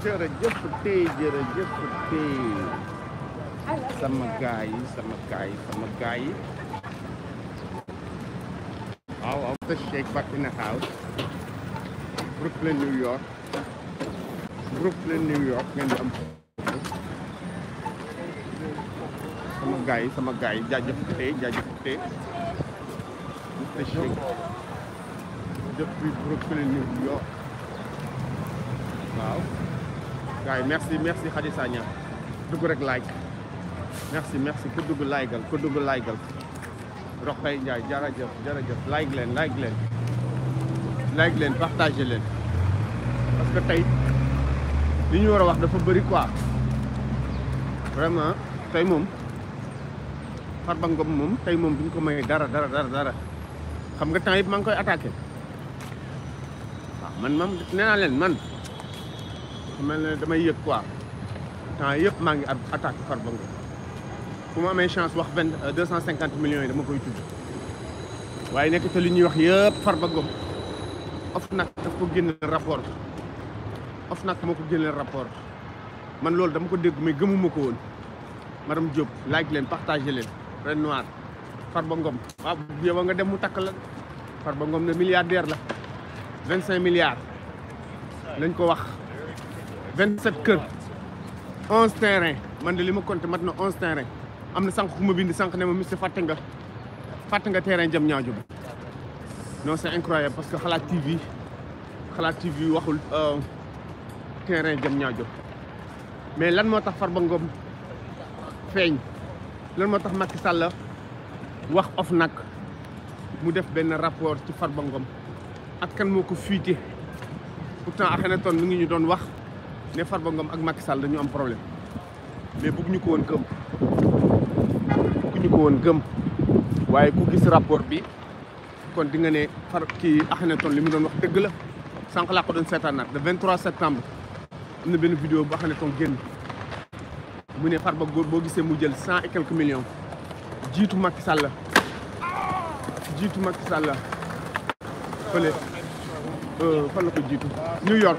jërëjëf tey jërëjëf tey sama gaay yi sama gaay yi sama gaay yi all of shake back in the house Brooklyn New York Brooklyn New York ngeen di am sama gaay yi sama gaay yi jaajëf tey jaajëf tey shake depuis Brooklyn New York waaw gaay merci merci Khady Sagna dugg rek like merci merci ku dugg likeal ku dugg likeal Rokhaya Ndiaye jara jeuf like len like len like len partage len parce que tay li ñu wara wax dafa bari quoi vraiment tay mom Farba bangam mom tay mom buñ ko may dara dara dara dara xam nga temps yëpp maa ngi koy attaqué waaw man moom nee naa leen man mel ne damay yëg quoi temps yëpp maa ngi attaque chance wax vingt euh, deux cent cinquante millions yi dama koy tudd waaye nekk te li ñuy wax yëpp Farba Ngom OFNAC daf ko génne rapport OFNAC moo ko génne like leen partagé leen ren noir Farba Ngom waaw yow nga dem mu takk la Farba Ngom ne milliardaire ko wax vingt 27 kër 11 terrain man de li ma compté mat na 11 terrain am na sànq ku ma bind sànq ne ma monsieur fàtte nga fàtte nga terrain jam ñaajo bi non c'est incroyable parce que xalaat TV xalaat TV waxul euh, terrain jam ñaajo mais lan moo tax Farba Ngom feeñ lan moo tax Macky Sall wax of nag mu def benn rapport ci Farba Ngom ak kan moo ko fuité pourtant Akhenaton mi ngi ñu doon wax ne Farba Ngom ak Macky dañu am problème mais bëgg ñu ko won gëm bëgg ñu ko won gëm waye ku gis rapport bi kon di nga ne far ne Akhenaton limu wax la sank le 23 septembre am avons une vidéo bu Akhenaton genn mu Farba bo mu jël 100 et quelques millions Macky Sall Macky Sall la euh, New York.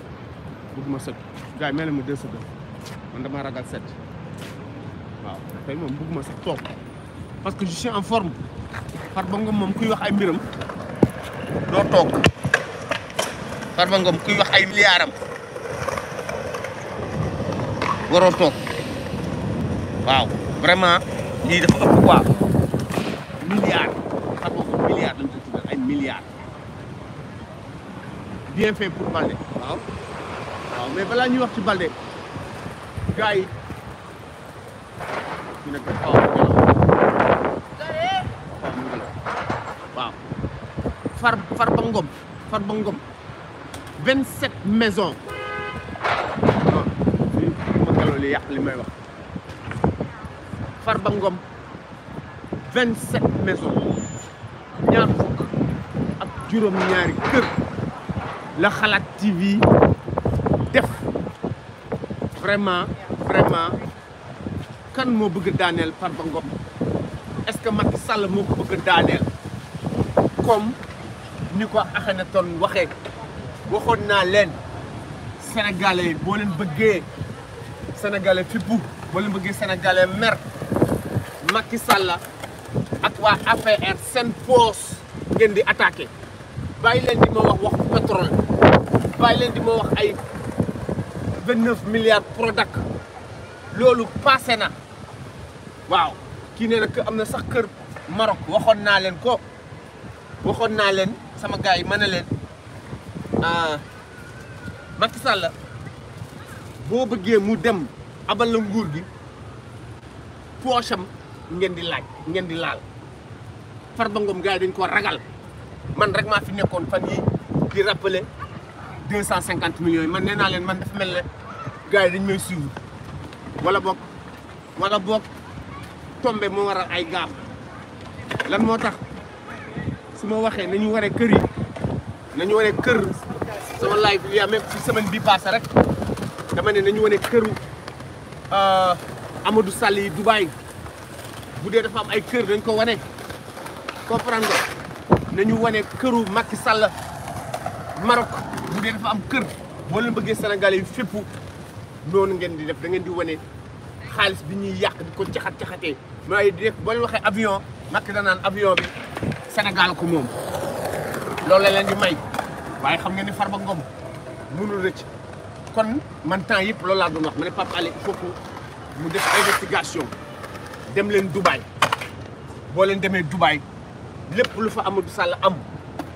bëgguma sët gars yi mel na ma deux sët man ragal set waaw parce que je suis en forme Farba moom kuy wax ay mbiram doo toog Farba kuy wax ay milliardam waroo toog waaw vraiment lii dafa ëpp quoi milliard Farba milliard ay milliard bien fait pour Baldé waaw mais voilà nous avons balé. Gaï. Far bangom. Far bangom. 27 maisons. Far bangom. 27 maisons. Nyan fouk. Abdurum nyari. La Khalak TV. def vraiment vraiment kan moo bëgg daaneel par Ngom est-ce que Macky Sall moo ko bëgg daaneel comme ni ko Akhenaton waxee waxoon naa leen sénégalais yi boo leen bëggee sénégalais fippu boo leen bëggee sénégalais mer Macky Sall ak waa APR seen poos ngeen di attaqué bàyyi leen di ma wax wax pétrole bàyyi leen di ma wax ay 29 milliards Prodac loolu passé na waaw kii nee na am na sax kër Maroc waxoon naa leen ko waxoon naa leen sama gars yi ah ne leen ah, Macky Sall boo bëggee mu dem abal la nguur gi poche am di laaj ngeen di laal Farba Ngom gars dañ ko ragal man rek ma fi nekkoon fan yi di rappeler deux millions man nee naa man dafa gars yi dañ may suivre wala boog wala boog tombe moo waral ay gaam lan moo tax su ma waxee nañu waree kër yi nañu waree kër sama live yaa même ci semaine bi passé rek dama ne nañu wane këru euh, Amadou Sall yi Dubaï bu dee dafa am ay kër dañ ko wane comprendre nga nañu wane këru Macky Sall Maroc bu dee dafa am kër boo leen bëggee Sénégalais yi fépp noonu ngeen di def da ngeen di wane xaalis bi ñuy yàq di ko caxat caxatee mooy di def boo leen waxee avion Macky danaan avion bi senegal ko moom loolu la leen di may waaye xam ngeen ni Farba Ngom mënul rëcc kon man temps yëpp loolu laa doon ma ne Pape Alé il mu def investigation dem leen Dubaay boo leen demee Dubaay lépp lu fa Amadou Sall am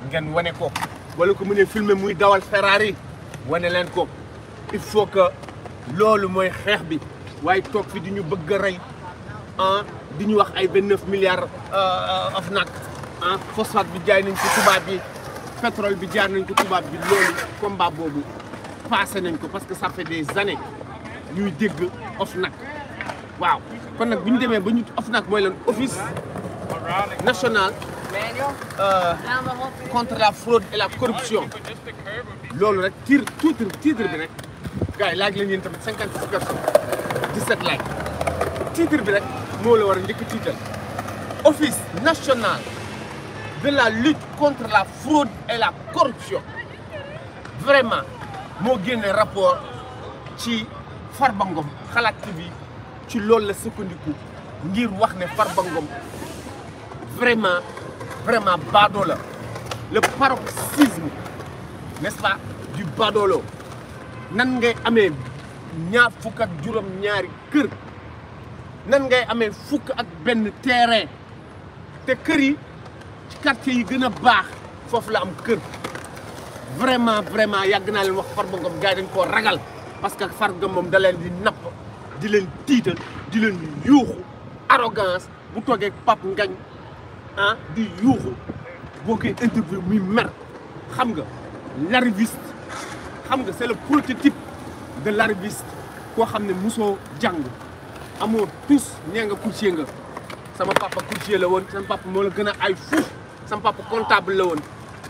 ngeen wane ko wala ko mu ne filmer muy dawal Ferrari wane leen ko il faut que lolu moy xex bi way tok fi diñu bëgg ray hein ah, diñu wax ay vingt neuf milliards euh, euh, OFNAC Hein, ah, phosphate bi jaay nañ ko tubaab bi pétrole bi jaar nañ ko tubaab bi lolu combat bobu passé nañ ko parce que ça fait des années ñuy dégg OFNAC waaw kon nak buñu ñu demee ba ñu OFNAC lan office national euh, contre la fraude et la corruption loolu rek titre titre titre bi rek gars yi laaj leen yéen tamit cinquante six personnes dix-sept laaj titre bi rek moo la war a njëkk tiital office national de la lutte contre la fraude et la corruption vraiment moo génne rapport ci farbangom. Ngom Xalaat TV ci loolu la sukkandiku ngir wax ne Farba Ngom vraiment vraiment badolo, le paroxysme n'est-ce pas du badolo. nan ngay amee ñaar fukk juróom ñaari kër nan ngay amee fukk ak benn terrain te kër yi ci quartier yi gën a baax foofu la am kër vraiment vraiment yàgg naa leen wax Farba Ngom gars yi dañ koo ragal parce que Farba moom da leen di napp di leen tiital di leen yuuxu arrogance bu toogee Pape Ngagne a ah, di yuuxu boo koy bi muy mer xam nga larviste xam nga c'est le prototype de l'arabiste koo xam ne musoo jàng amoo tous nee nga courtier nga sama papa courtier la woon sama papa moo la gën a ay fuuf sama papa comptable la woon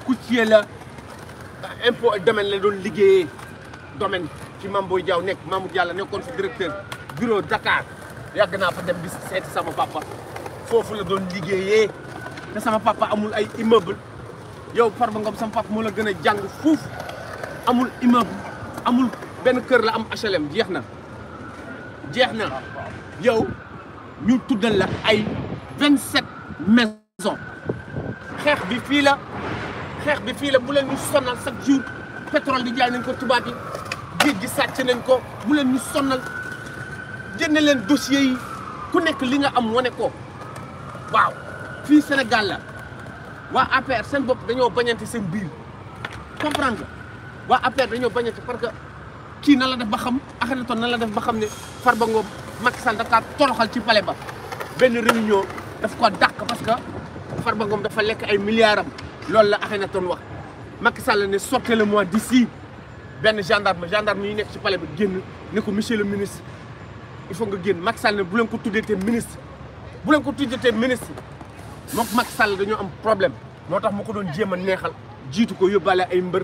courtier la impôt domaine la doon liggéeyee domaine ci Mame Boye jaw nekk Mamour Diallo nekkoon fi directeur bureau Dakar yàgg naa fa dem bi seeti sama papa foofu la doon liggéeyee te sama papa amul ay immeuble yow Farba Ngom sama papa moo la gën a jàng fuuf amul immeuble amul ben kër la am HLM jeexna jeexna yow ñu tuddal la ay 27 maisons xex bi fi la xex bi fi la bu len ñu sonal chaque jour pétrole di jaay nañ ko tuba bi géej gi sàcc nañ ko bu len ñu sonal génne leen dossiers yi ku nekk li nga am woné ko waaw fi Sénégal la wa APR sen bop dañoo bañanti sen biir comprendre waa APR dañoo bañati parce que kii nan la def ba xam Akhenaton nan la def ba xam ne Farba Ngom Macky Sall dafa toroxal ci palais ba benn réunion daf ko dàq parce que Farba Ngom dafa lekk ay milliards am loolu la Akhenaton wax Macky Sall ne sortez le di d'ici benn gendarme gendarme yi nekk ci pale ba génn ne ko le ministre il faut nga génn Macky Sall ne bu leen ko tuddeetee ministre bu leen ko tuddeetee ministre moom Macky Sall dañoo am problème moo tax mu ko doon jéem a neexal jiitu ko yóbbaale ay mbër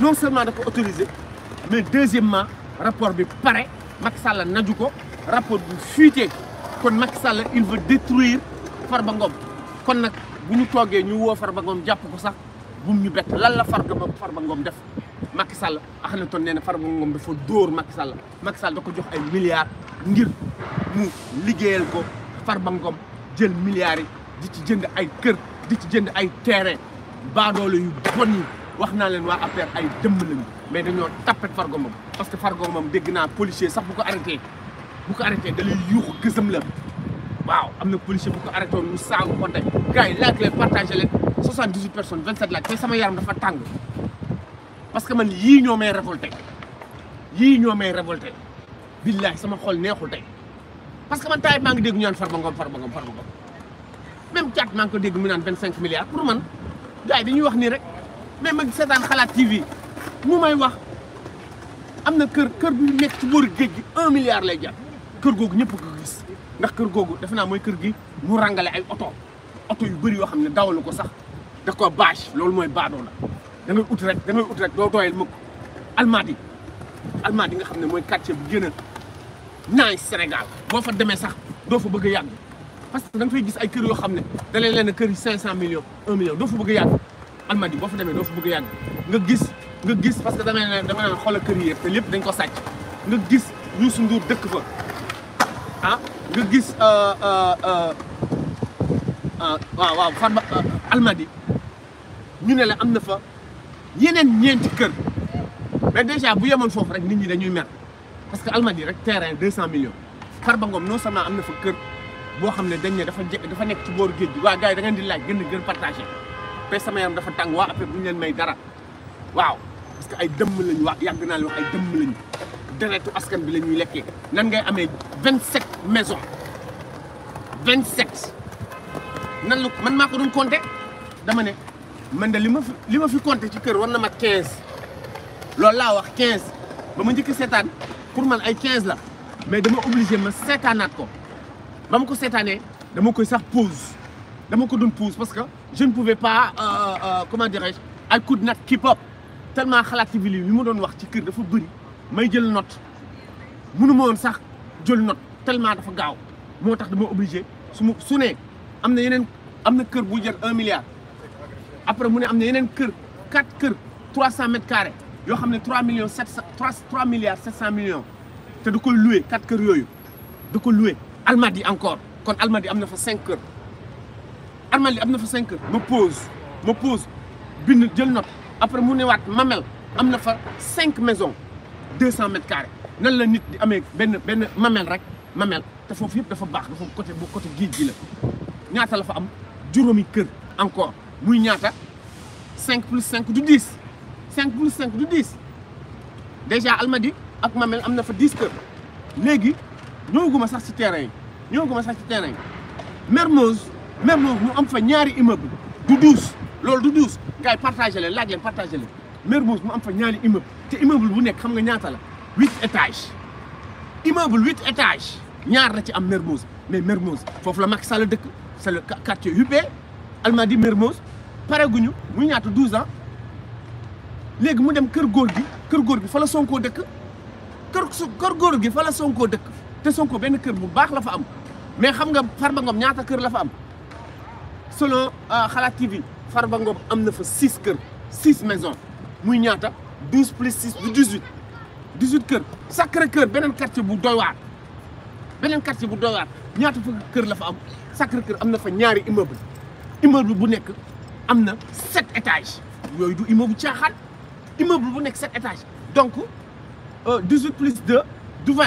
non seulement dafa autorisé mais deuxièmement rapport bi pare Macky Sall naju ko rapport bi fuité kon Macky Sall il veut détruire Farba Ngom kon nag bu ñu toogee ñu woo Farba Ngom jàpp ko sax bu ñu bett lan la Farba Farba Ngom def Macky Sall Akhenaton nee na Farba Ngom dafa dóor Macky Sall Macky Sall da ko jox ay milliards ngir mu liggéeyal ko Farba Ngom jël milliards yi di ci jënd ay kër di ci jënd ay terrain baadoolo yu bon yi wax naa leen waa affaire ay dëmm lañu mais dañoo tapet Farba Ngom parce que Farba Ngom dégg naa policier sax bu ko arrêté bu ko arrêté gësëm la waaw am na policier bu ko arrêté woon mu saagu ko tey gars yi laaj leen partagé leen 78 personnes 27 laaj te sama yaram dafa tàng parce que man yii ñoo may révolté yii ñoo may révolté billahi sama xool neexul tey parce que man taay maa ngi dégg ñu naan Farba Ngom Farba Ngom Farba ko dégg mu naan 25 milliards pour man gars yi wax nii rek. mais ma seetaan xalaat TV mu may wax am na kër kër bu nekk ci géej gi un milliard lay jar kër googu ñëpp ko gis ndax kër googu defe naa mooy kër gi mu rangale ay oto oto yu bëri yoo xam ne dawalu ko sax da ko bâche loolu mooy baadoo la da ngay ut rek da ngay ut rek doo doyal mukk almaadi almaadi nga xam ne mooy quartier bu gën a naay senegal boo fa demee sax doo fa bëgg a yàgg parce que da fay gis ay kër yoo xam ne dalee leen kër yi cinq cent millions un million doo fa bëgg almadi bo fa demé do fa bëgg yag nga gis nga gis parce que dama ne dama ne xoolal kër yi te dañ ko sacc nga gis Youssou Ndour dëkk fa ah nga gis euh, euh, euh, waaw waaw Farba almadi ñu ne la amna fa yenen ñent kër mais déjà bu yémon fofu rek nit ñi dañuy mer parce que almadi rek terrain 200 cent millions Farba Ngom non seulement amna fa kër bo xamné dañ né dafa dafa nek ci bor géej wa gaay da ngeen di laaj gën gën partager APS sama yaram dafa tàng waa APS bu ñu may dara waaw parce que ay dëmm lañu wax yàgg naa leen wax ay dëmm deretu askan bi la ñuy lekkee nan ngay amee vingt sept maisons vingt sept nan la man maa ko doon compté dama ne man de li ma fi li ma fi compté ci kër war na ma quinze loolu laa wax quinze ba ma njëkk seetaan pour man ay quinze la mais dama obligé ma seetaanaat ko ba ma ko seetaanee dama koy sax pause pas ko doon pause parce que je ne pouvais pas euh, euh, comment dirais-je I could not keep up tellement xalaat la bi li Je doon wax ci note note tellement dafa obligé Je ne milliard après je ne quatre trois mètres carrés je vous ne millions sept milliards sept millions c'est da koy loué quatre kër yooyu loué encore quand Almadi cinq armel amna fa 5 heures ma pose ma pose bind jël note après mu newat mamel amna fa 5 maisons 200 mètres carrés nan la nit di amé ben ben mamel rek mamel te fofu yep dafa bax dafa côté bu côté guide gi la ñaata la fa am juromi keur encore muy ñaata 5 plus 5 du 10 5 plus 5 du 10 déjà almadi ak mamel amna fa 10 keur légui ñewuguma sax ci terrain ñewuguma sax ci terrain mermoz même nous am fa ñaari immeuble du douze lolou du douze gars partager les, l'ag laaj partager partagé leen Mermoz mu am fa ñaari immeuble te immeuble bu nek xam nga ñaata la huit étages immeuble huit étages ñaar la ci am Mermoz mais Mermoz fofu la Macky Sall deuk c'est le quartier huppé Almadies Mermoz pare guñu muy ñaata 12 ans légui mu dem kër gor gi kër gor gi fa la Sonko deuk kër kër gor gi fa la Sonko deuk te Sonko ben kër bu baax la fa am mais xam nga Farba Ngom ñaata kër la fa am selon Khala TV, Far a 6 6 maisons. 12 plus 6, 18. 18 cœurs. Sacré cœur, il y a un quartier Il y a un quartier pour Doyouar. Sacré cœur, il y a Immeuble 7 étages. Il y immeuble Immeuble 7 étages. Donc, 18 euh, plus 2, 20.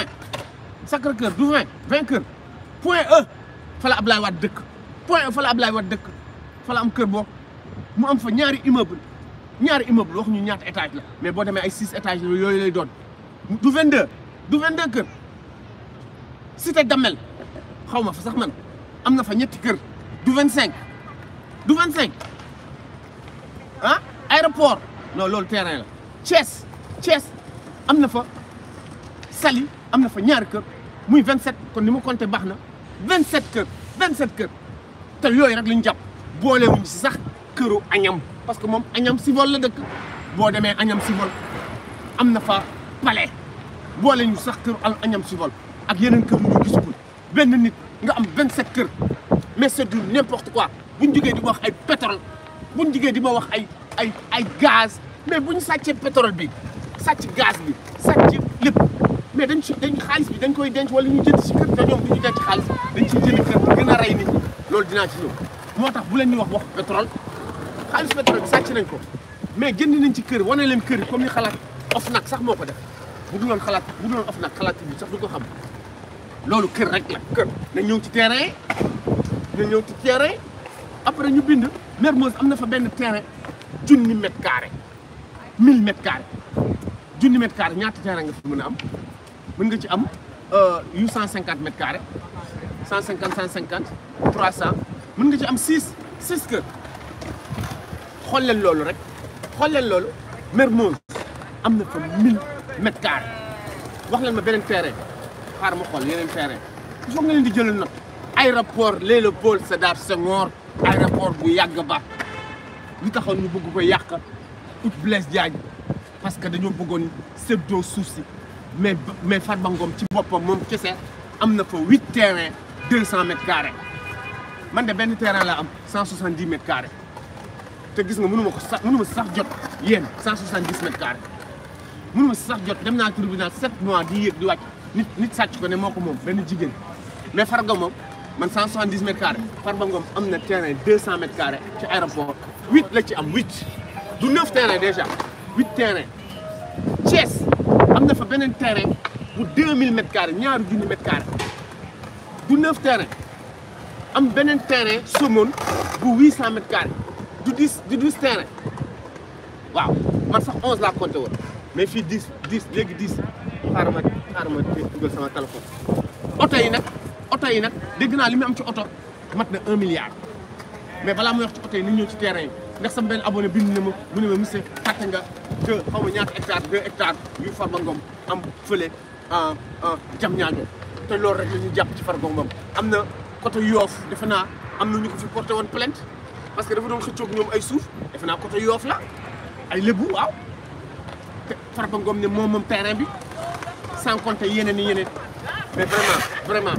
Sacré cœur, 20. 20 cœurs. Point E. Il faut que l'on point fa la Ablaye Wade dëkk fa am kër bokk mu am fa ñaari immeuble ñaari immeuble wax ñu ñaata étage la mais boo demee ay six étages la yooyu lay doon du 22 du 22 kër cité Damel xaw ma fa sax man am na fa ñetti kër du 25 du 25 ah aéroport non loolu terrain la Thiès Thiès am na fa Saly am na fa ñaari kër muy 27 kon ni mu compté baax na 27 kër 27 kër. te yooyu rek lañ jàpp boolewuñ si sax këru añam parce que moom añam si vol la dëkk boo demee añam si vol am na fa palais boole ñu sax këru al añam si vol ak yeneen kër ñu gisugul benn nit nga am vingt sept kër mais c'est du n'importe quoi bu jugee di ma wax ay pétrole buñ jugee di ma wax ay ay ay gaz mais buñ sàccee pétrole bi sàcc gaz bi sàcc lépp mais dañ si dañ xaalis bi dañ koy denc wala ñu jënd si kër te ñoom du ñu denc xaalis dañ ciy jënd kër gën rey nit loolu dinaa ci ñëw moo tax bu leen ñu wax wax pétrole xaalis pétrole bi sàcc nañ ko mais jënd nañ ci kër wane leen kër comme ni xalaat of nag sax moo ko def bu duloon xalaat bu duloon of nag bi sax du ko xam loolu kër rek la kër na ci terrain na ñëw ci terrain après ñu bind Mermoz am na fa benn terrain junni carré mille mètre carré junni mètre carré ñaata terrain nga fi mën a am mën nga ci am yu euh, 150 mètres carrés 150 150 300 mën nga ci am 6 6 que xool loolu rek xool loolu loolu Mermoz am na fa 1000 mètres carrés wax leen ma beneen terrain xaar ma xool yeneen terrain il faut nga leen di jëlal nag sa Léopold Sédar Senghor aéroport bu yàgg ba li taxoon ñu bëgg ko yàq ut Blaise Diagne parce que dañoo bëggoon séddoo suuf si. mais, mais Fat Bangom, tu vois pas mon que c'est, il 8 terrains, 200 mètres carrés. Moi, j'ai un terrain là, 170 mètres carrés. Tu vois, je ne peux pas faire ça, 170 mètres carrés. Je ne peux pas faire ça, tribunal 7 mois, 10 jours, 10 jours, 10 jours, 10 jours, 10 jours, 10 jours, Mais Fat Bangom, j'ai 170 mètres carrés. Fat Bangom, j'ai terrain, 200 mètres carrés, sur l'aéroport. 8, là, tu as 8. Il 9 terrains déjà, 8 terrains. am na beneen terrain bu 2000 mètres carrés ñaari junni mètres carrés du neuf terrain am beneen terrain Somone bu 800 mètres carrés du 10 du 12 terrain waaw man sax 11 laa compté woon mais fii 10 10 léegi 10 xaaral ma xaaral ma dugal sama téléphone. oto yi nag oto yi nag dégg naa li mu am ci oto mat na 1 milliard mais balaa mu wax ci oto yi nañu ñëw ci terrain yi. ndax sama benn abonné bind na ma mu ne ma monsieur fàtte nga deux xaw ma ñaata hectares deux hectares yu Farba Ngom am fële en en te loolu rek la ñuy jàpp ci Farba Ngom am na côté Yoof defe naa am na ñu fi porté woon plainte parce que dafa doon xëccoog ñoom ay suuf defe naa côté Yoof la ay lébu waaw te Farba ne moom moom terrain bi sans compter yeneen i yeneen mais vraiment vraiment.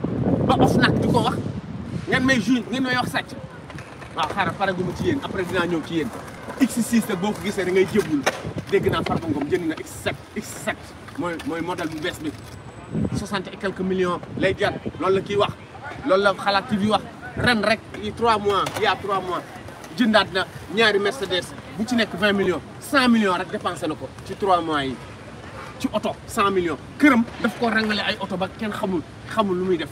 ba of nag di ko wax ngeen may juge ngeen may wax sàcc waaw xaaral paraguma ci yéen après dinaa ñëw ci yéen X6 nag boo ko gisee da ngay jébul dégg naa Farba Ngom jënd na X7 X7 mooy mooy modèle bu bees bi soixante et quelques millions lay loolu la kii wax loolu la xalaat TV wax ren rek yi trois mois y a trois mois jëndaat na ñaari Mercedes bu ci nekk vingt millions cent millions rek dépensé na ko ci trois mois yi ci oto cent millions këram daf ko rangale ay oto ba kenn xamul xamul lu muy def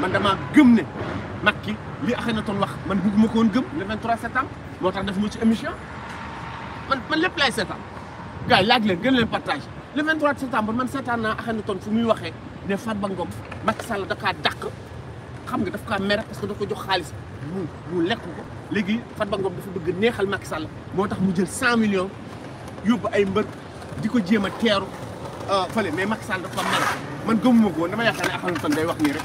man dama gëm ne makki li ton wax man bëgguma ko won gëm le 23 septembre motax tax defuma ci émission man man lépp lay sétan gaay yi laaj leen gën leen partage le 23 septembre man sétan na naa ton fu muy waxé ne fat ba Ngom makki Sall da ka dàq xam nga daf kaa mere parce que da ko jox xaalis mu mu lekk ko légui fat ba Ngom dafa bëgg neexal makki Sall motax mu jël 100 millions yob ay mbeur diko jema téru euh teeru mais makki Sall da ko mere man gëmuma ko dama yaakaar ne ton day wax ni rek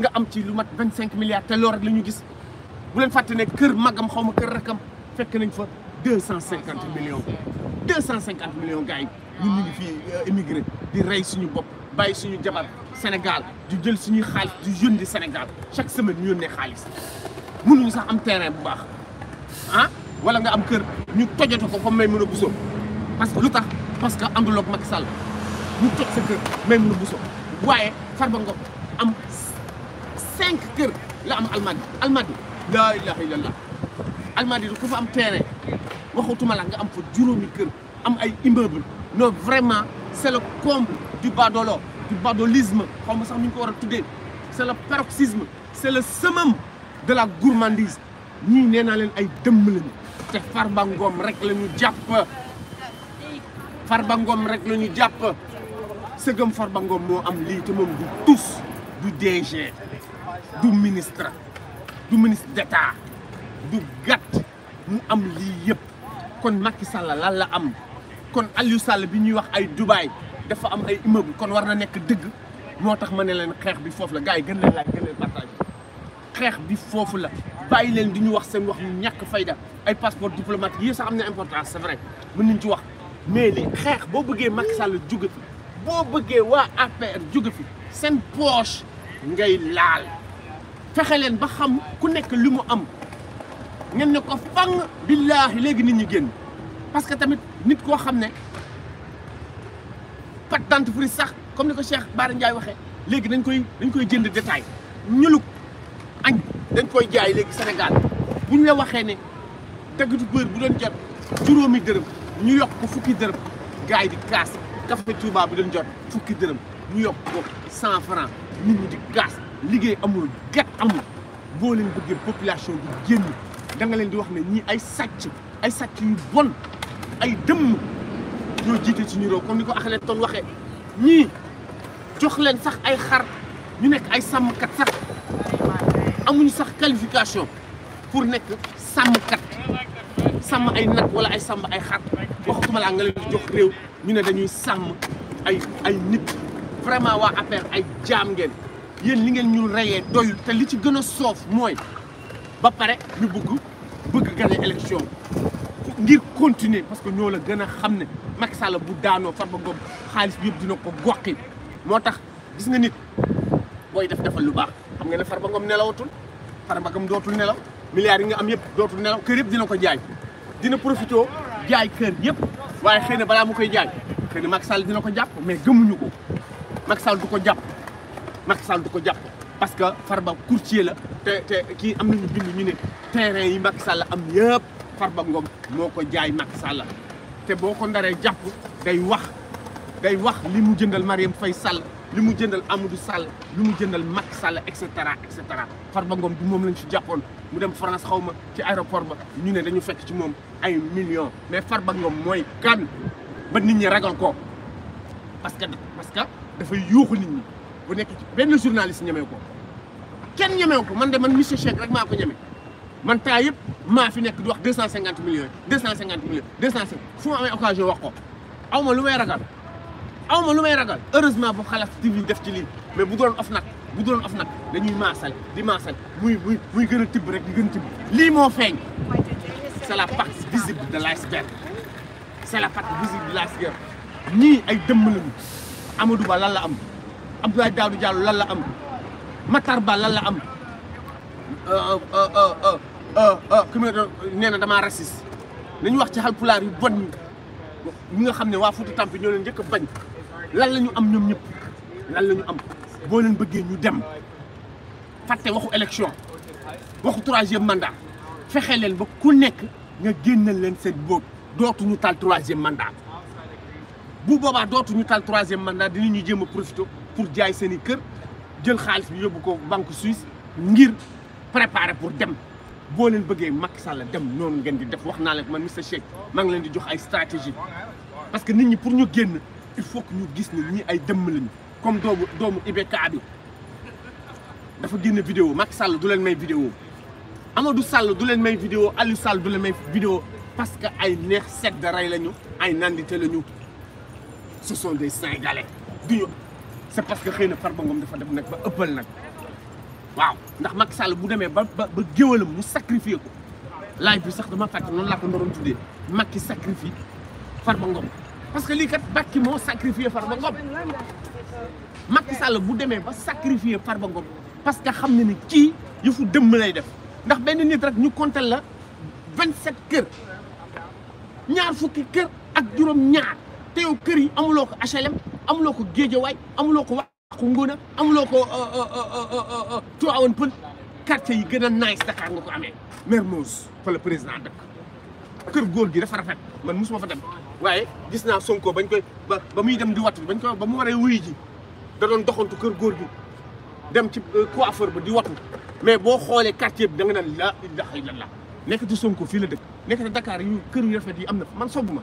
nga am ci lu mat vingt cinq milliards te loolu rek la ñu gis bu leen fàtte ne kër magam xaw ma kër rakam fekk nañ fa deux cent cinquante millions deux cent cinquante millions gars yi ñun ñu ngi fii euh, émigré di rey suñu bopp bàyyi suñu jabar Sénégal di jël suñuy xaalis di yónni Sénégal chaque semaine ñu yónnee xaalis mënuñu sax am terrain bu baax ah wala nga am kër ñu tojate ko comme bu soo parce que lu tax parce que ànduloo ak Macky sal ñu toj sa kër Maimouna Bousso waaye Farba Ngom am cinq kër la am almadi almadi la ilaha illallah almadi ko fa am terrain waxoutuma la nga am fa juróomi kër am ay immeuble non vraiment c'est le comble du badolo du badolisme xaw ma sax ni ko wara a c'est le paroxysme c'est le summum de la gourmandise ni nee len ay dëmm lañu te farbangom rek lañu japp farbangom rek lañu japp jàpp gum farbangom Ngom am li te mom du tous du DG du ministre du ministre d'État du gàtt mu am lii yëpp kon Macky Sall lan la am kon Aliou Sall bi ñuy wax ay Dubaay dafa am ay immeuble kon war na nekk dëgg moo tax ma ne leen xeex bi foofu la gars yi gën leen laaj gën leen partage xeex bi foofu la bàyyi leen di ñu wax seen wax ñu ñàkk fayda ay passeport diplomatique yi sax am na importance c'est vrai mën nañ ci wax mais li xeex boo bëggee Macky Sall jóge boo bëggee waa APR jóge fi seen poche ngay laal fexe leen ba xam ku nekk li mu am ngeen ne ko fang billaahi léegi nit ñi génn parce que tamit nit koo xam ne pâte dentifrice sax comme ni ko Cheikh Bara Ndiaye waxee léegi dañ koy dañ koy jënd détail ñuluk añ dañ koy jaay léegi Sénégal bu ñu la waxee ne daggitu bër bu doon jot juróomi dërëm ñu yokk ko fukki dërëm gars yi di kaas café Touba bu doon jot fukki dërëm ñu yokk ko cent franc nit ñi di kaas liggéey amul gat amul boo leen bëggee population bi génn da nga leen di wax ne ñii ay sàcc ay sàcc yu bon ay dëmm ñoo jiite ci niroo comme ni ko axalee toon waxe ñii jox leen sax ay xar ñu nekk ay sàmmkat sax amuñu sax qualification pour nekk sàmmkat sàmm ay nag wala ay sàmm ay xar waxtuma laa nga leen di jox réew ñu ne dañuy sàmm ay ay nit vraiment waa affaire ay jaam ngeen yéen li ngeen ñu reyee doyul te li ci gën a soof mooy ba pare ñu bëgg bëgg gagné élection ngir continuer parce que ñoo la gën a xam ne Macky Sall bu daanoo ba Ngom xaalis bi yëpp dina ko goqi moo tax gis nga nit booy def defal lu baax xam nga ne Farba Ngom nelawatul Farba Ngom dootul nelaw milliards yi nga am yëpp dootul nelaw kër yëpp dina ko jaay dina profité jaay kër yëpp waaye xëy ne balaa mu koy jaay xëy na Macky dina ko jàpp mais gëmuñu ko Macky Sall du ko jàpp Macky Sall du ko jàpp parce que far Farba courtier la te te kii am nañu bind ñu ne terrain yi Macky Sall am far ba ngoom moo ko jaay Macky Sall te boo ko ndaree jàpp day wax day wax li mu jëndal Mariam fay Sall li mu jëndal Amadou Sall li mu jëndal mag sàll et cetera et cetera Farba Ngom bi moom lañ ci jàppoon mu dem France xaw ma ci aéroport ba ñu ne dañu fekk ci moom ay millions mais far Farba Ngom mooy kan ba nit ñi ragal ko parce que parce que dafay yuuxu nit ñi. bu nekk ci benn journaliste ñeme ko kenn ñeme ko man de man monsieur Cheikh rek maa ko ñeme man temps yëpp maa fi nekk di wax deux cent cinquante millions deux cent cinquante millions deux cent cinquante fu ma amee occasion wax ko aw ma lu may ragal aw ma lu may ragal heureusement bu xalaat TV def ci lii mais bu doon of nag bu doon nag dañuy maasal di maasal muy muy muy gën a tibb rek di gën a tibb lii moo feeñ c'est la partie visible de l'iceberg c'est la partie visible de l'iceberg nii ay dëmm lañu Amadou Ba lan la am Abdoulaye Daouda Diallo lan la am Matar Ba lan la am euh, euh, euh, ku ma nee na damaa nañu wax ci xalpulaar yu bon ñi nga xam ne waa Fuuta Tampi ñoo leen njëkk a bañ lan ñu am ñoom ñëpp lan la ñu am boo leen bëggee ñu dem fàtte waxu élection waxu troisième mandat fexe leen ba ku nekk nga génnal leen seen bopp dootuñu tal troisième mandat bu boobaa dootuñu tal troisième mandat ñu jéem a profité pour jaay Seni i kër jël xaalis bi yóbbu ko banque suisse ngir préparer pour dem bo len bëggee Macky Sall dem noonu ngeen di def wax naa man Mr Cheikh ma ngi len di jox ay stratégie parce que nit ñi pour ñu génn il faut que ñu gis ni ñi ay dem lañu comme doomu doomu IBK bi dafa génn vidéo Macky Sall du len may vidéo Amadou Sall du len may vidéo Ali Sall du len may vidéo parce que ay neex de ray lañu ay nandité lañu ce sont des Sénégalais c'est parce que xëy na Farba Ngom dafa def nag ba ëppal nag waaw ndax Macky Sall bu demee ba ba ba géwalam mu sacrifié ko laaj bi sax dama fàtte noonu laa ko ndoroon tuddee Macky sacrifié Farba Ngom parce que lii kat Macky moo sacrifié Farba Ngom Macky Sall bu demee ba sacrifié Farba Ngom parce que xam na ni kii yëfu dëmm lay def ndax benn nit rek ñu compter la vingt set kër ñaar fukki kër ak juróom ñaar te yow kër yi amuloo ko HLM amuloo ko géeje géejawaay amuloo ko waxu ngóona amuloo ko euh, euh, euh, tuwaawoon pël quartier yi gën a nice Dakar nga ko amee Mermoz fa la président dëkk kër góor gi dafa rafet man mosuma fa dem waaye gis naa Sonko bañ koy ba ba muy dem di watu bañ koy ba mu waree wuyu ji da doon doxantu kër góor gi dem ci coiffeur ba di wattu mais boo xoolee quartier bi da nga naan la ilaha illallah nekk ci Sonko fii la dëkk nekk dakaar Dakar kër yu rafet yi am na fa man sobbu ma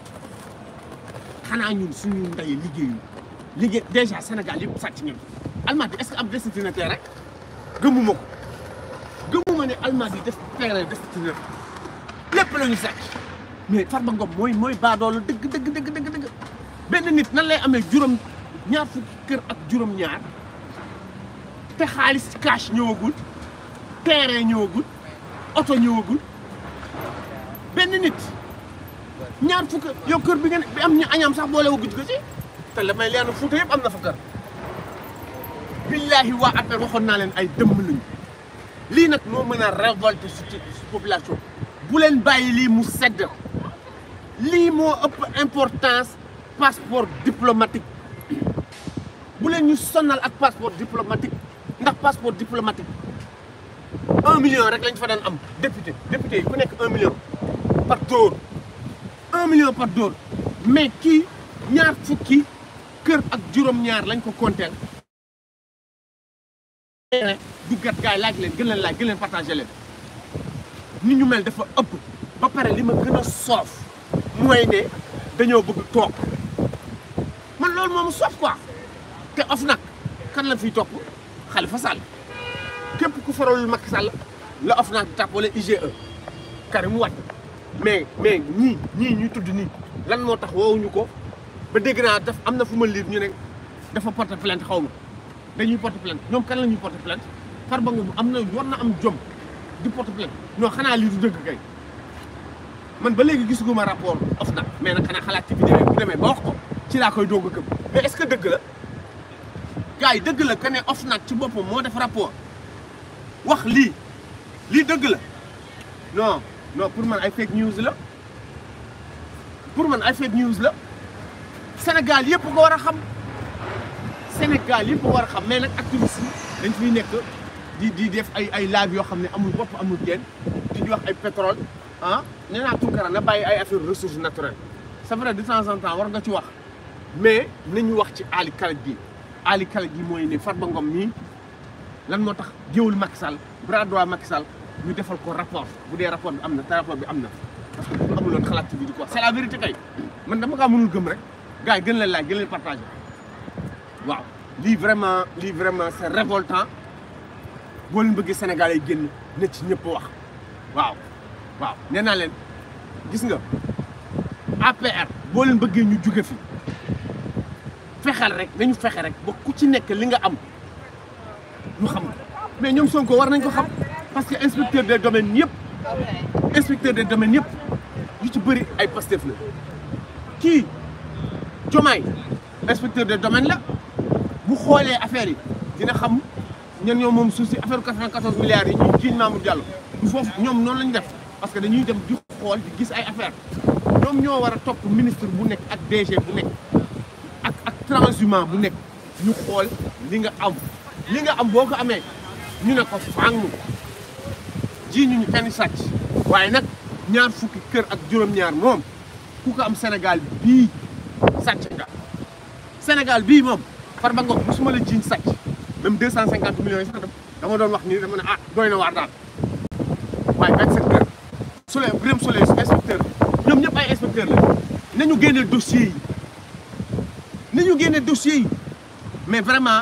xanaa ñun suñu ndey liggéeyu liggéey déjà Sénégal yëpp sàcc nañu Almadies est-ce que am destiné terrain gëmuma ko gëmuma ne Almadies def terrain destiné lépp la ñu sàcc mais Farba Ngom mooy mooy baadoolu dëgg dëgg dëgg dëgg dëgg benn nit nan lay amee juróom ñaar fukki kër ak juróom ñaar te xaalis cash ñëwagul terrain ñëwagul oto ñëwagul benn nit ñaar fukk yow kër bi ngeen bi am ñu añaam sax boole wu gis ko ci te la may leen Fuuta yëpp am na fa kër billaahi waa affaire waxoon naa leen ay dëmm lañu lii nag moom mën a révolter su ci population bu leen bàyyi lii mu sedd lii moo ëpp importance passeport diplomatique bu leen ñu sonal ak passeport diplomatique ndax passeport diplomatique un million rek lañ fa daan am député député yi ku nekk un million 1 million par d'or. mais qui, ñaar fukki kër ak juróom-ñaar lañ ko konteel du gat gay laaj leen gën leen laaj gën leen partagé leen ni ñu mel dafa ëpp ba pare li ma gën sof. soof mooy ne dañoo bëgg toog man loolu moom sof quoi te of nag kan lañ fiy topp Khalifa Sall képp ku faralul Macky Sall la of nag di tàpp wala IGE Karim Wade mais mais ñii ñii ñuy tudd nii lan moo tax woowuñu ko ba dégg naa def am na fu ma liir ñu ne dafa porte plainte xaw ma dañuy porte plainte ñoom kan la ñuy porte plainte Farba Ngom am na war na am jom di porte plainte non xanaa lii du dëgg kay man ba léegi gisuguma rapport of nag mais nag xanaa xalaat ci bi demee demee ba wax ko ci laa koy doog a gëm mais est-ce que dëgg la gars yi dëgg la kanee ne of ci boppam moo def rapport wax lii lii dëgg la non pour man ay fake news la pour man ay fake news la Sénégal yépp ko wara xam Sénégal yépp wara xam mais nak activiste dañ fiy nek di di def ay ay live yo xamné amul bop amul gène di wax ay pétrole hein ah. néna tout Tounkara na baye ay affaire ressources naturelles c'est vrai de temps en temps war nga ci wax mais nañu wax ci Ali kala gi Ali kala gi mooy ne Farba Ngom mii lan motax tax géwul Macky Sall bras droit Macky Sall ñu defal ko rapport bu dee rapport bi am na te bi am na parce que bu amuloon xalaat ci bi di quoi c'est la vérité kay man dama kaa mënul gëm rek gars yi gën leen laaj gën leen partagé waaw lii vraiment lii vraiment c'est révoltant boo leen bëggee Sénégalais yi génn na ci ñëpp wax waaw waaw nee naa leen gis nga APR boo leen bëggee ñu jóge fi fexeel rek nañu fexe rek ba ku ci nekk li nga am ñu xam mais ñoom Sonko war nañ ko xam parce que inspecteur des domaines yëpp inspecteur des domaines yëpp yu ci bëri ay Pastef la kii Jomaay inspecteur de domaines la bu xoolee affaire yi dina xam ñen ñoom moom suuf si affaire 94 milliards yi ñuy jiiñ Mamour Diallo bu foofu ñoom noonu lañu def parce que dañuy dem di xool di gis ay affaire ñoom ñoo war a topp ministre bu nekk ak DG bu nekk ak ak transhumant bu nekk ñu xool li nga am li nga am boo ko amee ñu ne ko fang ji ñu ñu kenn sàcc waaye nag ñaar fukki kër ak juróom-ñaar moom ku ko am senegal bii sàcc nga Sénégal bii moom par Farba Ngom musuma la jiiñ sàcc même deux cent cinquante millions yi sax dama doon wax nii dama ne ah doy na waar daal waaye vingt sept heures Soleil Birame Soleil inspecteur ñoom ñëpp ay inspecteur la ñu génne dossiers yi nañu génne dossiers yi mais vraiment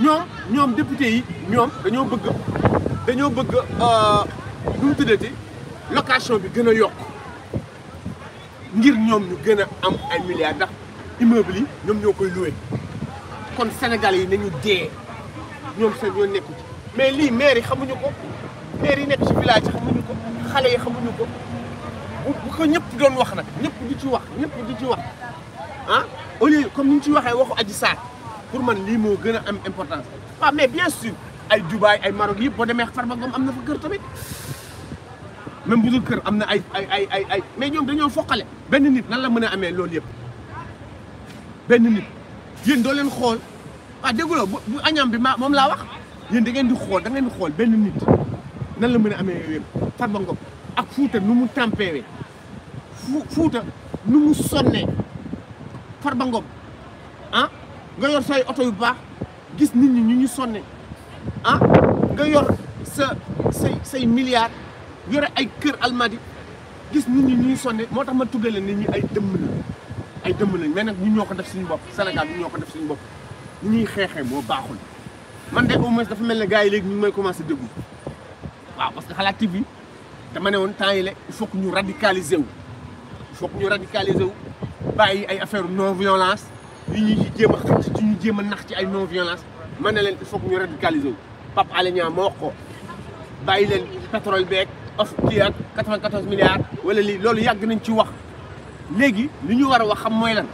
ñoom ñoom député yi ñoom dañoo bëgg dañoo bëgg euh, nu mu tuddati location bi gën a yokk ngir ñoom ñu gën a am ay milliards ndax immeuble yi ñoom ñoo koy loué kon Sénégal yi nañu dee ñoom seen ñoo nekku ci mais lii maire yi xamuñu ko maire yi nekk ci village xamuñu ko xale yi xamuñu ko bu ko ñëpp doon wax nag ñëpp di ci wax ñëpp du ci wax ah au comme ni ñu ci waxee waxu Adji Sarr pour man lii moo gën a am importance waaw ah, mais bien sûr ay Dubaï ay Maroc yëpp boo demee Farba Ngom am na fa kër tamit même bu dul kër am na ay ay ay ay ay ñoom dañoo foqale benn nit nan la mën a amee loolu yëpp benn nit yéen doo leen xool waaw ah, dégguloo bu bu bi ma moom laa wax yéen da ngeen di xool da ngeen di xool benn nit nan la mën a amee yooyu yëpp Farba Ngom ak Fouta nu mu tempéwee Fouta nu mu sonnee Farba Ngom nga yor say auto yu baax gis nit ñi ñu ñu sonne ah nga yor sa say say milliards yore ay kër almadi gis nit ñi ñu ñu sonne moo tax ma tuddale nit ñi ay dëmm lañ ay dëmm lañ mais nak ñu ñoko def suñu bop Sénégal ñu ñoko def suñu bop ñi ñuy xeexee moo baaxul man dé au moins dafa melni gaay légui ñu may commencé déglu waaw parce que xalaat TV dama ne woon temps yi lé il faut que ñu radicaliser wu faut que ñu radicaliser wu bàyyi ay affaire non violence yi ñu jéem a xëcc ci ñu jéem a nax ci ay non violence man na leen il faut que ñu radicaliser wu Pape Alé Niang moo wax ko bàyyi leen pétrole beeg of kii ak 94 milliards loolu yàgg nañ ci wax léegi li ñu war a wax xam mooy lan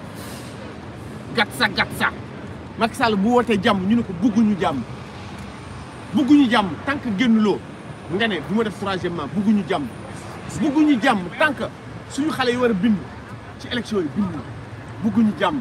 gat sa gat sa Macky Sall bu wootee jàmm ñu ne ko bugguñu jàmm bugguñu jàmm tant que génnuloo nga ne du ma def troisièmement bugguñu jàmm bugguñu jàmm tant que suñu xale yi war a bind ci élection yi bind bugguñu jàmm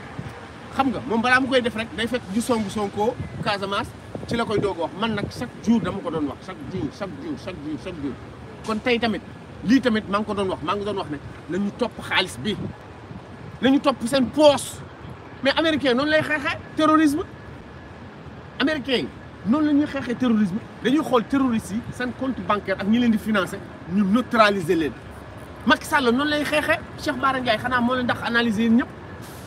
xam nga mom balaa mu koy def rek day fekk ji songu Sonko Casamance ci la koy doog wax man nak chaque jour dama ko don wax chaque jour chaque jour chaque jour chaque jour. kon tay tamit li tamit mang ko don wax maa don wax ne lañu top xaalis bi lañu top sen poos mais américain non lay xexé terrorisme américain non lañu xexé terrorisme dañuy xol terroriste sen compte bancaire ak ñi leen di financer ñu neutraliser leen Macky Sall noonu lay xexé Cheikh Bara Ndiaye xana mo leen ndax analyser ñepp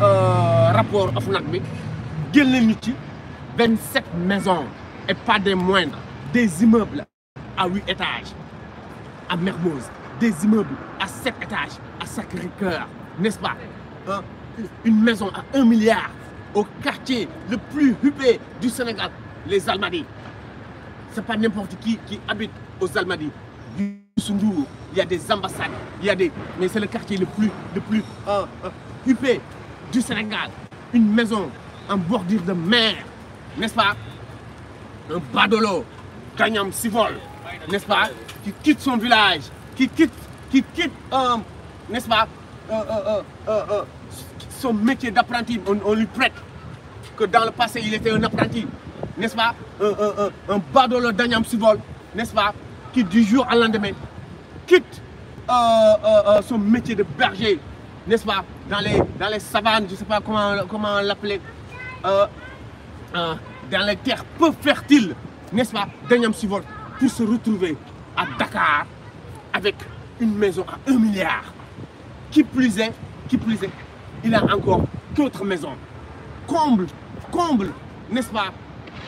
Euh, rapport à bi 27 maisons et pas des moindres des immeubles à 8 étages à Mermoz des immeubles à 7 étages à Sacré-Cœur n'est-ce pas hein? une maison à 1 milliard au quartier le plus huppé du Sénégal les Almadies c'est pas n'importe qui qui habite aux Almadies il y a des ambassades il y a des mais c'est le quartier le plus le plus hein, hein, huppé du Sénégal, une maison en bordure de mer, n'est-ce pas Un badolo, Kanyam Sivol, n'est-ce pas Qui quitte son village, qui quitte, qui quitte euh, n'est-ce pas euh, euh, Son métier d'apprenti, on, lui prête que dans le passé, il était un apprenti, n'est-ce pas Un badolo d'Anyam Sivol, n'est-ce pas Qui du jour au lendemain quitte son métier de berger, n'est-ce pas dans les, dans les savanes, je ne sais pas comment, comment l'appeler, euh, euh, dans les terres peu fertiles, n'est-ce pas, Danyam Sivor, pour se retrouver à Dakar avec une maison à 1 milliard. Qui plus est, qui plus est, il a encore quatre maisons. Comble, comble, n'est-ce pas,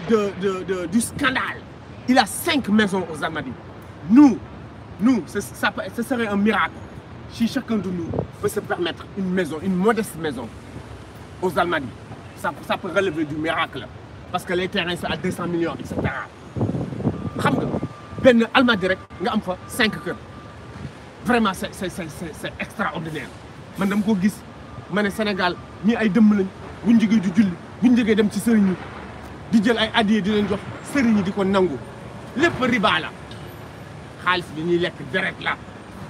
de, du scandale. Il a cinq maisons aux amadis Nous, nous, ce ça serait un miracle si chacun de nous peut se permettre une maison, une modeste maison aux Almadies, ça, ça peut relever du miracle. Parce que les terrains sont à 200 millions, etc. xam nga benn Almadies rek nga am fa 5. vraiment c'est c'est c'est extraordinaire man au ko gis ma ne Sénégal ni ay Idemoulin, lañ bu ñu jógee di Idemoulin, bu ñu jógee dem ci Idemoulin, yi di jël ay addiye di leen jox sëriñ yi di ko nangu lépp riba la xaalis bi ni lekk deret la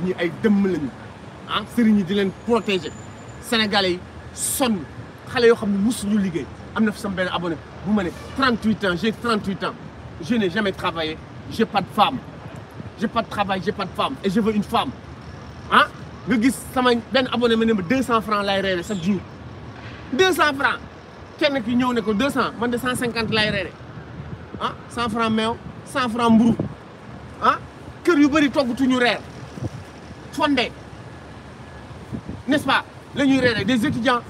ñii ay dëmm lañu ah une di protéger sénégalais son. sonn xale yoo ne musuñu liggéey am fi sama benn abonné 38 ans j'ai 38 ans je n'ai jamais travaillé j'ai pas de femme j'ai pas de travail j'ai pas de femme et je veux une femme Je ah, nga gis sama benn abonné ma 200 francs lay reere chaque jour 200 francs kenn ki ñëw ne ko 200 man de 150 lay 100 francs meew 100 francs mburu ah kër yu bëri toggatuñu reer fonde n'est-ce pas, les des étudiants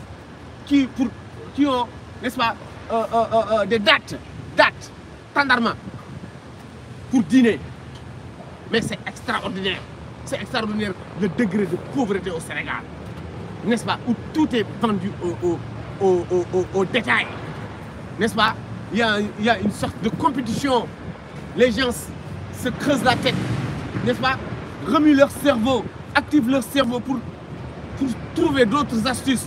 qui, pour, qui ont, n'est-ce pas, euh, euh, euh, des dates, dates, standardement, pour dîner. Mais c'est extraordinaire. C'est extraordinaire le degré de pauvreté au Sénégal. N'est-ce pas Où tout est vendu au, détail. N'est-ce pas il y, a, il y, a, une sorte de compétition. Les gens se creusent la tête. N'est-ce pas Remuent leur cerveau, activent leur cerveau pour trouver d'autres astuces,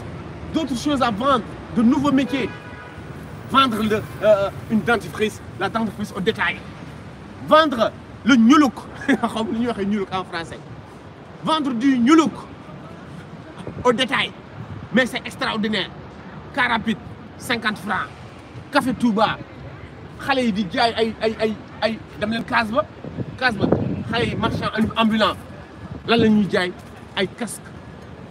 d'autres choses à vendre, de nouveaux métiers. Vendre euh, une dentifrice, la dentifrice au détail. Vendre le nuluk, en français. Vendre du look au détail. Mais c'est extraordinaire. Carapit, 50 francs. Café tout bas. di ay ay ay marchand ambulant casque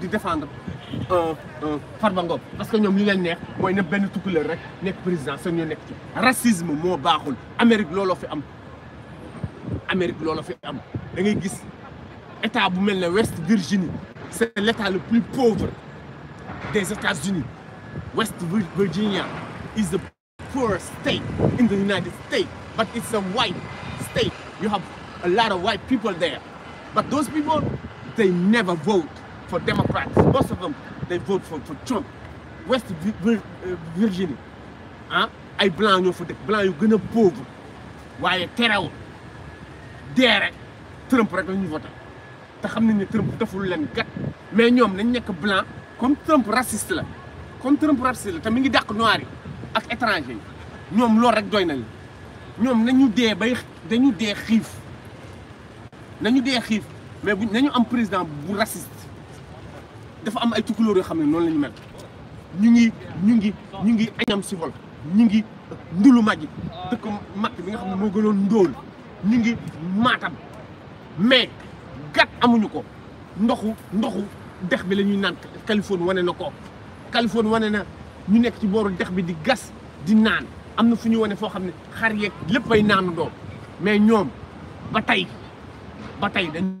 di défendre Farba Ngom parce que ñoom li leen neex mooy ne benn tukkuleur rek nekk président seen ñu nekk ci racisme moo baaxul Amérique looloo fi am Amérique looloo fi am da ngay gis état bu West Virginie c'est l'état le plus pauvre des États-Unis West Virginia is the poorest state in the United States but it's a white state you have a lot of white people there but those people they never vote for Democrats. Most of them, they vote for, for Trump. West uh, Virginia ah ay blanc ñoo fa dëkk blanc yu gën a pauvre waaye terewul dee rek Trump rek la ñuy te xam nañ ne Trump deful leen gat mais ñoom nañ nekk blanc comme Trump raciste la comme Trump raciste la te mi ngi dàq noir yi ak étranger yi ñoom lool rek doy na leen ñoom nañu dee bay dañu dee xiif nañu dee xiif mais bu nañu am président bu raciste dafa am ay tukulóor yo xamné non lañu la mel ñu ngi ñu ngi ñu ngi añam si ñu ngi ndulu bi nga ñu ngi mais gat amuñu ko ndoxu ndoxu dex bi la ñuy Californie wané na ko Californie wané na ñu nekk ci booru dex bi di gas di nan amna fuñu mais ñom ba tay ba dañu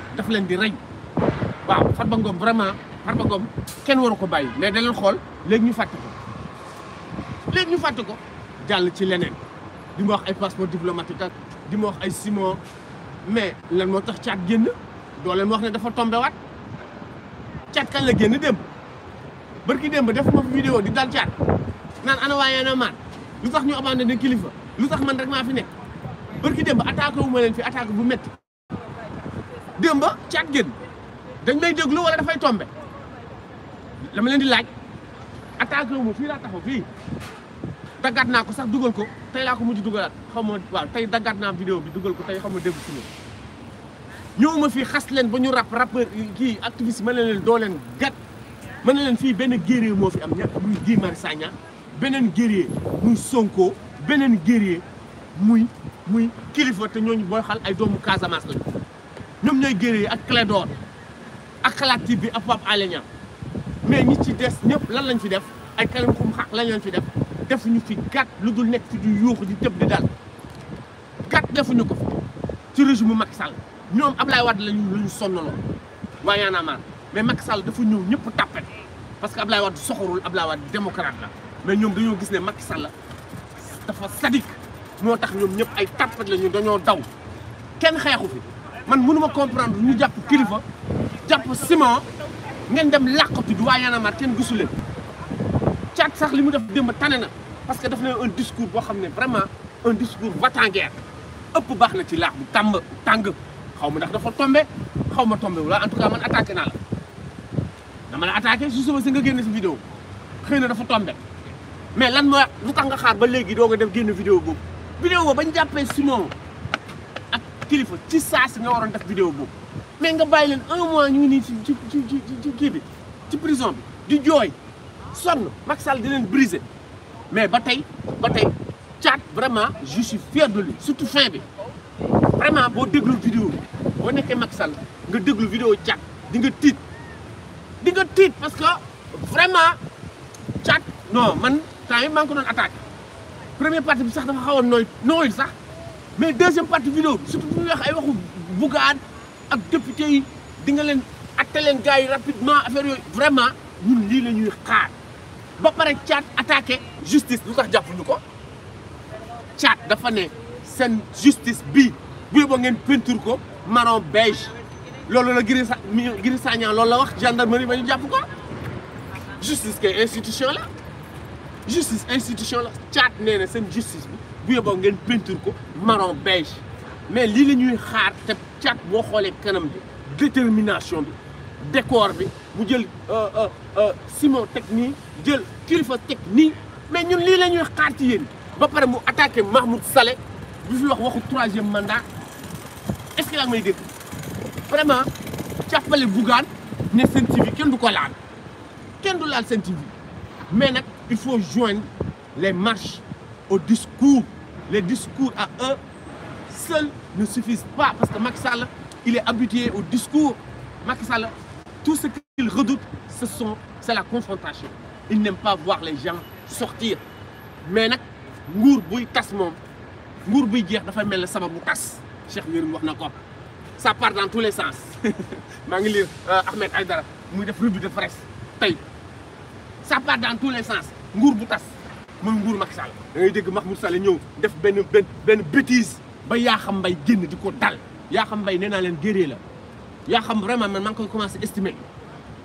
daf leen di rey waaw Farba Ngom vraiment Farba Ngom kenn waru ko bàyyi mais da xool léegi ñu fàtt ko léegi ñu fàtt ko jàll ci leneen di ma wax ay passeport diplomatique ak di ma wax ay simon mais lan moo tax caat génn doo leen wax ne dafa tombé waat caat kan la génn démb bërki démb def ma vidéo di dal caat naan ana waaye na maan lu tax ñu ne kilifa lu tax man rek maa fi nekk bërki démb attaqué wu ma leen fi attaque bu metti démba ci ak génn dañ may déglu wala dafay tombe dama leen di laaj attaque mo fii laa taxaw fii daggaat naa ko sax dugal ko tey laa ko mujj dugalaat xaw ma tey daggaat naa vidéo bi dugal ko tey xaw ma dégg si ñoom fii xasleen ba ñu rap rappeur kii activiste ma ne leen doo leen ma leen fii benn guerrier moo fi am ña muy Guy Marius Sagna beneen guerrier muy Sonko beneen guerrier muy muy kilifa te ñooñu booy xal ay doomu Casamance la en train de ak Clédor ak sommes bi ak Pape mais ñi ci des ñep lan lañ fi def ay kalam xum xax lañ fi def de fi gàtt lu dul nekk ci du di tepp di dal ko ci régime Macky Sall ñom Abdoulaye Wade lañu mais Macky Sall dafa ñew ñep parce que Abdoulaye Wade soxorul Abdoulaye Wade démocrate mais nous, nous gis né Macky Sall dafa sadique Nous, tax nous ay lañu dañu daw kenn xexu fi man mënuma comprendre ñu japp kilifa japp ciment ngeen dem laqatu du waa Y'en a marre kenn gisu sax limu def démb tanena parce que daf na un discours bo xamné vraiment un discours vatanguer ëpp baax na ci laq bu tam tang xawma ndax dafa tomber xawma tomber wala en tout cas man attaquer na la dama la attaquer su suba nga génn ci vidéo xeyna dafa tomber mais lan mo lu nga xaar ba léegi do nga def génn vidéo boobu vidéo bañ jappé Simon kilifa ci saa si nga waroon def vidéo boobu mais nga bàyyi leen un mois ñu ngi nii ci ci ci ci kii bi ci prison bi di jooy sonn Macky Sall di leen briser mais ba tey ba tey Thiat vraiment je suis de lui surtout fin bi vraiment boo déglu vidéo bi boo nekkee Macky sal nga déglu vidéo Thiat di nga tiit di nga tiit parce que vraiment Thiat non man temps yi maa ko doon attaqué premier parti bi sax dafa xawoon nooy nooyul sax mais deuxième partie vidéo surtout pour ñu wax ay waxu Bougane ak député yi di nga leen atte leen gars rapidement affaire yooyu vraiment ñun lii la ñuy xaar ba pare chat, attaqué justice lu tax jàppuñu ko Thiat dafa ne seen justice bi. bu yóbboo ngeen peinture ko marron beige loolu la Guiri gris Sagna loolu la wax gendarmerie ba ñu jàpp ko justice que institution la justice institution la chat nee na justice bu yeboo ngeen peinture ko marron beige mais li la ñuy xaar te chat boo xolé kanam bi détermination bi décor bi mu jël euh euh, euh Simon teg nii jël kilifa technique mais ñun li la ñuy xaar ci yéen ba pare mu attaqué Mahmoud Saleh bu fi wax waxu 3e mandat est-ce que yaa may dégg vraiment chapalé Bougane ne Sen TV kenn du ko laal kenn du laal Sen TV mais nak il faut joindre les marches au discours les discours à eux seuls ne suffisent pas parce que Macky Sall, il est habitué au discours. Macky Sall, tout ce qu'il redoute, c'est la confrontation. Il n'aime pas voir les gens sortir. Mais nak Ngour buy tas mom Ngour buy jeex dafa melni sama bu tas cheikh ça part dans tous les sens maa lire euh, Ahmed Aïdara a def rubis de presse ça part dans tous les sens Ngour bu mooy nguur Macky Sall da ngay dégg Mahmoud Sall ñëw def benn benn benn bêtise ba yaa xam bay génn di ko dal yaa xam bay nee naa leen guerrier la yaa xam vraiment man maa ngi koy commencé estimer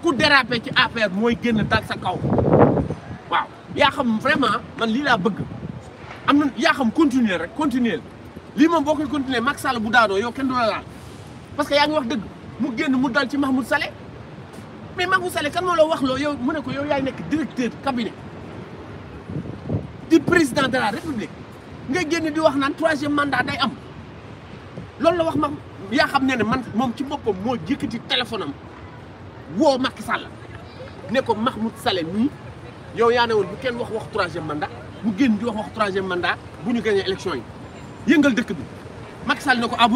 ku dérapé ci APR mooy génn dal sa kaw waaw yaa xam vraiment man lii laa bëgg am na yaa xam continuer rek continuer lii moom boo koy continuer Macky Sall bu daanoo yow kenn du laal parce que yaa ngi wax dëgg mu génn mu dal ci Mahmoud Sall mais Mahmoud Sall kan moo la wax loo yow mu ne ko yow yaay nekk directeur cabinet président de la république nga génn di wax naan troisième mandat day am loolu la wax ma yaa xam ne ne man moom ci boppam moo jëkkati téléphone am woo Macky sàll ne ko Mahmoud Saleh nii yow yaa ne woon bu kenn wax wax troisième mandat bu génn di wax wax troisième mandat bu ñu gagné élection yi yëngal dëkk bi Macky sàll ne ko ah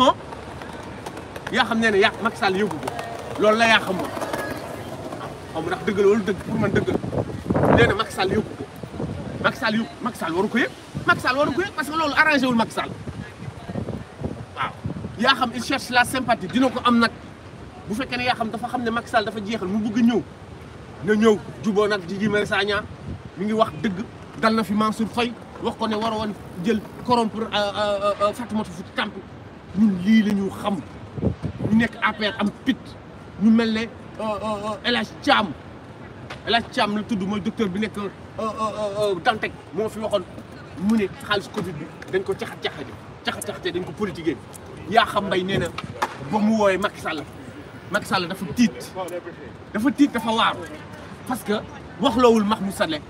yaa xam ne ne yaa Macky Sall yóbbu ko loolu la yaa xam ma xaw ma ndax dëgg la dëgg pour man dëgg nee na Macky Sall yóbbu Macky Sall yu Macky Sall waru ko yëg Macky Sall waru ko yëg parce que loolu arrangé wul Macky Sall waaw yaa xam il cherche la sympathie dina ko am nag bu fekkee ne yaa xam dafa xam ne Macky Sall dafa jeexal mu bëgg ñëw na ñëw juboo nag Guy Marius Sagna mi ngi wax dëgg dal na fi Mansour fay wax ko ne war woon jël corrompre euh, euh, euh, Fatoumata Fouta Tamp ñun lii la ñu xam ñu nekk APR am pit ñu mel ne El Hadj Thiam El Hadj Thiam la tudd mooy docteur bi nekk Euh, euh, euh, Dantec moo fi waxoon mu ne xaalis Covid bi dañ ko caxat caxate caxat caxate dañ ko politiqué yaa xam mbay nee ba mu woowee Macky Sall Macky Sall dafa tiit dafa tiit dafa waaru parce que max Mahmoud Saleh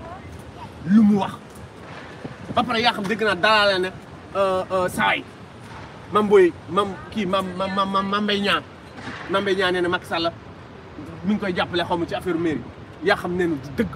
lu mu wax ba pare yaa xam dégg naa dalaa la ne saay mam booy mam kii mam mam mam mbay ñaan mam mbay ñaan nee na Macky Sall mi ngi koy jàppale xaw ma ci affaire mairie yaa xam ne du dëgg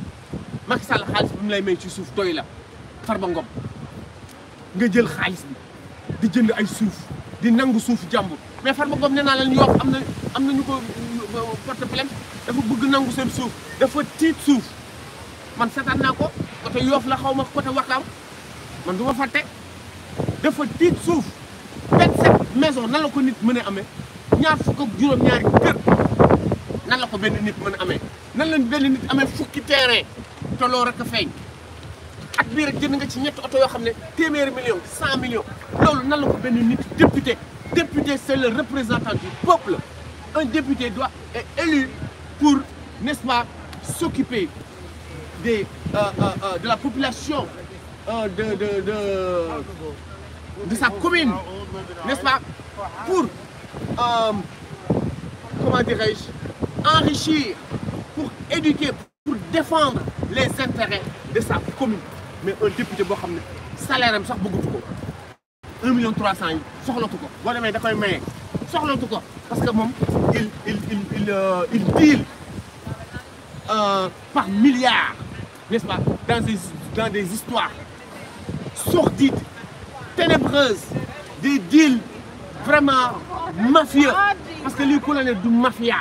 Macky Sall xaalis bi mu lay may ci suuf doy la Farba Ngom nga jël xaalis bi di jënd ay suuf di nangu suuf jàmbur mais Farba Ngom nee naa leen yoo am na am na ñu ko euh, porte plainte dafa bëgg nangu seen suuf dafa tiit suuf man seetaan naa ko côté Yoff la xaw ma côté Wakaam man du ma fàtte dafa tiit suuf vingt-sept maison nan la ko nit mën a amee ñaar fukk ak juróom-ñaari kër nan la ko benn nit mën a amee nan la benn nit amee fukki terrain te loo rek a feeñ ak bii rek jënd nga ci ñetti auto yo xamné ne million millions lolu nan la ko benn nit député député c'est le représentant du peuple un député doit être élu pour n'est-ce pas s'occuper des euh, euh, euh, de la population de de de de sa commune n'est-ce pas pour comment dirais-je enrichir pour éduquer pour défendre les intérêts de sa commune mais un député le bon salaire est beaucoup bëggatu ko un million trois cent yi ko parce que il il il il euh, deal euh, par milliards n'est-ce pas dans des dans des histoires sordides ténébreuses des deals vraiment mafieux parce que lui, ku de du mafia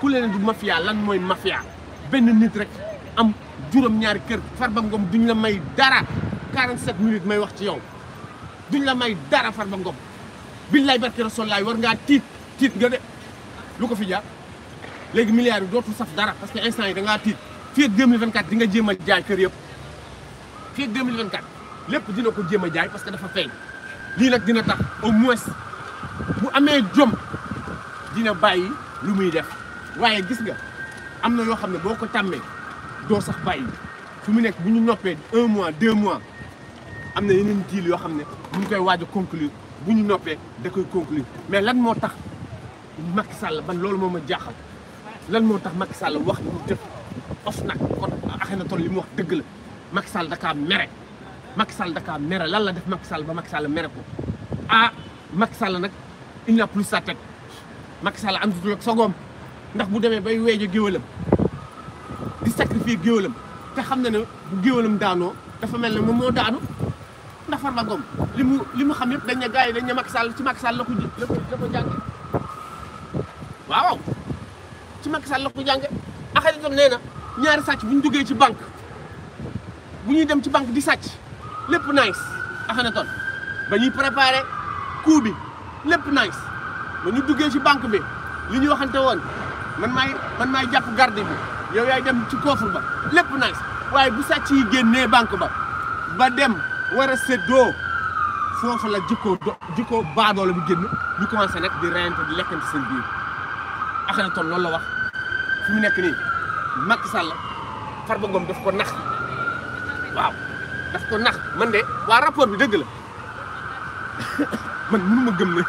ku de du mafia lan est mafia benn nit rek am juróom-ñaari kër far ba Ngom duñ la may dara 47 minutes may wax ci yow duñ la may dara Farba Ngom billaay barke laay war ngaa tiit tiit nga de lu ko fi jaar léegi milliards yi dootul saf dara parce que instant yi da ngaa tiit fii ak 2024 di nga jéem a jaay kër yëpp fii ak 2024 lépp dina ko jéem a jaay parce que dafa feeñ lii nag dina tax au moins bu amee jom dina bàyyi lu muy def waaye gis nga amna yo xamné boko tamé do sax bàyyi fu mu nekk bu ñu noppee un mois 2 mois amna na yeneen diil yoo xam ne koy waaj conclure buñu noppé da koy conclure mais lan mo tax Macky Sall ban loolu moma jaxal lan mo tax Macky Sall wax li def of nag kon axena tol limu wax deug la Macky Sall dakaa mere Macky Sall dakaa mere lan la def Macky Sall ba Macky Sall mere ko ah Macky Sall nag il n'a plus sa tête Macky Sall am tuuti rek sogoom ndax bu démé bay weejo géwalam sacrifier géwélam te xam na ne bu daanoo dafa mel ne moom moo daanu ndax Farba li mu li mu xam yëpp dañ ne gars yi dañ ne Macky Sall ci Macky Sall la ko ji la ko la ko jànge waaw ci Macky Sall la ko jànge axari itam nee na ñaari sàcc bu ñu duggee ci banque bu ñuy dem ci banque di sàcc lépp nice axana ton ba ñuy préparé coup bi lépp nice ba ñu duggee ci banque bi li ñu waxante woon man maay man maay jàpp garde bi yow yaay dem ci coffre ba lépp nice waaye bu sa ci génnee banque ba ba dem war a séddoo foofu la jikkoo do jikkoo baadoola bi génn ñu commencé nag di reyante di lekkante seen biir Akhenaton loolu la wax fi nekk nii Macky Sall Farba Ngom daf ko nax waaw daf ko nax man de waa rapport bi dëgg la man mënu ma gëm ne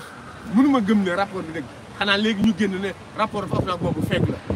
mënu ma gëm ne rapport bi dëgg xanaa léegi ñu génn ne rapport dafa am naa boobu fekk la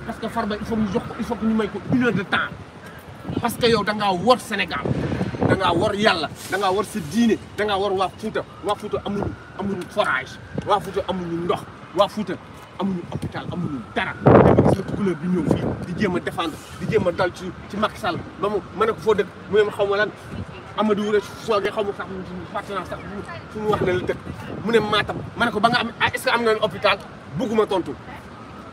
parce que Farba il faut jox ko il faut que ñu may ko une de temps parce que yow da ngaa war Sénégal da ngaa war yàlla dangaa war sa diine dangaa ngaa war waa Fouta waa Fouta amuñu amuñu forage waa Fouta amuñu ndox waa Fouta amuñu hôpital amuñu dara dama gis couleur bi ñëw di jéem a défendre di jéem a dal ci ci Macky ba mu ma ne foo dëkk mu ne ma xaw ma lan Amadou rek sooge xaw ma sax partenaire sax fu mu wax ne la dëkk mu ne Matam ma ne ko ba nga am ah, est-ce que am nga hôpital bugguma tontu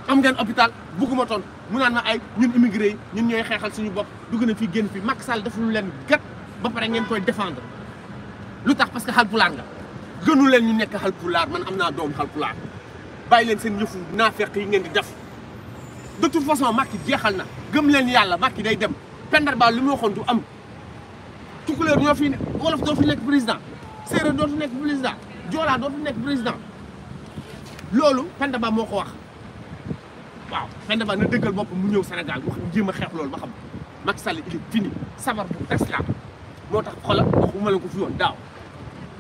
am ngeen hôpital bugguma toon mu naan ay ñun immigré ñun ñooy xeexal suñu bopp dugg na fii génn fii Macky Sall dafa lu leen gat ba pare ngeen koy défendre lu tax parce que xalpulaar gënu leen ñu nekk xalpulaar man am naa doom xalpulaar bàyyi leen seen yëfu naafeq yi ngeen di def de toute façon Macky jeexal na gëm leen yàlla Macky day dem Pender Ba li mu waxoon du am tukulóor ñoo fi ne wolof doo fi nekk président séeréer doo fi nekk président joolaa doo fi nekk président loolu Pender Ba moo ko wax waaw xëy na na dëggal boppam mu ñëw Sénégal wax ñu jéem a xeex loolu ba xam Macky Sall il est fini sabar bu tas la moo tax xoolal waxuma leen ko fi woon daaw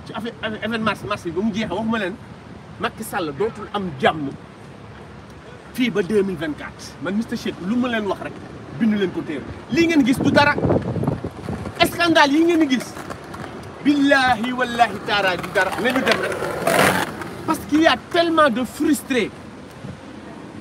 ci affaire événement mars yi ba mu jeexee waxuma leen Macky Sall dootul am jàmm fii ba 2024 man Mister Shake lu ma leen wax rek bind leen ko téere lii ngeen gis du dara scandale yi ngeen gis billahi wallahi taala du dara nañu dem rek parce qu'il y a tellement de frustrés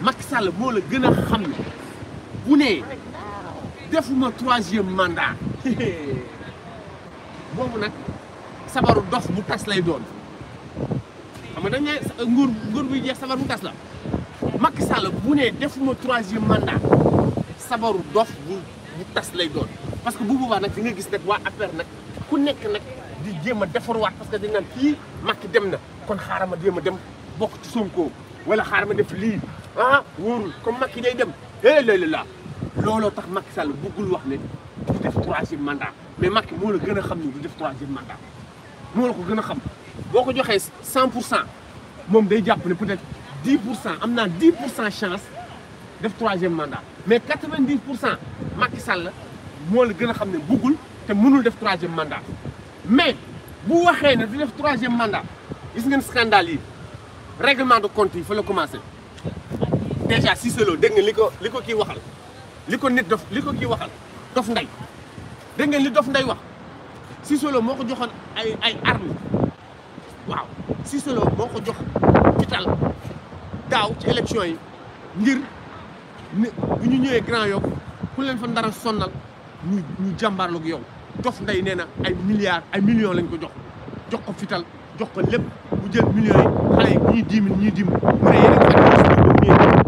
Macky Sall boo la gën a xam ne bu ne defuma troisième mandat boobu nag sabaru dof bu tas lay doon xam nga dañ ne nguur nguur buy jeex sabar bu tas la makki sàll bu ne defuma troisième mandat sabaru dof bu bu tas lay doon parce que bu boobaa nag di nga gis nag waa APR nag ku nekk nag di jéem a defarwaat parce que dañ naan kii Macky dem na kon xaaral ma jéem a dem bokk ci Sonko wala xaaral ma def lii ah wóorul comme Macky day dem eh léegi la lolo tax Macky Sall bëggul wax ne du def troisième mandat mais Macky mo la gën xam ni du def troisième mandat mo la ko gën xam boko ko 100 mom day japp ne peut-être 10 amna 10 chance def troisième mandat mais 90 Macky Sall mo la gën xam ne bëggul te mënul def troisième mandat mais bu waxee ne du def troisième mandat gis ngeen scandale yi règlement de compte il faut le commencer déjà Cissé Lo dégg ngeen li ko li ko kii waxal li ko nit dof li ko kii waxal dof nday dégg ngeen li dof nday wax Cissé moo ko joxoon ay ay armes waaw Cissé moo ko jox fital daaw ci élection yi ngir bu ñu ñëwee Grand Yoff ku leen fa ndara sonnal ñu ñu jàmbaarloog yow dof nday nee na ay milliards ay millions lañ ko jox jox ko fital jox ko lépp bu jël millions yi xale yi ñii dix mille ñii dix mille mu ne yéen a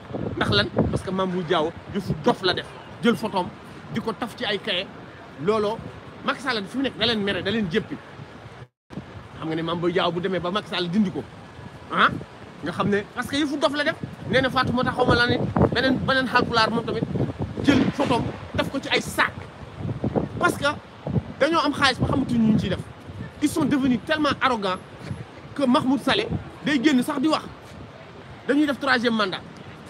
ndax lan parce que Mame diaw Diao yëfu dof la def djel photom diko taf ci ay cahier lolo Macky Sall fi nek nekk da leen mere da leen jéppi xam nga ni Mame diaw bu démé ba Macky Sall dindi ko nga xamné parce que yëfu dof la def néna Fatou moo tax xaw ma la ne beneen beneen tamit djel photom taf ko ci ay sac parce que dañu am xaliss ba xamatu ñu ci def ils sont devenus tellement arrogants que Mahmoud Saleh day génn sax di wax dañuy def troisième mandat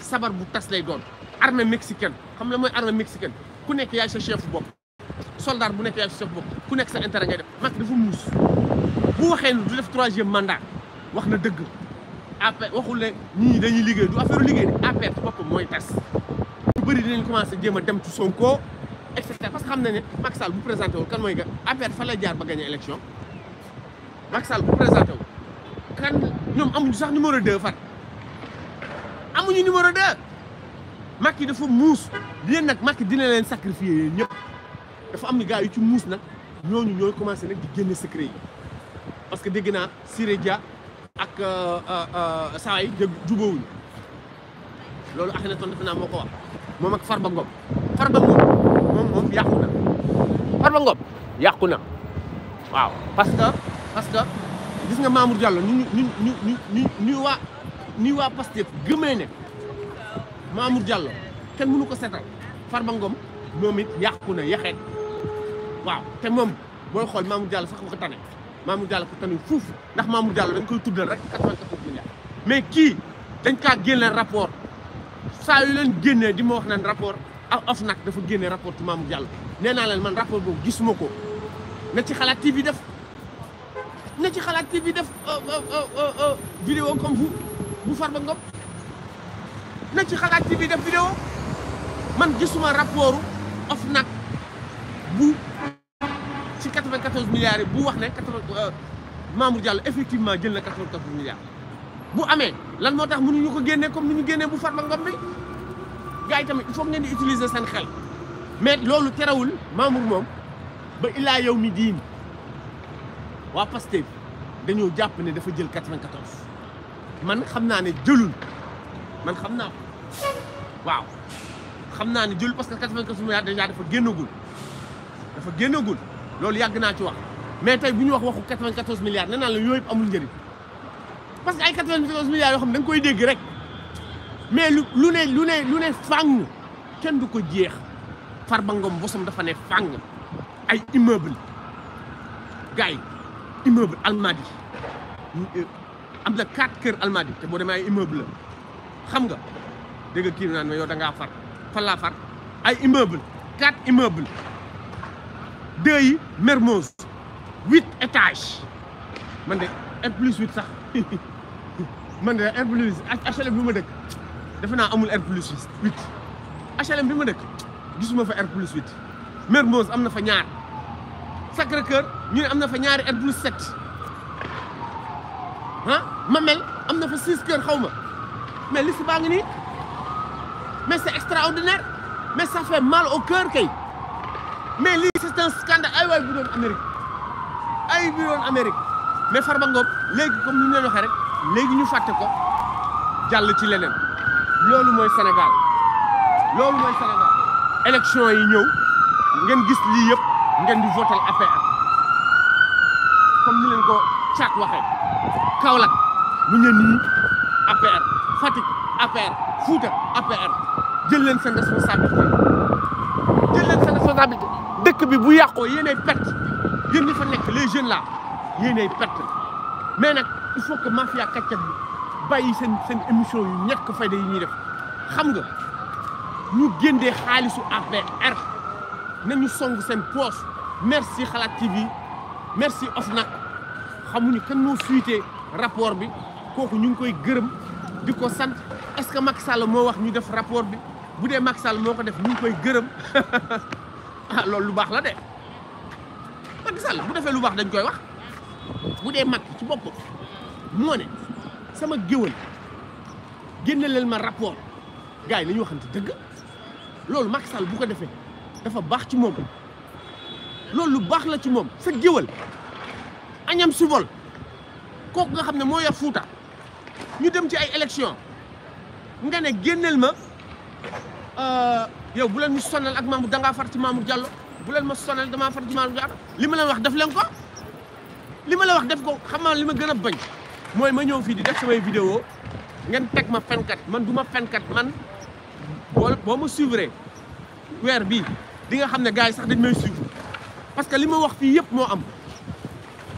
sabar bu tass lay doon armée mexicaine xam la moy armée mexicaine ku nek yaay sa chef bopp soldat bu nek yaay sa chef bopp ku nek sa intérêt ngay def Macky dafa mous bu waxee du def 3e mandat wax na dëgg APR waxul ne ni dañuy liggéey du affaire liggéey de APR ci boppam mooy tas ñu bëri dinañ commencé djema dem ci Sonko etc parce que xam na ne Macky Sall bu présenté wul kan moy ga APR fa lay jaar ba gagné élection Macky Sall bu présenté wul kan ñom amuñu sax numéro 2 fat amuñu numéro 2 Macky dafa muus yéen nag makki dina leen sacrifier yéen ñëpp dafa am ni gars yu ci muus nag ñooñu ñooy commencé nag di génne secret parce que dégg naa Siré Dia ak euh, euh, euh, saa yi jubóowuñu loolu Akhenaton defe naa moo ko wax moom ak Farba Ngom moom moom yàqu na Farba Ngom yàqu na waaw parce que parce gis nga Mamour Diallo ñu ñu ñu ni waa Pastef gëmee ne Mamour Diallo ken munu ko seetal Farba Ngom momit yakuna yàqu na waaw te mom boy xol Mamour Diallo sax waxa tane Mamour Diallo ko tane fouf ndax Mamour Diallo dañ koy tuddal rek 94 milliards mais ki dañ ka génne rapport sa yu len génnee di mo wax nan rapport ah, nak dafa génne rapport ci Mamour Diallo néna len man rapport boobu gisuma ko na ci xalat TV def na ci xalat TV def euh, euh, euh, vidéo comme vous bu Farba Ngom na ci xalaat ci bi def vidéo man gisuma rapport OFNAC bu ci 94 milliards yi bu wax ne 80 euh, Mamour Diallo effectivement jël na 94 milliards bu amee lan moo tax mu mënuñu ko génnee comme ni ñu génnee bu Farba Ngom bi gars yi tamit il faut ngeen di utiliser seen xel mais loolu terewul Mamour moom ba illaa yow mi diin waa Pastef dañoo jàpp ne dafa jël 94. man xam naa ne jëlul man xam naa ko waaw xam naa ne jëlul parce que 94 milliards déjà dafa génnagul dafa génnagul loolu yàgg naa ci wax mais tey bu ñu wax waxu 94 milliards nee naa la yooyu amul njëriñ parce que ay 94 milliards yoo xam ne da nga koy dégg rek mais lu lu ne lu ne lu ne fàng kenn du ko jeex Farba Ngom bosam dafa ne fàng ay immeuble gars yi immeuble Almadies am na quatre kër Almadies te boo demee ay immeuble xam nga dégg nga kii naan ma yow da far fan laa far ay immeuble quatre immeuble deux yi Mermoz huit étages man de R plus huit sax man de R plus HLM bi ma dëkk defe naa amul R bi ma dëkk gisuma fa R plus huit Mermoz am na fa ñaar Sacré-Cœur ñu ne am na fa ñaari R plus sept ah ma mel am na fa six kër xaw ma mais liste baa ngi nii mais c'est extraordinaire mais ça fait mal au cœur kay mais lii c'est un scandale ay waay bu doon ay bu doon Amérique mais Farba léegi comme ni ñu leen rek léegi ñu fàtte ko jàll ci leneen loolu mooy Sénégal loolu mooy Sénégal élection yi ñëw ngeen gis lii yëpp ngeen di votel APR comme ni leen ko caat waxee Kaolack mu ngi nii APR Fatik, APR Fouta APR jël leen seen responsabilité jël leen seen responsabilité dëkk bi bu yàqoo yéenay perte yéen ñi fa nekk les jeunes là yéenay perte mais nag il faut que mafia kàccat bi bàyyi seen seen émission yu ñàkk fayda yi ñuy def xam nga ñu géndee xaalisu APR nañu song seen poche merci Xalaat TV merci Ofnac xamuñu kan moo fuité rapport bi kooku ñu ngi koy gërëm di ko sant est-ce que Macky Sall moo wax ñu def rapport bi bu dee Macky Sall moo ko def ñu ngi koy gërëm ah loolu lu baax la de Macky Sall bu defee lu baax dañ koy wax bu dee Macky ci boppam moo ne sama géwal génne leen ma rapport gars yi la ñu waxante dëgg Sall bu ko defee dafa baax ci moom loolu lu baax la ci moom sa géwal añam suvol kok nga xamne ne moo fouta ñu dem ci ay election nga ne gennel ma euh, yow bu len ñu sonal ak da nga far ci Mamour Diallo bu len ma sonal dama far ci Mamour Diallo lima ma wax def len ko lima ma la wax def ko xam naa li ma a bañ moy ma ñew fi di def sama vidéo ngeen tek ma kat man duma fen kat man bo boo suivre wer bi di nga xamne gaay sax dañ may suivre parce que lima wax fi yépp mo am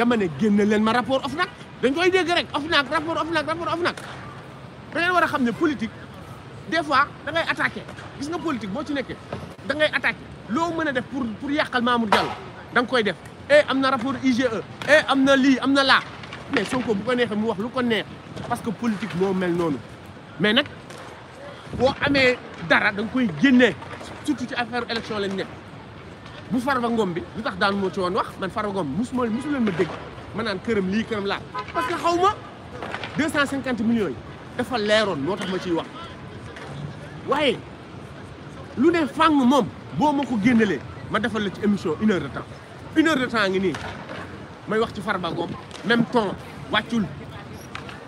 dama ne génne ma rapport OFNAC dañ koy rek rapport OFNAC rapport OFNAC da ngeen war politique des fois da ngay attaqué gis nga politique boo ci nekkee da ngay attaqué a def pour pour koy def eh, rapport IGE Eh, am na lii am mais Sonko bu ko neexee mu wax lu ko parce que politique moo mel noonu mais nag boo amee dara koy surtout ci affaire élection bu Farba Ngom bi lu tax daan moo ci woon wax man Farba Ngom musuma musu leen ma dégg ma naan këram lii këram laa parce que xaw ma cent cinquante millions yi dafa leeroon moo tax ma ciy wax waaye lu ne fàng moom boo ma ko génnelee ma defal la ci émission une heure de temps une heure temps ngi nii may wax ci Farba Ngom même temps wàccul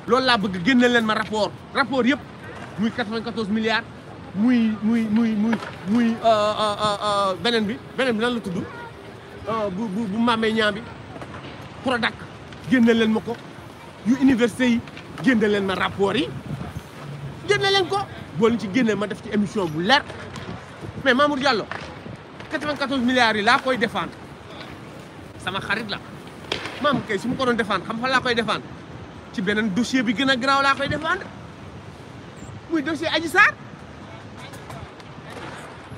loolu laa bëgg génne leen ma rapport rapport yëpp muy 94 milliards muy muy muy muy muy euh, euh, euh, beneen bi beneen bi nan la tudd bu bu bu Mame Niang bi Prodac génne leen ma ko yu université yi génne leen ma rapport yi génne leen ko boo ci génne ma def ci émission bu leer mais Mamour Diallo 94 milliards yi laa koy défendre sama xarit la maam kay su mu ko doon défendre xam fa laa koy défendre ci beneen dossier bi gën a garaaw laa koy défendre muy dossier Adji Sarr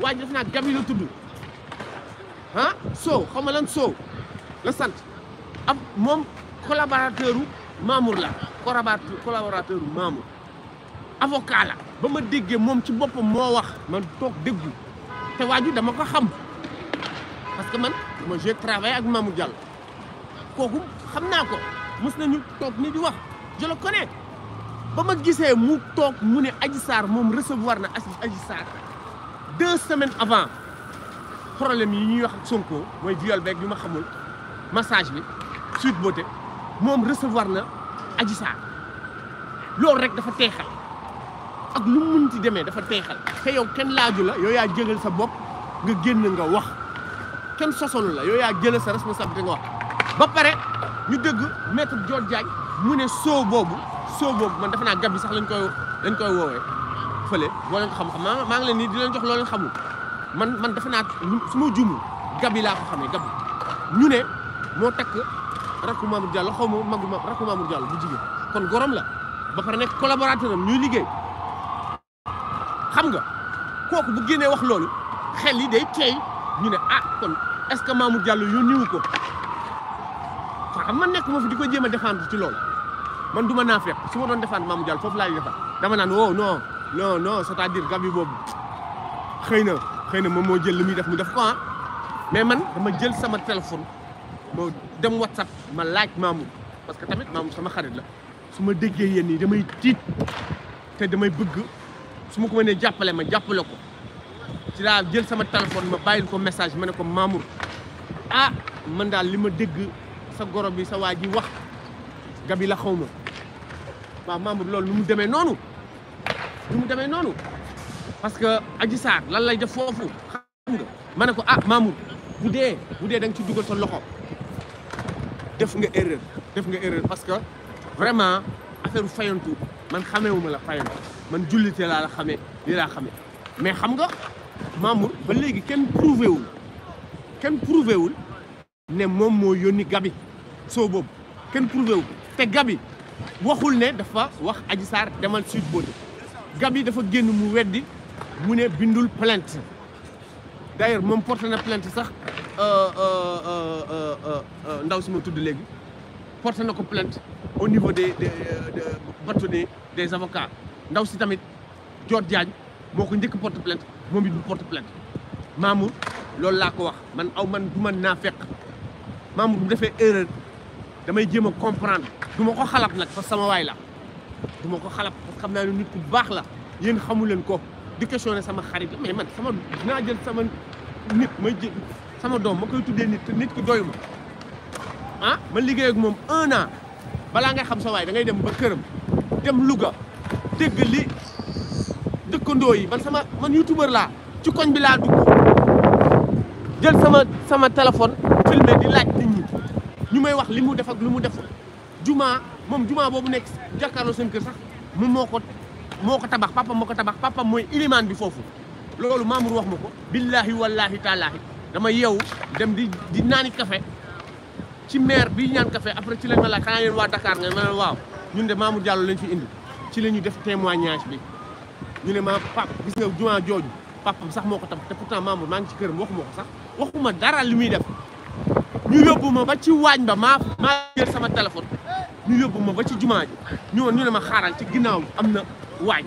waa ji def naa gam yi la tudd ah soow xaw ma lan soow la sant am moom collaborateur u la collaborateur u Mamour avocat la ba ma déggee moom ci boppam moo wax man toog déggu te waa ji dama ko xam parce que man ma j'ai travaillé ak Mamour Diallo kooku xam naa ko mës nañu toog ni di wax je le connais ba ma gisee mu toog mu ne Adji Sarr moom recevoir na Adji Sarr deux semaines avant problème yi ñuy wax ak Sonko moy viol xamul massage bi suite beauté mom recevoir na adissa lool rek dafa téxal ak lu mu munti dafa téxal té yow kenn laaju la yow ya sa nga génn nga wax kenn la sa responsabilité nga wax ba paré ñu dëgg maître mu ne so bobu so bobu man dafa sax fële boo leen ko xam xam maa ngi leen nii di leen jox loo leen man man dafa naa suma ma juumul gab yi laa ko gab ñu ne moo takk rakku Mamour Diallo xaw ma magu ma rakku Mamour Diallo bu jigéen kon gorom la ba pare nekk collaborateur am ñuy liggéey xam nga kooku bu génnee wax loolu xel yi day teey ñu ne ah kon est-ce que Mamour Diallo yónni wu ko waaw man nekk ma fi di ko jéem a ci loolu man du ma naa feeq su ma doon défendre Mamour Diallo foofu laay defar dama naan wow oh, non non non c'est-à-dire Gavi boobu xëy na xëy na moom moo jël li muy def mu def ko ah mais man dama jël sama téléphone ma dem WhatsApp ma laaj Mamour parce que tamit Mamour sama xarit la su ma déggee yéen nii damay tiit te damay bëgg su ma ko mënee jàppale ma jàppale ko ci daa jël sama téléphone ma bàyyil ko message ma ne ko Mamour ah man daal li ma dégg sa goro bi sa waa ji wax Gabi la xaw ma waaw loolu nu mu demee noonu. du mu demee noonu parce que Adji Sarr lan lay def foofu xam nga ma ne ko ah Mamour bu dee bu dee da ci dugal sa loxo def nga erreur def nga erreur parce que vraiment affaire fayantu man xamewuma la fayantu man jullite laa la xamee lii laa xamee mais xam nga Mamour ba léegi kenn prouvé wul kenn prouvé wul ne moom moo yónni Gabi soo boobu kenn prouvé wul te Gabi waxul ne dafa wax Adji Sarr demal Sweet Beauté Si dafa génn mu weddi plainte d'ailleurs je porte une plainte sax euh, euh, euh, ndaw si ma tudd léegi porté na plainte au niveau des des des avocats ndaw si tamit Dior je moo porte plainte moom it porte plainte Mamour loolu laa wax man aw man erreur damay comprendre ma duma ko xalab xamna lu nit ku bax la yeen xamul len ko di questionné sama xarit mais man sama dina jël sama nit may jël sama dom, ma koy tuddee nit nit ku doyuma ah ma liggéey ak mom 1 an bala nga xam sa way da ngay dem ba kërëm dem luga dégg li dëkkandoo yi man sama man youtubeur la ci koñ bi la dugg jël sama sama téléphone filmé di laaj nit ñi ñu may wax limu def ak limu def juma mom juma bobu nek jakarlo seen keur sax mom moko moko tabax papa moko tabax papa moy iliman bi fofu lolou Mamour wax mako billahi wallahi taala dama yew dem di di nani café ci maire bi ñaan café après ci lañu la laaj xanaa yéen Dakar nga ma waaw ñun de Mamour Diallo lañ fi indi ci lañu def témoignage bi ñu ne ma pap gis nga juma joju papa sax moko ko tabax te pourtant Mamour ma ngi ci keur waxuma ko sax waxuma dara li def ñu yobuma ba ci wañ ba ma ma jël sama téléphone ñu yóbbu ma ba ci jumaa ji ñu woon ñu ne ma xaaral ci ginnaaw am na waañ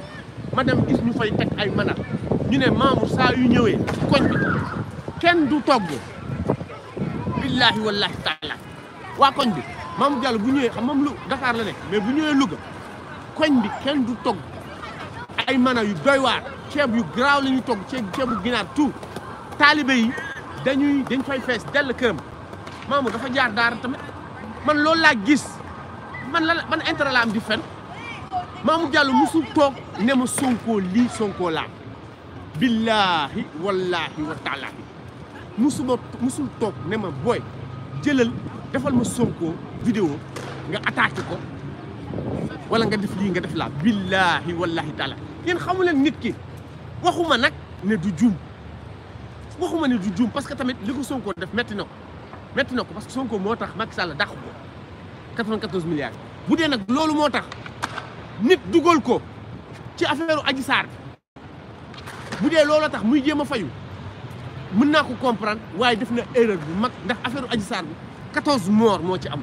ma dem gis ñu fay teg ay manar ñu ne Mamour saa yu ñëwee koñ bi kenn du togg billaahi wallaahi taala waa koñ bi Mamour Diallo bu ñëwee xam moom lu Dakar la nekk mais bu ñëwee Louga koñ bi kenn du togg ay mana yu doy ceeb yu garaaw lañuy ñuy togg ceeb ceebu ginaar tout taalibe yi dañuy dañ fay fees dell këram Mamour dafa jaar daara man loolu laa gis man la man intérêt la am di fen Mamour jàll musul toog ne ma Sonko lii Sonko laa billaahi wallaahi wa taalaahi musuma toog ne ma booy jëlal defal ma Sonko vidéo nga attaqué ko wala nga def lii nga def laa billaahi wallaahi taala yéen xamu leen nit ki waxuma nag ne du juum waxuma ne du juum parce que tamit li ko Sonko def metti na ko metti na ko parce que Sonko moo tax Macky Sall dàq ko 94 bu dee nag loolu moo tax nit dugal ko ci affaire Adji Sarr bu dee loolu tax muy jéem a fayu mën naa ko comprendre waaye def na erreur bu mag ndax affaire Adji Sarr bi 14 morts moo ci am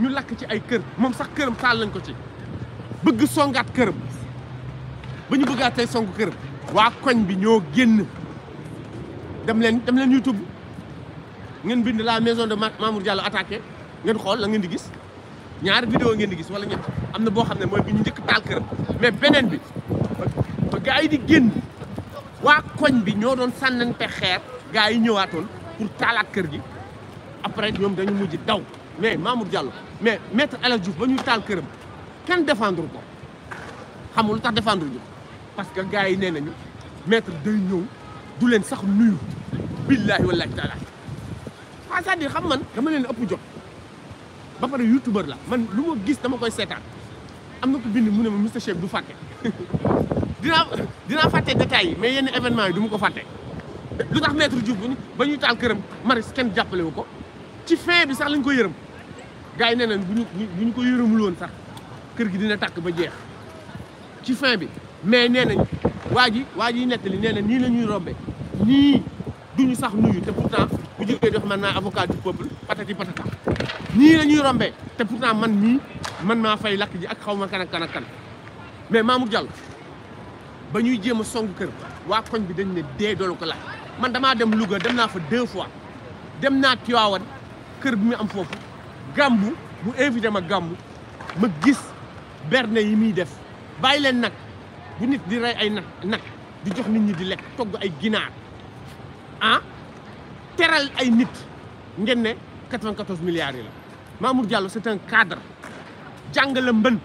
ñu lakk ci ay kër moom sax këram taal lañ ko ci bëgg songaat këram ba ñu bëggaatee songu këram. waa koñ bi ñoo génn dem leen dem leen YouTube ngeen bind la maison de Mamour Diallo attaqué ngeen xool la ngeen di gis. ñaari vidéo ngeen di gis wala ñett am na boo xam ne mooy bi ñu jëkk taal këram mais beneen bi ba gars yi di génn waa koñ bi ñoo doon sànnante xeer gars yi ñëwaatoon pour taalaat kër gi après ñoom dañu mujj daw mais Mamour Diallo mais maître El Hadj ba ñuy taal këram kenn défendre ko xamul tax défendre ñu parce que gars yi nee nañu maître day ñëw du leen sax nuyu billahi wallahi taala ah, cest à xam man dama leen ëpp jot ba pare youtubeur la man lu ma gis dama koy seetaan am na ko bind mu ne ma Mister Shake du fàtte dinaa dinaa fàtte détails yi mais yenn événement yi du ma ko fàtte lu tax maître Diouf bu ñu ba ñuy taal këram Maris kenn jàppale wu ko ci fin bi sax lañ ko yërëm gars yi nee nañ bu ñu bu ko yërëmul woon sax kër gi dina takk ba jeex ci fin bi mais nee nañ waa ji waa ji nettali nee na nii la ñuy rombe nii duñu sax nuyu te pourtant fi jógee di wax man naa avocat du peuple patati patata ñii la ñuy rombee te pourtant man mii man maa fay lakk ji ak xaw ma kan ak kan ak mais Mamour Diallo ba ñuy jéem a song kër waa koñ bi dañ ne dee doolu ko laaj man damaa dem Louga dem naa fa deux fois dem naa Tiwaawan kër bi muy am foofu gàmmu mu invité ma gàmmu ma gis berne yi muy def bàyyi leen nag bu nit di rey ay nag nag di jox nit ñi di lekk togg ay ginaar ah teral ay nit ngeen ne 94 milliards yi la Mamour jàllo c'est un cadre jàngale mbën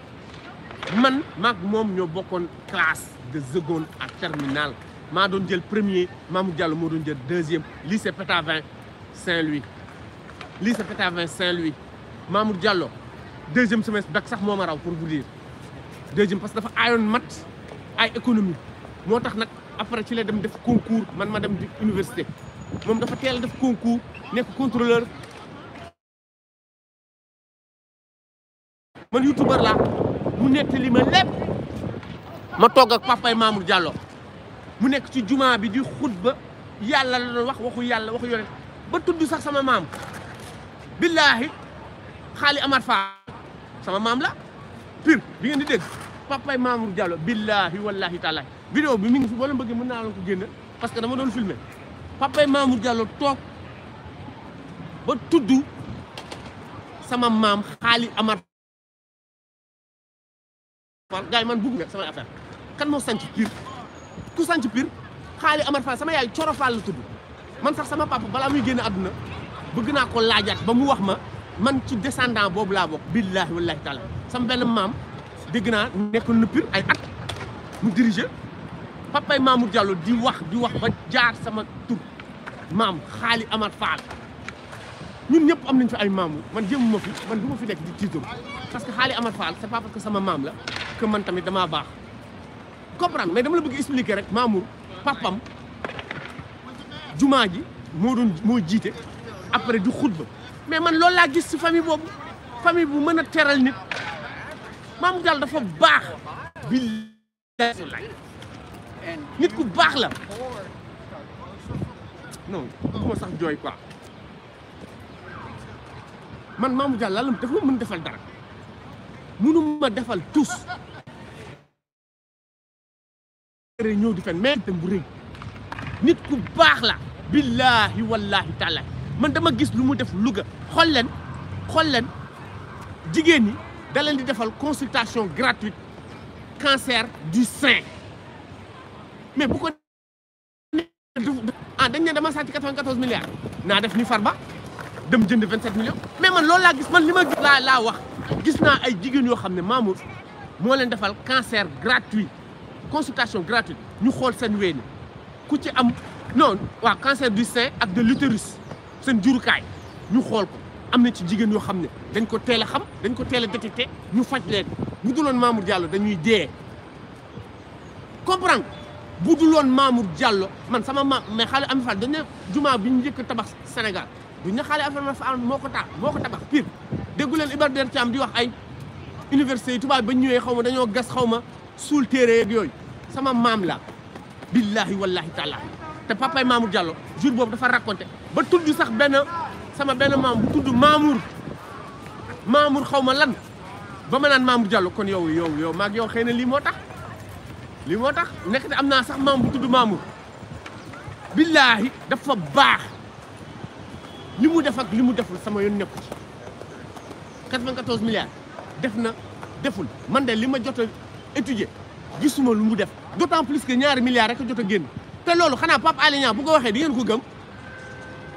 man mag moom ñoo bokkoon classe de seconde à terminale maa doon jël premier Mamour Diallo moo doon jël deuxième lycée Pétavin Saint-Louis lycée Pétavin Saint-Louis Mamour Diallo deuxième semestre bac sax moo ma raw pour vous dire deuxième parce que dafa aayoon mat ay économie moo tax nag après ci la dem def concours man ma dem université moom dafa teel def concours nekk contrôleur man youtubeur laa mu nettali ma lépp ma togg ak papay Mamour Diallo mu nekk ci jumaa bi di xutba yàlla la doon wax waxu yàlla waxu yonent ba tudd sax sama maam billaahi xaali Amar Fall sama maam la pire bi ngeen di dégg papay Mamour Diallo billaahi wallaahi taalaahi vidéo bi mu ngi fi boo leen bëggee mën naa la ko génn parce que dama doon filmer Papa Mamour Diallo tok ba tuddu sama mam khali Amar Fall gay man bugg sama affaire kan mo sanc Pire ku sanc Amar Fall sama yaay Coro Fall la man sax sama papa bala muy génn aduna bëgg na ko lajjat ba mu wax ma man ci descendant boobu la bok billahi wallahi taala sama ben mam deug na nekkoon na pir ay at mu diriger diwah Mamour Diallo di wax di wax ba jaar sama tuddu maam xaali amaat Fall ñun ñëpp am nañ fi ay maamu man jëmuma fi man du ma fi nekk di tiitam parce que xaali Amath Fall c'est pas parce sama maam la que man tamit damaa baax comprendre mais dama la bëgg expliquer rek Mamour papam jumaa ji moo doon moo jiite après du xutba mais man loolu laa gis si famille boobu famille bu mën a teral nit Mamour Diallo dafa baax bi nit ku baax la non bëgguma sax jooy quoi man Mamour Diallo lan dafa mën defal dara mënu ma defal tous ñëw di fen mais dem nit ku baax la billaahi wallaahi taalaahi man dama gis lu mu def Louga xool leen xool leen jigéen ñi da leen di defal consultation gratuite cancer du sein mais bu ko ah dañ ne dama sàcc 94 milliards naa def ni Farba dem jënd 27 millions mais man loolu laa gis man li ma gis laa wax gis naa ay jigéen yoo xam ne Mamour moo leen defal cancer gratuit consultation gratuite ñu xool seen ween ku ci am non waaw cancer du sein ak de l'utérus seen jurukaay ñu xool ko am na ci jigéen yoo xam ne dañ ko teel a xam dañ ko teel a détecté ñu faj leen bu duloon Mamour Diallo dañuy dee comprendre bu dul woon Mamour Diallo man sama maam mais xaale Ami Fall dañ ne jumaa bi ñu njëkk tabax Sénégal duñ ne xaale Ami Fall moo ko tax moo ko tabax pire déggu leen Iba Der Thiam di wax ay université yi tubaab ba ñëwee xaw ma dañoo gas xaw ma suul téere yeeg yooyu sama maam la billahi wallahi taala te papay Mamour Diallo jour boobu dafa raconté ba tudd sax benn sama benn maam bu tudd Mamour Mamour xaw ma lan ba ma naan Mamour Diallo kon yow yow yow maag yow xëy na lii moo tax li moo tax nekk te am naa sax maam bu tudd Mamour billaahi dafa baax li mu def ak li mu deful sama yoon nekku ci 94 milliards def na deful man de li ma jot a étudier gisuma lu mu def d'autant plus que ñaari milliards rek a jot a génn te loolu xanaa Pape Alé Niang bu ko waxee di ngeen ko gëm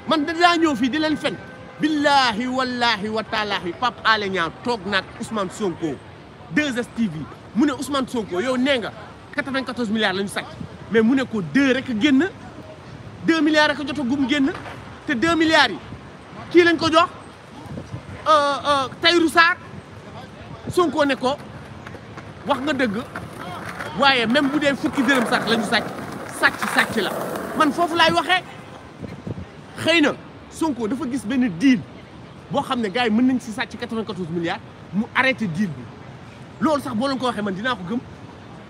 man da daa ñëw fii di leen fen billaahi wallaahi wa taalaahi Pape Alé Niang toog naag Ousmane Sonko 2STV mu ne Ousmane Sonko yow nee nga 94 milliards la ñu sàcc mais mu nekkoo ko 2 rek génn 2 milliards rek jot a gum génn te 2 milliards yi kii lañ ko jox euh, euh, Tayrou Sarr Sonko ne ko wax nga dëgg waaye même bu dee fukki dërëm sax la ñu sàcc sàcc la man foofu laay waxee xëy na Sonko dafa gis benn deal boo xam ne gars yi mën nañ si sàcc 94 milliards mu arrêté deal bi loolu sax boo leen ko waxee man dinaa ko gëm.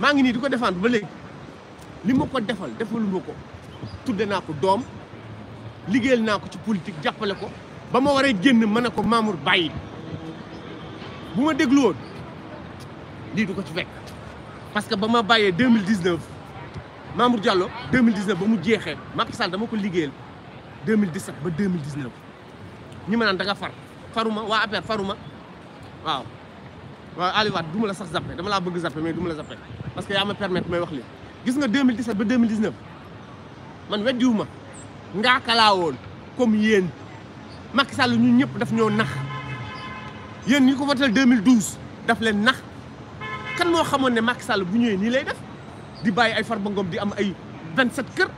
maa ngi nii di ko défendre ba léegi li ma ko defal defaluma ko tudde naa ko doom liggéeyal naa ko ci politique jàppale ko ba ma waree génn mën ne ko Mamour bàyyi bu ma déglu woon lii du ko ci fekk parce que ba ma bàyyee 2019 jallo Diallo 2019 ba mu jeexee Macky Sall dama ko liggéeyal 2017 ba 2019 ñu ma naan da nga far faruma waa APR faruma waaw waaw Aliou Wade du la sax zappé dama laa bëgg zappé mais du ma la zappé parce que yaa ma permettre may wax li gis nga 2017 ba 2019 man weddiwu ma ngaa kalaawoon comme yéen Macky sàll ñun ñëpp daf ñoo nax yéen ñi ko votel 2012 daf leen nax kan moo xamoon ne Macky sàll bu ñëwee nii lay def di bàyyi ay Farba Ngom di am ay vingt 27 kër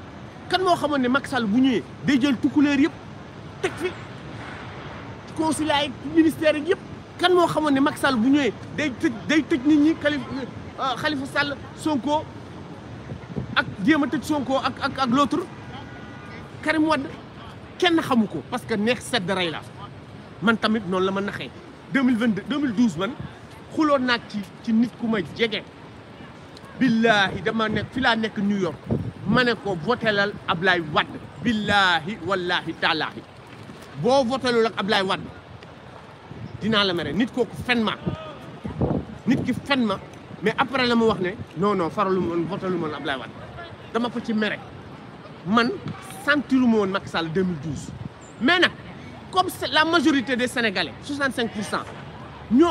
kan moo xamoon ne Macky sàll bu ñëwee day jël tukkuleer yëpp teg fi consulat yi ministère yi yëpp. kan moo xamoon ne Macky Sall bu ñëwee day tëj day tëj nit ñi Kali Khalifa Sall Sonko ak jéem a tëj Sonko ak ak ak l'autre Karim Wade kenn xamu ko parce que neex sedd rey la man tamit noonu la ma naxee 2022 2012 man xuloon naag ci ci nit ku ma jege. billaahi dama nekk fi laa nekk New York ma ne ko votelal Ablaye Wade billaahi wallaahi taalaahi boo votelul ak Ablaye Wade. Je la nit kooku fen nit ki mais après la mu wax ne non non faralu moon votalu moon Ablaye Wade dama ko ci man mo won Macky Sall 2012 mais comme la majorité des sénégalais 65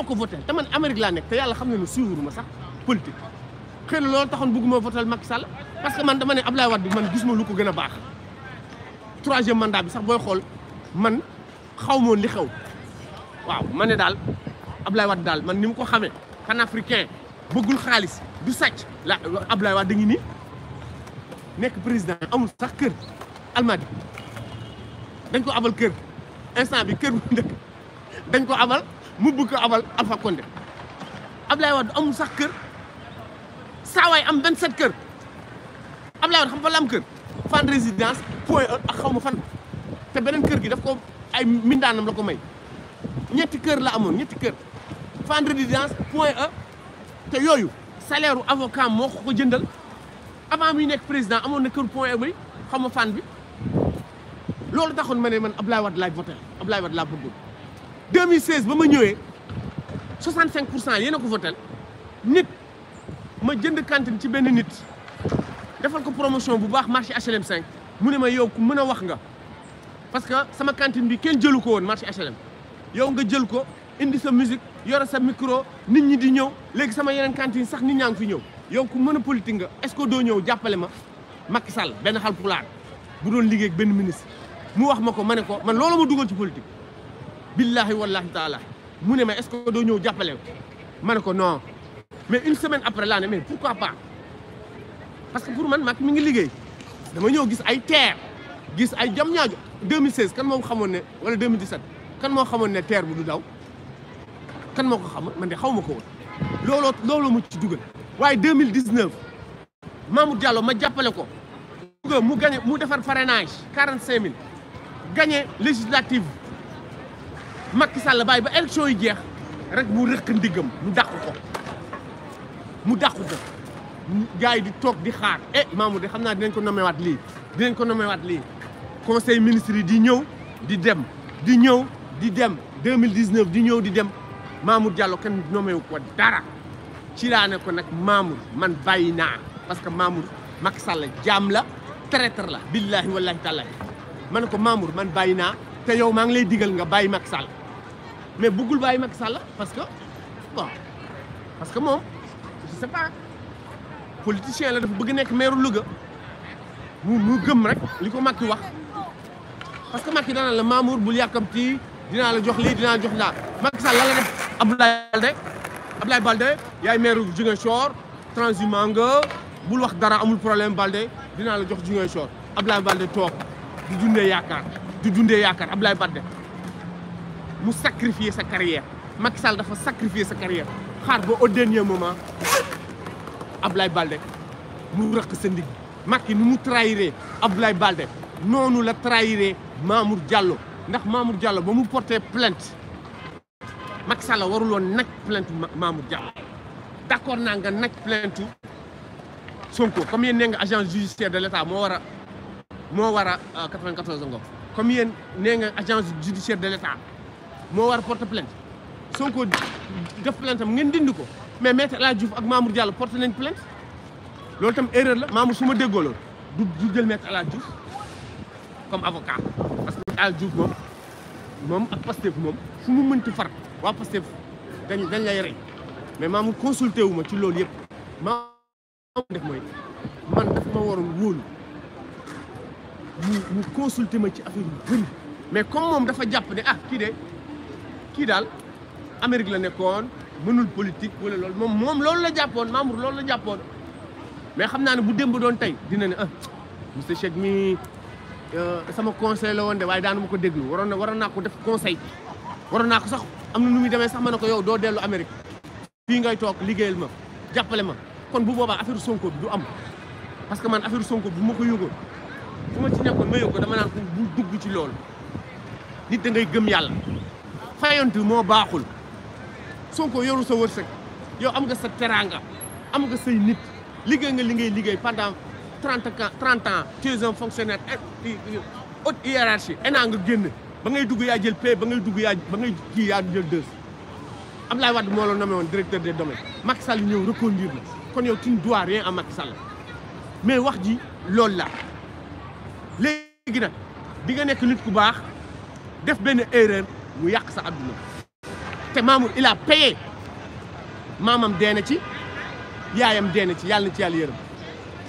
pour te man Amérique la nek te yalla xam Je ne sax politique taxone bëgguma parce que man dama ne Ablaye Wade man gis ma lu ko troisième mandat bi sax waaw mané dal? ablay wad dal man nim ko xamé pan africain bëggul xaaliss du sacc la Ablaye Wade da ngi président amul sax kër almadi dañ ko abal kër instant bi kër bu ndëkk dañ ko abal mu bëgg abal Alpha Condé ablay wad amul sax kër saway am 27 kër ablay wad xam fa lam kër fan résidence point ak xawma fan té benen kër gi daf ko ay mindanam la ko may ñetti kër la amoon ñetti kër fendre résidence point E te yooyu salaire u avocat moo ko ko avant muy nekk président amoon na kër point E bi xam nga fan bi loolu taxoon ma ne man Abdoulaye Wade laay voté Abdoulaye Wade laa bëggoon 2016 ba ma ñëwee 65 pour cent yéen a ko voté nit ma jënd cantine ci benn nit defal ko promotion bu baax marché HLM 5 mu ne ma yow ku mën a wax nga parce que sama cantine bi kenn jëlu ko woon marché HLM. yow nga jël ko indi sa musique yore sa micro nit ñi di ñëw léegi sama yeneen cantine sax nit ñaa ngi fi ñëw yow ku mën a politique nga est-ce que doo ñëw jàppale ma Macky Sall benn Haalpulaar bu doon liggéey benn ministre mu wax ma ko ma ne ko man loolu ma dugal ci politique billahi wallahi taala mu ne ma est-ce que doo ñëw jàppale ma ne ko non mais une semaine après laa ne mais pourquoi pas parce que pour man Macky mi ngi liggéey dama ñëw gis ay terre gis ay jam ñaajo 2016 kan moom xamoon ne wala 2017 kan moo xamoon ne terre bi du daw kan moo ko xamoon man de xaw ma ko woon looloo looloo mu ci dugal waaye 2019 Mamour Diallo ma jàppale ko mu gagné mu defar parrainage 45000 gagné législative Macky Sall bàyyi ba élection yi jeex rek mu rëq ndiggam mu dàqu ko mu dàqu ko gars yi di toog di xaar eh Mamour de xam naa dinañ ko nommewaat lii dinañ ko nommewaat lii conseil ministre yi di ñëw di dem di ñëw di dem 2019 di ñew di dem Mamour Diallo ken nomé wu ko dara ci la ne ko nak Mamour man bayina parce que Mamour Macky Sall la traiteur la billahi wallahi taala man ko Mamour man bayina naa te yow ma ngi lay diggal nga baye Macky Sall mais bëggul baye Macky Sall parce que bon parce que mom je sais pas politicien la dafa bëgg nek maire Louga mu mu gëm rek liko makki wax parce que makki dana la Mamour bu yakamti dinaa la jox li dina jox la Macky Sall la def Abdoulaye Balde Abdoulaye Balde yaay maire Ziguinchor transhumant nga bul wax dara amul problème Balde dinaa la jox Ziguinchor Abdoulaye Balde toog di dundee yakar di dundee yakar Abdoulaye Balde mu sacrifier sa carrière Macky Sall dafa sacrifier sa carrière xaar ba au dernier moment Abdoulaye Balde mu rek sa ndig Macky nu mu trahiré Abdoulaye Balde noonu la trahiré Mamour Diallo ndax Mamour Diallo ba mu porté plainte Macky Sall warul won plainte Mamour Diallo D'accord, na nga plainte Sonko comme yéen nee nga agent judiciaire de l'État? mo wara mo wara moo war 94 euh, comme yéen agent judiciaire de l'État? mo wara porter plainte Sonko def plainte am ngeen mais maître la djouf ak Mamour Diallo porté nañ plainte lolou tam erreur la Mamour suma ma du du jël maître El Hadj comme avocat. Al Diouf mom Pastef Pastef dañ mais maam consulté wuma ci lool yépp ma man daf ma ma ci affaire mais comme mom dafa japp né ah d'al? Amérique la mënul politique wala lool mom mom lool la jappone Mamour la mais xamna bu demb doon tay dina ne ah monsieur Cheikh mi sama conseil la woon de waaye daanu ma ko déglu waroon na waroon naa ko def conseil waroon naa ko sax am na nu muy demee sax ma ne ko yow doo dellu Amérique fii ngay toog liggéeyal ma jàppale ma kon bu boobaa affaire Sonko bi du am parce que man affaire Sonko bu ma ko yëgoon bu ma ci nekkoon ma yëg ko dama naan ko bu dugg ci lool nit da gëm yàlla fayantu moo baaxul Sonko yoru sa wërsëg yow am nga sa teraanga am nga say nit liggéey nga li ngay liggéey pendant 30 ans 30 ans tu es un fonctionnaire euh, haute hiérarchie ENA nga génn ba ngay dugg yaa jël P ba ngay dugg yaa ba ngay kii yaa jël 2 Abdoulaye Wade moo la nommé woon directeur des domaines Macky Sall ñëw reconduire la kon yow tu ne dois rien à Macky Sall mais wax ji loolu la léegi nag di nga nekk nit ku baax def ben erreur mu yak sa adduna te Mamour il a payé maamam dee na ci yaayam dee na ci yàlla ci yàlla yërëm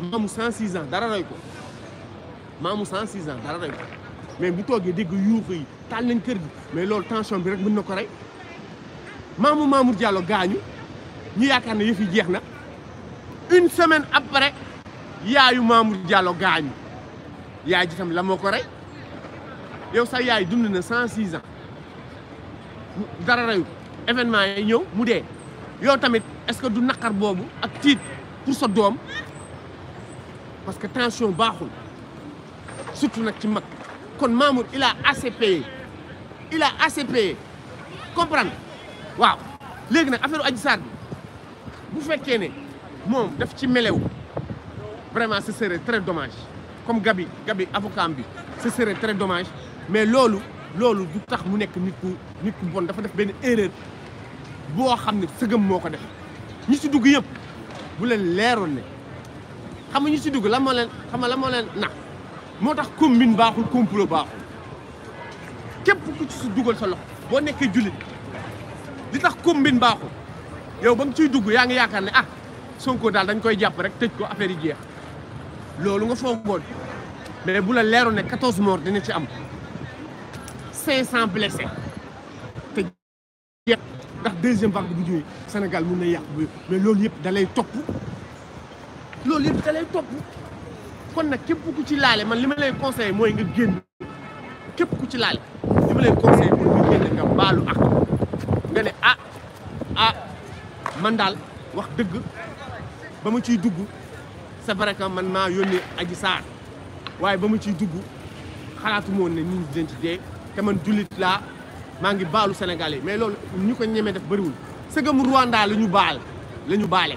maamu 106 ans dara rey ko mamou 106 ans dara rey ko mais bu toogee dégg youf yi tal nañ kër gi mais loolu tension bi rek mën na ko rey maamu Mamour Diallo gañu ñu yaakaar na yëf yi jeex na une semaine après yaayu Mamour Diallo gaañu yaay jitam tam la moo ko yow sa yaay dund na 106 ans dara reyu événement yi ñëw mu dee yow tamit est-ce que du nakar bobu ak tiit pour sa dom parce que tension baaxul surtout nag ci mag kon Mamour il a assez payé il a assez payé comprendre waaw léegi nag affaire Adji Sarr bi bu fekkee ne moom daf ci vraiment ce serait très dommage comme Gabi Gabi avocat bi ce serait très dommage mais Lolo, Lolo, du tax mu nekk nit ku bon dafa def benn erreur boo xam ne sëgëm moo ko def ñi ci dugg yëpp bu leen leeroon xam ci ñu si dugg lan moo leen xam nga lan moo leen nax moo tax combine baaxul complot baaxul kep ku ci si dugal sa loxo bo nekkee julit li tax combine baaxul yow ba nga ciy dugg yaa ngi yaakaar ne ah Sonko dal dañ koy japp rek tejj ko affaire yi jeex lolou nga foogoon mais bu la leeroon ne 14 morts dina ci am 500 blessés te jeex ndax deuxième vague bu ñëwee Sénégal mun na yàq mais lolou yep dalay top loolu yëpp da lay topp kon nag képp ku ci laale man li ma lay conseillé mooy nga génn képp ku ci laale li ma lay conseillé mooy nga génn nga baalu ak nga ne ah ah man daal wax dëgg ba ma ciy dugg c'est vrai man maa yónnee aji saar waaye ba mu ciy dugg xalaatu moon ne nit ñi dinañ te man jullit laa maa ngi baalu Sénégalais mais loolu ñu ko ñemee def bariwul sëgamu Rwanda la ñu baal lañu baale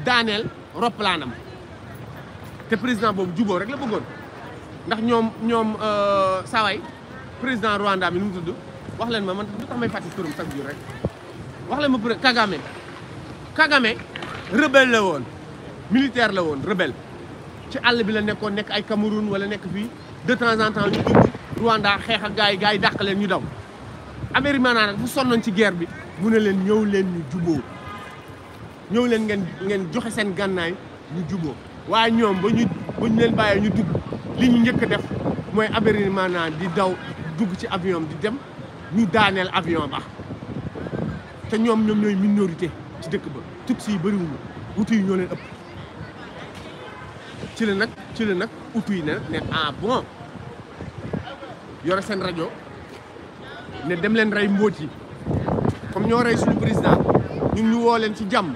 daaneel roplaanam te président boobu juboo rek la bëggoon ndax ñoom ñoom euh, saway président Rwanda mi nu mu tudd wax leen ma man lu tax may fàttali turam chaque rek wax leen ma pour Kagame Kagame rebelle la woon militaire la woon rebelle ci àll bi la nekkoon nekk ay Cameroun wala nekk fii de temps en temps ñu dugg Rwanda xeex ak gars yi gars yi dàq leen ñu daw Amérique maanaam fu sonnoon ci guerre bi mu ne leen ñëw leen ñu juboo ñëw leen ngeen ngeen joxe seen gànnaay ñu juboo waaye ñoom ba ñu ba ñu leen bàyyee ñu dugg li ñu njëkk a def mooy abéri maanaam di daw dugg ci avion di dem ñu daaneel avion ba te ñoom ñoom ñooy minorité ci dëkk ba tutsi si bëriwuñu wutu ñoo leen ëpp ci nag ci nag utu yi ne ne ah bon yore seen rajo ne dem leen rey mbóot yi comme ñoo rey suñu président ñun ñu woo leen ci jàmm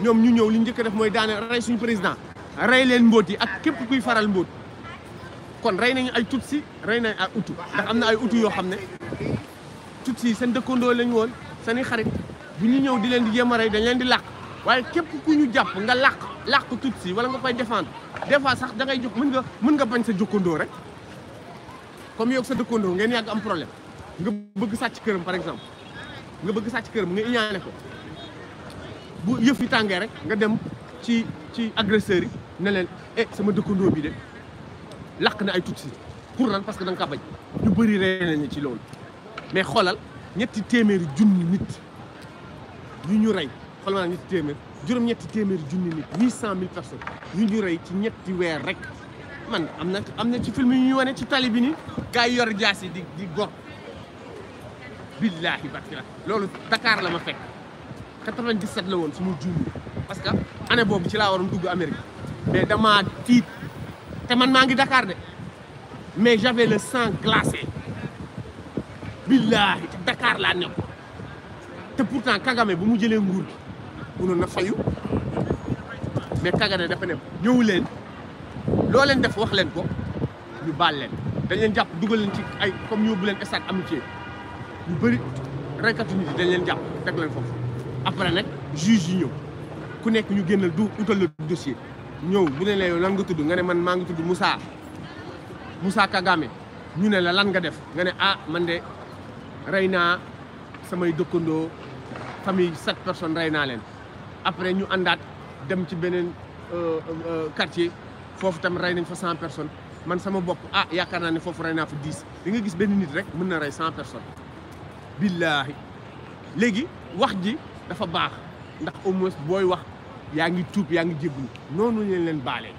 ñom ñu ñew li ñëk def moy daane ray suñu président ray leen mbooti ak képp kuy faral mbóot kon ray nañ ay tutsi ray nañ ay utu ndax amna ay utu yo xamne tutsi yi seen dëkkandoo lañ woon seen xarit bu ñu ñew di leen di yema ray dañ leen di laq waye képp ku ñu japp nga laq laq tutsi wala nga fay défendre des fois sax da ngay jox mën nga mën nga bañ sa jokkandoo rek comme yow sa dekkondo ngeen yag am problème nga bëgg sacc kërëm par exemple nga bëgg sacc kërëm nga iñaane ko bu yëf yi tàngee rek nga dem ci ci agresseurs yi ne leen e sama dëkkandoo bi de lakk na ay tutsi pour lan parce que danga nga ko ñu bëri rey nañu ci loolu mais xoolal ñetti téeméeri junni ñu rey xoolal naa ñetti téeméer juróom-ñetti téeméeri junni nit huit cent mille personnes yu ñu rey ci ñetti weer rek man am na am na ci film yu ñuy wane ci tali bi ni gars yi yor jaas yi di di gor billaahi barki la loolu Dakar la ma fekk 97 la woon su ma juumee parce que année boobu ci laa waroon dugg Amérique mais damaa tiit te man maa ngi dakaar de mais j'avais le sang glacé billaahi dakaar laa nekk te pourtant Kagame bu mu jëlee nguur bu mënoon na fayu mais Kagame dafa ne ñëw leen loo leen def wax leen ko ñu baal leen dañ jàpp dugal leen ci ay comme yóbbu leen stade amitié ñu bëri reykatu nit yi dañ leen jàpp teg leen foofu après nak juge yi ku nekk ñu gënal du outal le dossier ñew bu ne lay lan nga tuddu nga ne man ma nga tuddu Moussa Moussa Kagame ñu ne la lan nga def nga ne ah man de reyna samay dëkkandoo famille sept personnes reyna len après ñu andat dem ci benen euh, euh euh quartier fofu tam ray nañ fa 100 personnes man sama bop ah yakar na ni fofu ray na fa 10 di nga gis ben nit rek mën na ray 100 personnes billahi léegi wax ji dafa baax ndax au moins booy wax yaa ngi tuub yaa ngi jébbalu noonu leen leen baale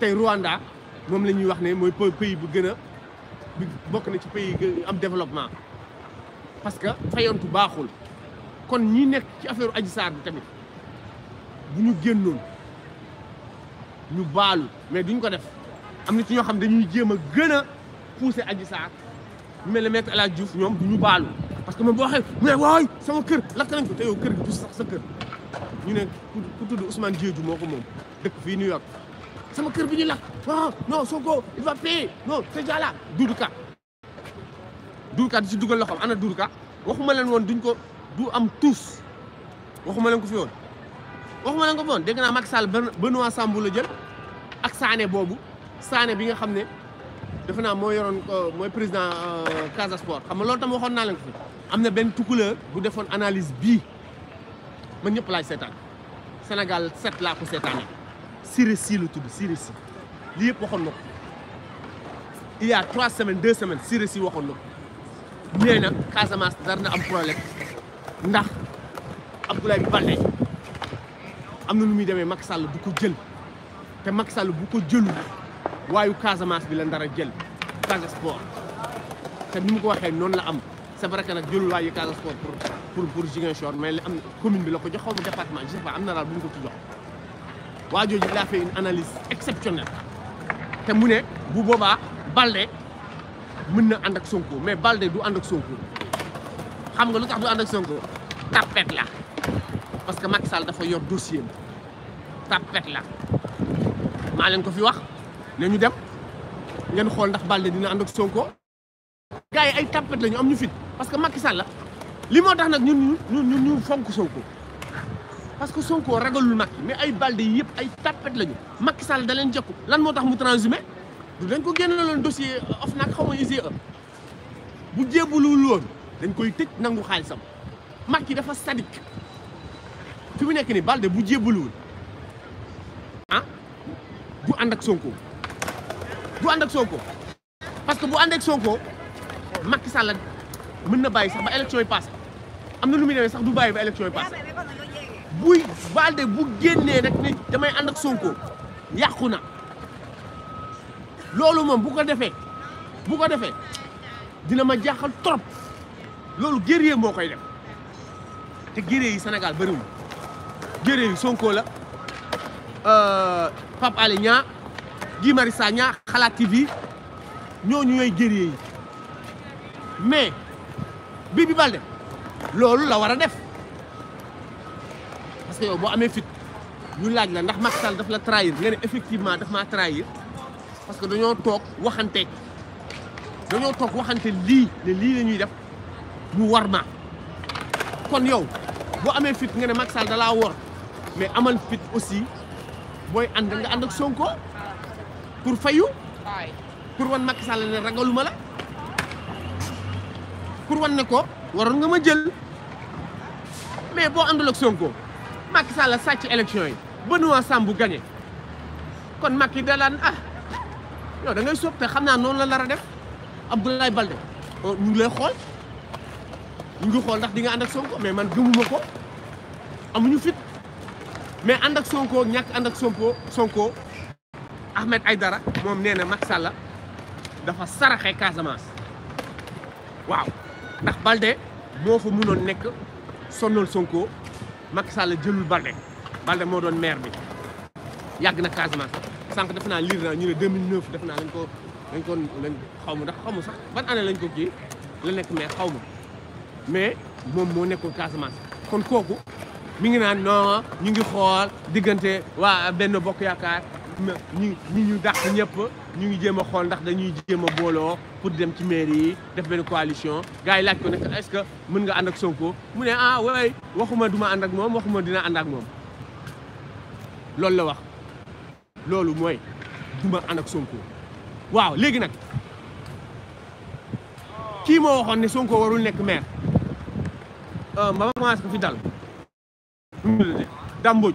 tey Rwanda moom la ñuy wax ne mooy pays bu gën a bokk na ci pays am développement parce que fayantu baaxul kon ñi nekk ci affaire aji Sarr bi tamit bu ñu génnoon ñu baalu mais duñ ko def am na ci ñoo xam dañuy jéem a gën a pousser aji Sarr mel ne maître El Hadj Diouf ñoom du ñu baalu parce que moom boo waxee mu ne waay sama kër lakk ko te yow kër gi du sax sa kër ñu ne ku tudd Ousmane Diédhiou moo ko moom dëkk fii New York sama kër bi ñu lakk waaw non Sonko il va payer non c'est déjà Ka Doudou Ka di ci dugal loxoom ana Doudou Ka waxuma leen woon duñ ko du am tous waxuma leen ko fi woon waxuma leen ko fi woon dégg naa Macky Sall Benoît Sambou la jël ak Sané boobu saane bi nga xam ne Je naa moo yoroon euh, mooy président euh, Casa Sport xam nga loolu tam waxoon naa leen am na benn bu analyse bii man Sénégal set laa ko seetaanee Siré Si la tudd si lii yëpp il y a trois semaines deux semaines Siré Sy waxoon na ko nee na Casamance dara na am problème ndax Abdoulaye am na nu muy demee Macky Sall ko jël te Macky bu waayu Casamance bi la ndara jël Casa Sport te ni mu ko waxee noonu la am c'est vrai que nag jëlul waayu Casa Sport pour pour pour mais li am commune bi la ko jox xaw ma département je am na daal bu ñu ko ci jox waa jooju laa fait une analyse exceptionnelle te mu ne bu boobaa Balde mun na ànd ak Sonko mais Balde du ànd ak Sonko xam nga lu tax du ànd ak Sonko tapet la parce que Macky Sall dafa yor dossier am tapet la maa leen ko fi wax. ne ñu dem ngeen xool ndax Balde dina ànd ak Sonko. gars yi ay tàppet la am ñu fit parce que makki Sall li moo tax nag ñun ñu ñun ñu fonk Sonko parce que Sonko ragalul Macky mais ay Balde yëpp ay tàppet la ñu Macky Sall da leen jekku lan moo tax mu transhumé du dañ ko génneeloon dossier OFNAC xaw ma UGE bu jébbaluwul woon dañ koy tëj nangu xaalisam Macky dafa sadik fi mu nekk ni Balde bu jébbaluwul ah du ànd ak Sonko. du ànd ak Sonko parce que bu ànd ak Sonko Macky Sall mën na bàyyi sax ba élection yi passé am na lu muy demee sax du bàyyi ba élection yi passé buy Balde bu génnee rek ni damay ànd ak Sonko yàqu na loolu moom bu ko defee bu ko defee dina ma jaaxal trop loolu guerrier moo koy def te guerrier yi senegal bëriwul guerrier Sonko la euh, Pape Alé Niang Guy Marius Sagna Xalaat TV ñooñu ñooy guerrier yi mais Bibi Baldé loolu la war a def parce que yow boo amee fit ñu laaj la ndax Macky Sall daf la trahir nga ne effectivement daf maa trahir parce que dañoo toog waxante dañoo toog waxante lii ne lii la ñuy def ñu war ma kon yow boo amee fit nga ne Macky Sall da wor mais amal fit aussi booy ànd nga ànd ak Sonko. pour fayu pour wan Macky Sall ne ragaluma la pour wan ne ko waron nga ma jël mais bo andul ak Sonko Macky Sall sàcc élection yi Benoît Sambou gagné kon Macky dalan ah yo da ngay soppe xamna non la la def Abdoulaye Balde oh, ñu lay xol ñu ngi xool ndax di nga and ak Sonko mais man gëmuma ko amuñu fit mais ànd ak Sonko ñak ànd ak Sonko Sonko Ahmed dara moom nee na Macky Sall dafa saraxe Casamance waaw ndax Balde moo fa munoon nekk sonnal Sonko Macky Sall jëlul Balde Balde moo doon maire bi yàgg na Casamance sànq def naa lire na ñu ne 2009 def naa lañ ko lañ ko lañ xaw ma ndax xaw ma sax ban année lañ ko kii la nekk mais xaw ma mais moom moo nekkoon Casamance kon kooku mi ngi naan non ñu ngi xool diggante waa benn bokk yaakaar. ñu ñi ñu dàq ñëpp ñu ngi jéem a xool ndax dañuy jéem a booloo pour dem ci mairie yi def benn coalition gaa yi laaj ko ne est-ce que mën nga ànd ak Sonko mu ne ah way waxuma duma ànd ak moom waxuma dina ànd ak moom loolu la wax loolu mooy duma ànd ak Sonko waaw léegi nag kii moo waxoon ne Sonko warul nekk maire euh, mba maas ko fi dal damboj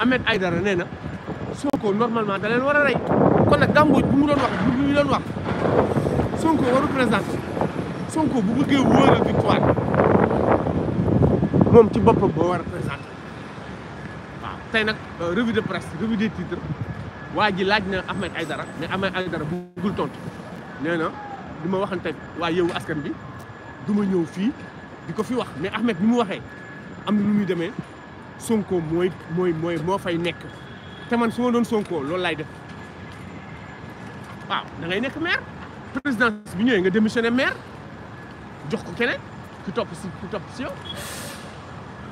Ahmed Aïdara nee na Sonko normalement daleen war a rey kon nag Dame Mbodj mu doon wax bu mu doon wax Sonko waru présenté Sonko bu bëggee wóor a victoire moom ci boppam boo war a présenté waaw tey nag euh, revue de presse revue des titres waa ji laaj na Ahmed Aïdara mais Ahmed Aïdara bëggul tontu nee na du ma waxante waa Yewwi Askan bi du ma ñëw fii di ko fi wax mais Ahmed ni mu waxee am na lu muy demee. Sonko moi, moi, moy moi, fay moi, te man Sonko def maire présidence bi nga maire jox ko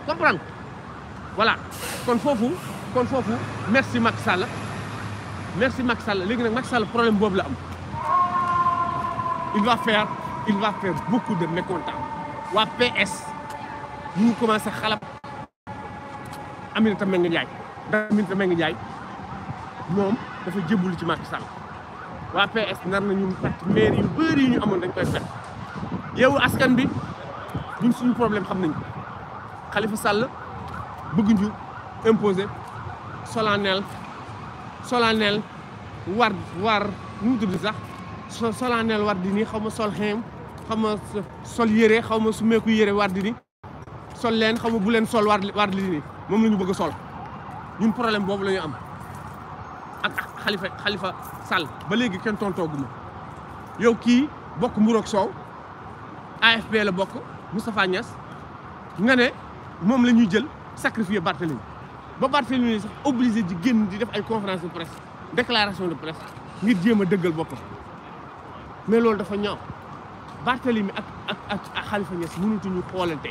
comprendre voilà kon moi, kon merci Macky merci Macky Sall problème il va faire il va faire beaucoup de mécontents wa PS ñu commencé Aminata Mbengue Ndiaye ndax Aminata Mbengue Ndiaye moom dafa jébbalu ci Macky Sall waa PS nar nañu fekk maire yu bëri yi ñu amoon a koy fekk askan bi ñun suñu problème xam nañu Khalifa Sall bëgg ñu imposer solennel solennel war nu mu sax solennel war di nii xaw ma sol xeem xaw ma sol yére xaw ma sumeeku yére war di sol leen xaw ma bu leen sol war war moom lañu bëgg a sol ñun problème boobu la am ak xalifa xalifa Sall ba léegi kenn tontoogu ma yow kii bokk mburoog soow AFP la bokk Moustapha Niass nga ne moom la ñuy jël sacrifier Barthélemy ba Barthélemy sax obliser di génn di def ay conférence de presse déclaration de presse ngir jéem a dëggal boppam mais loolu dafa ñaaw Barthélemy ak ak ak xalifa Niass mënatuñu xoolante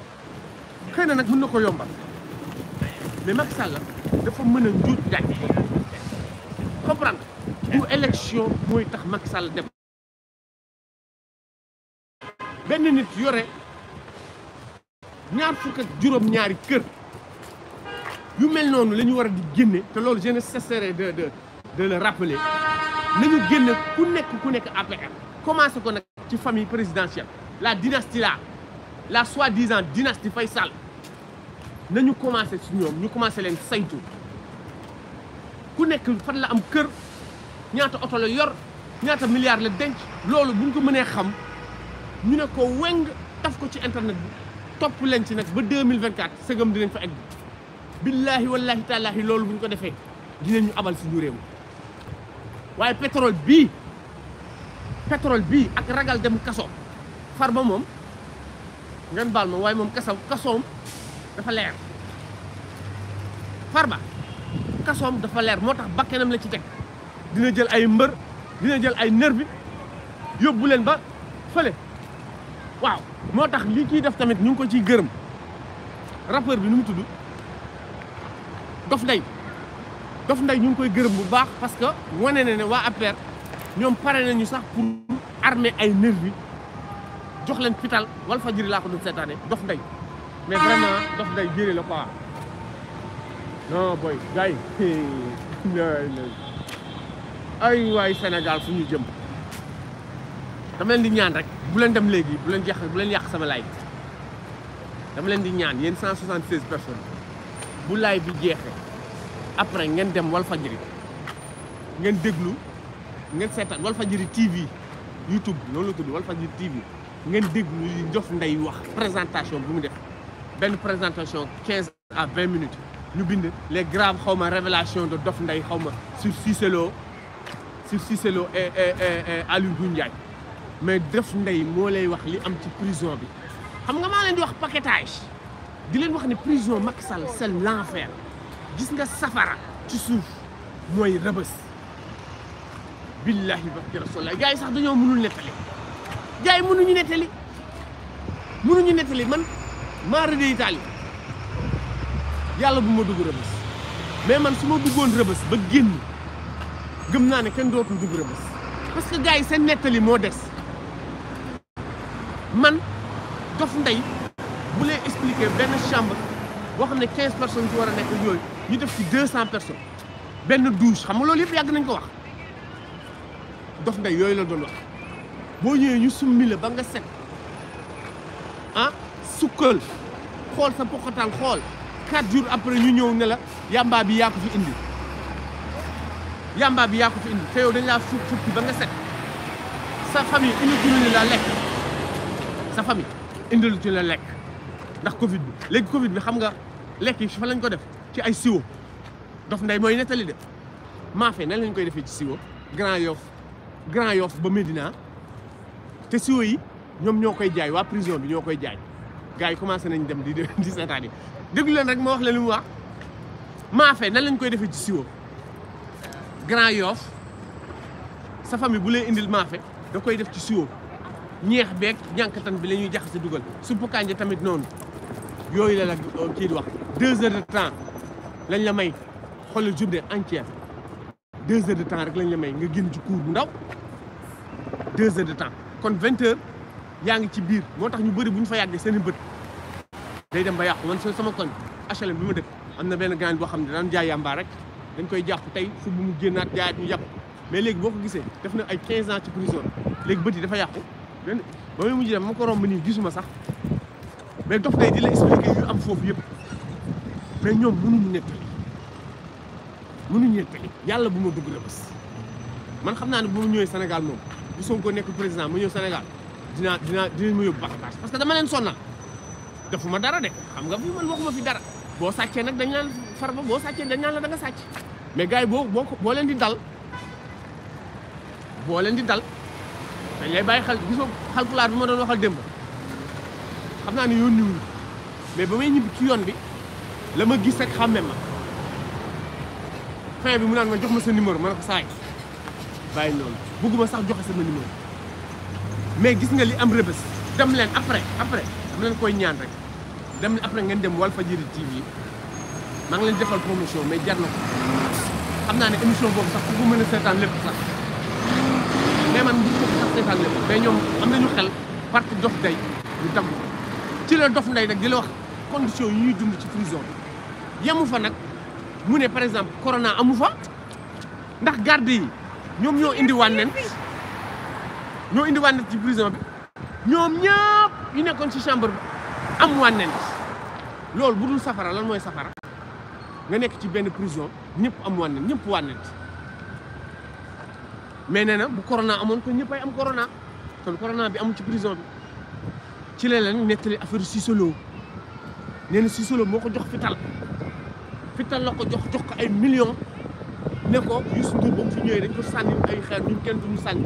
faut que je mais Macky Sall dafa comprendre du élection moy tax Macky Sall dem Nous nit yoré ñaar fukk ñaari kër yu mel di je ne cesserai de le rappeler Nous, génné ku nekk ku nekk APR commencé ko famille présidentielle la dynastie là la soi-disant dynastie Faye nañu commencé si ñoom ñu commencé leen saytu ku nekk fan la am kër ñaata oto la yor ñaata milliards la denc loolu buñ ko mënee xam ñu ne ko weng taf ko ci internet bi topp leen ci nag ba deux mille vingt quatre sëgam dinañ fa egg billaahi wallaahi taalaahi loolu buñ ko defee dinañu abal suñu réew waaye pétrole bi pétrole bi ak ragal dem kaso far ba moom ngeen baal ma waaye moom kasaw kasoom dafa leer Farba kasoom dafa leer moo tax bakkenam la ci teg dina jël ay mbër dina jël ay nervi yóbbu leen ba fële waaw moo tax li kiy def tamit ñu ngi ko ciy gërëm rappeur bi nu mu tudd Dof Ndeye Dof Ndeye ñu ngi koy gërëm bu baax parce que wane na ne waa APR ñoom pare nañu sax pour armer ay nervi jox leen pital wal fajiri laa ko doon seetaane Dof Ndeye mais vraiment dof day jëri la quoi non boy gars yi ay waay Sénégal fu ñu jëm dama leen di ñaan rek bu leen dem léegi bu leen jeex bu leen yàq sama live dama leen di ñaan yéen 176 personnes bu live bi jeexee après ngeen dem Walfadjri ngeen déglu ngeen seetaan Walfadjri TV YouTube loolu la tudd Walfadjri TV ngeen déglu li Ndiof wax présentation bu mu def. Belle présentation 15 à 20 minutes Nous bind les graves xawma, révélation de Dof Ndeye xawma, sur Cicelo sur Cicelo et et et Aliou Ndiaye mais Dof Ndeye moo lay wax li am ci prison bi xam nga maa leen di wax paquetage di leen wax prison Macky c'est l'enfer gis nga safara ci suuf mooy rëbës billahi barki rasulillah gars yi sax dañoo mënul nettali gars yi ne nettali pas nettali man maara de Italie yàlla bu ma dugg rëbës mais man su ma duggoon rëbës ba génn gëm naa ne kenn dootul dugg rëbës parce que gars yi seen nettali moo des man dof ndey bu lay expliquer benn chambre boo xam ne quinze personnes ci war a nekk yooyu ñu def ci deux cent personnes benn douche xam nga loolu yëpp yàgg nañ ko wax dof ndey yooyu la doon wax boo ñëwee ñu summi la ba nga set ah, sukkal xol sa poqataan xol 4 jours après ñu ñew ne la yamba bi ya ko fi indi yamba bi ya ko fi indi te yow dañ la fukk fukki ba nga set sa famille indi ci la lekk sa famille indi lu ci la lekk ndax Covid bi léegi Covid bi xam nga lekk yi fa lañ ko def ci ay siwo dof nday mooy nettali de maafe nañ lañ koy def ci siwo Grand Yoff Grand Yoff ba medina te siwo yi ñom ñoo jaay wa prison bi ñoo jaay gars commencé nañ dem di De seetaan deglu len rek ma wax wax ma nan lañ koy ci siwo Grand Yoff sa famille bu lay indil da koy def ci siwo ñeex bek ñankatan bi la a de tamit la la di wax 2 heures de temps lañ la may de entier deux heures de temps rek lañ la may nga ci cour deux heures de temps kon heures yaa ngi ci biir moo tax ñu bari bu ñu fa yàggee seeni bët day dem ba yàqu man sama koñ HLM bi ma dëkk am na benn gaan boo xam ne daan jaay yàmbaa rek dañ koy jàpp tey su bu mu génnaat jaayaat ñu yàqu mais léegi boo ko gisee def na ay 15 ans ci prison léegi bët yi dafa yàqu benn ba muy mujj dem ma ko romb nii gisuma sax mais dox foofu yëpp mais ñoom mënuñu nettali mënuñu yàlla bu ma dugg la bés man xam naa ne bu ma ñëwee Sénégal moom bu Sonko nekk président mu ñëw Sénégal dinaa dinaa dinañ ma yóbbu bakatas parce que dama leen sonnal defuma dara de xam nga fii man waxuma fi dara boo sàccee nag dañ naan farba boo sàccee dañ naan la da nga sàcc mais gars yi boo boo boo leen di dal boo leen di dal dañ lay bàyyi xel gisoo xalkulaat bi ma doon waxal démb xam naa ne yónni wuñu mais ba may ñibbi ci yoon bi la ma gis rek xàmme ma fin bi mu naan ma jox ma sa numéro ma ne ko saay bàyyi noonu bëgguma sax joxe sama numéro mais gis nga li am rëbës dem leen après après dama leen koy ñaan rek dem après ngeen dem Walfadjri TV maa ngi leen defal promotion mais jar na ko xam naa ne émission boobu sax ku mën a seetaan lépp sax man gis ko sax am nañu xel parti dof day ñu damm ci la dof nday nag di la wax condition yi ñuy dund ci prison bi yemu fa nag mu ne par exemple corona amu fa ndax garde yi ñoom ñoo indi wànneen ñoo indi wànnet ci prison bi ñoom ñëpp ñu nekkoon ci chambre bi am wànnet loolu bu dul safara lan mooy safara nga nekk ci benn prison ñëpp am wànnet ñëpp wànnet mais nee na bu corona amoon kon ñëpp ay am corona kon corona bi amul ci prison bi ci la leen nettali affaire Sisolo nee na Sisolo moo ko jox fital fital la ko jox jox ko ay millions ne ko Youssou Ndour ba mu fi ñëwee dañ ko ay xeer ñun kenn duñu sànni.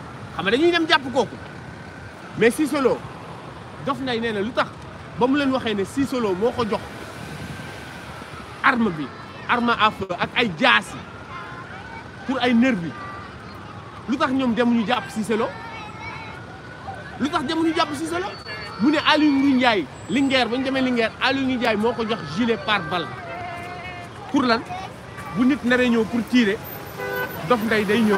xam dañuy dem jàpp kooku mais Cissé Lo Dof Ndeye nee na lu tax ba mu leen waxee ne Cissé moo ko jox arma bi arme à ak ay jaas yi pour ay nerf bi lu tax ñoom demuñu jàpp Cissé Lo lu tax demuñu jàpp Cissé Lo mu ne Aliou Ngouille Ndiaye Linguère ba ñu demee Linguère Aliou Ngouille Ndiaye moo ko jox gilet pare bal pour lan bu nit naree ñëw pour tiire Dof Ndeye day ñëw.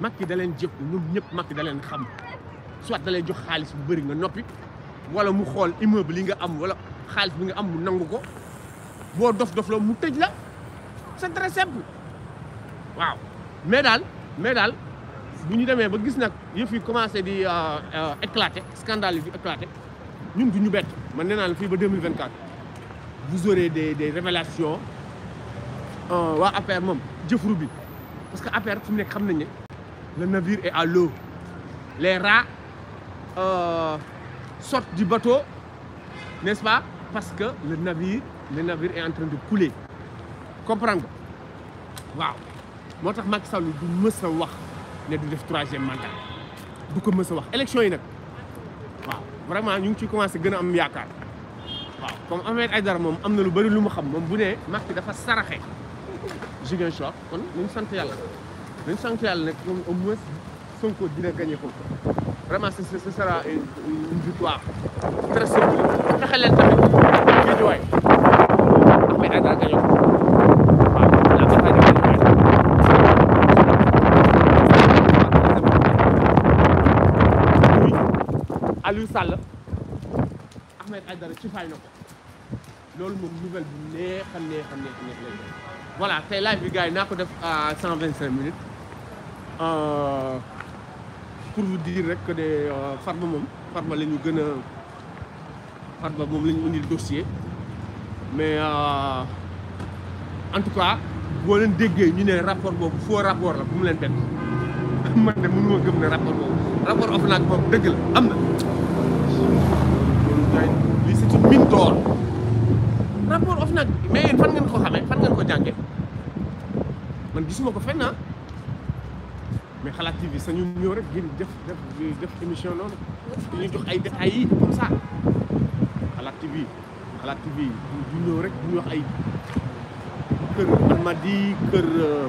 Macky dalen leen ñun ñep ñëpp Macky da xam soit da jox xaalis bu bari nga nopi wala mu xol immeuble li nga am wala xaalis bi nga am mu nangu bo dof-dof la mu tëj la c'est très simple waaw mais dal mais dal bu ñu démé ba gis nak yeuf yi commencé di euh, euh, éclater scandale yi di éclater ñun du ñu bett man nee fi ba 2024 vous aurez des des révélations euh, wa APR mom jëfru bi parce que APR fu nek xam nañ ne le navire est à l'eau. Les rats euh, sortent du bateau, n'est-ce pas Parce que le navire, le navire est en train de couler. Comprends Waouh je Macky Sall du wax troisième mandat du élection yi vraiment ñu ngi à commencé gën je am waaw comme Ahmed Aïdara moom am lu le xam bu Macky dafa je kon ñu même sans yàlla au moins Sonko gagner. vraiment ce sera une victoire très simple. tamit Ahmed voilà c'est live bi gars à minutes Euh, pour vous rek de ne euh, Farba moom Farba la ñu gën a Farba moom la ñu indil mais euh, en tout cas boo leen déggee ñu ne rapport boobu foo rapport la bu mu leen benn man de mënu ma gëm ne rapport boobu rapport OFNAC boobu dëgg la am na lii c'est une mine d'or rapport OFNAC mais yéen fan ngeen ko xamee fan ngeen ko jàngee man gisuma ko fenn ah. xalaat TV sañu ñëw rek gën def def émission noonu dañuy jox ay ay yi comme ça xalaat TV xalaat TV du ñëw rek ñu wax ay kër Almadies kër euh,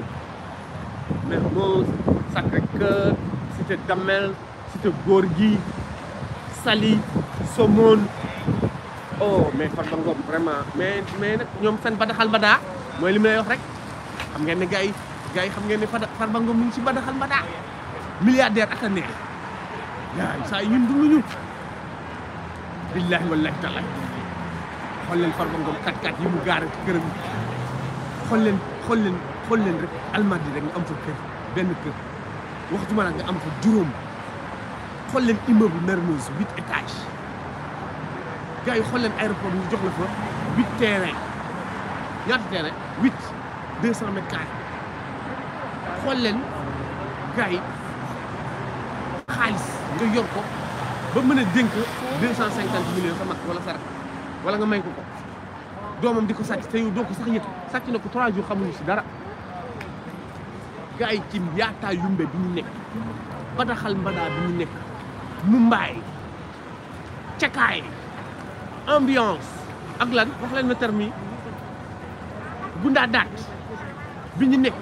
Mermoz Sacré-Cœur cité Damel cité Gorgui Saly Somone oh mais Farba Ngom vraiment mais mais nag ñoom seen badaxal badaa mooy li mu wax rek xam ngeen ne gars gars yi xam ngeen far Farba Ngom mu ngi si badaxal mbadaa milliardaire a neex yaay saa yi ñun dunduñu billaahi wallaahi tallaahi xool leen Farba Ngom kat kat yi mu gaare ci këram xool leen xool leen xool leen rek almadi rek am fa kër benn kër waxtuma la nga am fa juróom xool leen immeuble Mermoz huit étages gars yi xool leen jox la fa huit terrain ñaata terrain huit deux cent mètres xool leen gars yi xaalis nga yor ko ba mën a dénk deux cent cinquante millions sa mag wala sa rak wala nga may ko ko doomam di ko sàcc te yow doo ko sax yëg sàcc na ko trois jours xamuñu si dara gars yi ci yumbe bi ñu nekk badaxal mbadaa bi ñu nekk mu mbaay cakaay ambiance ak wax leen ma terme gundaa daat bi ñu nekk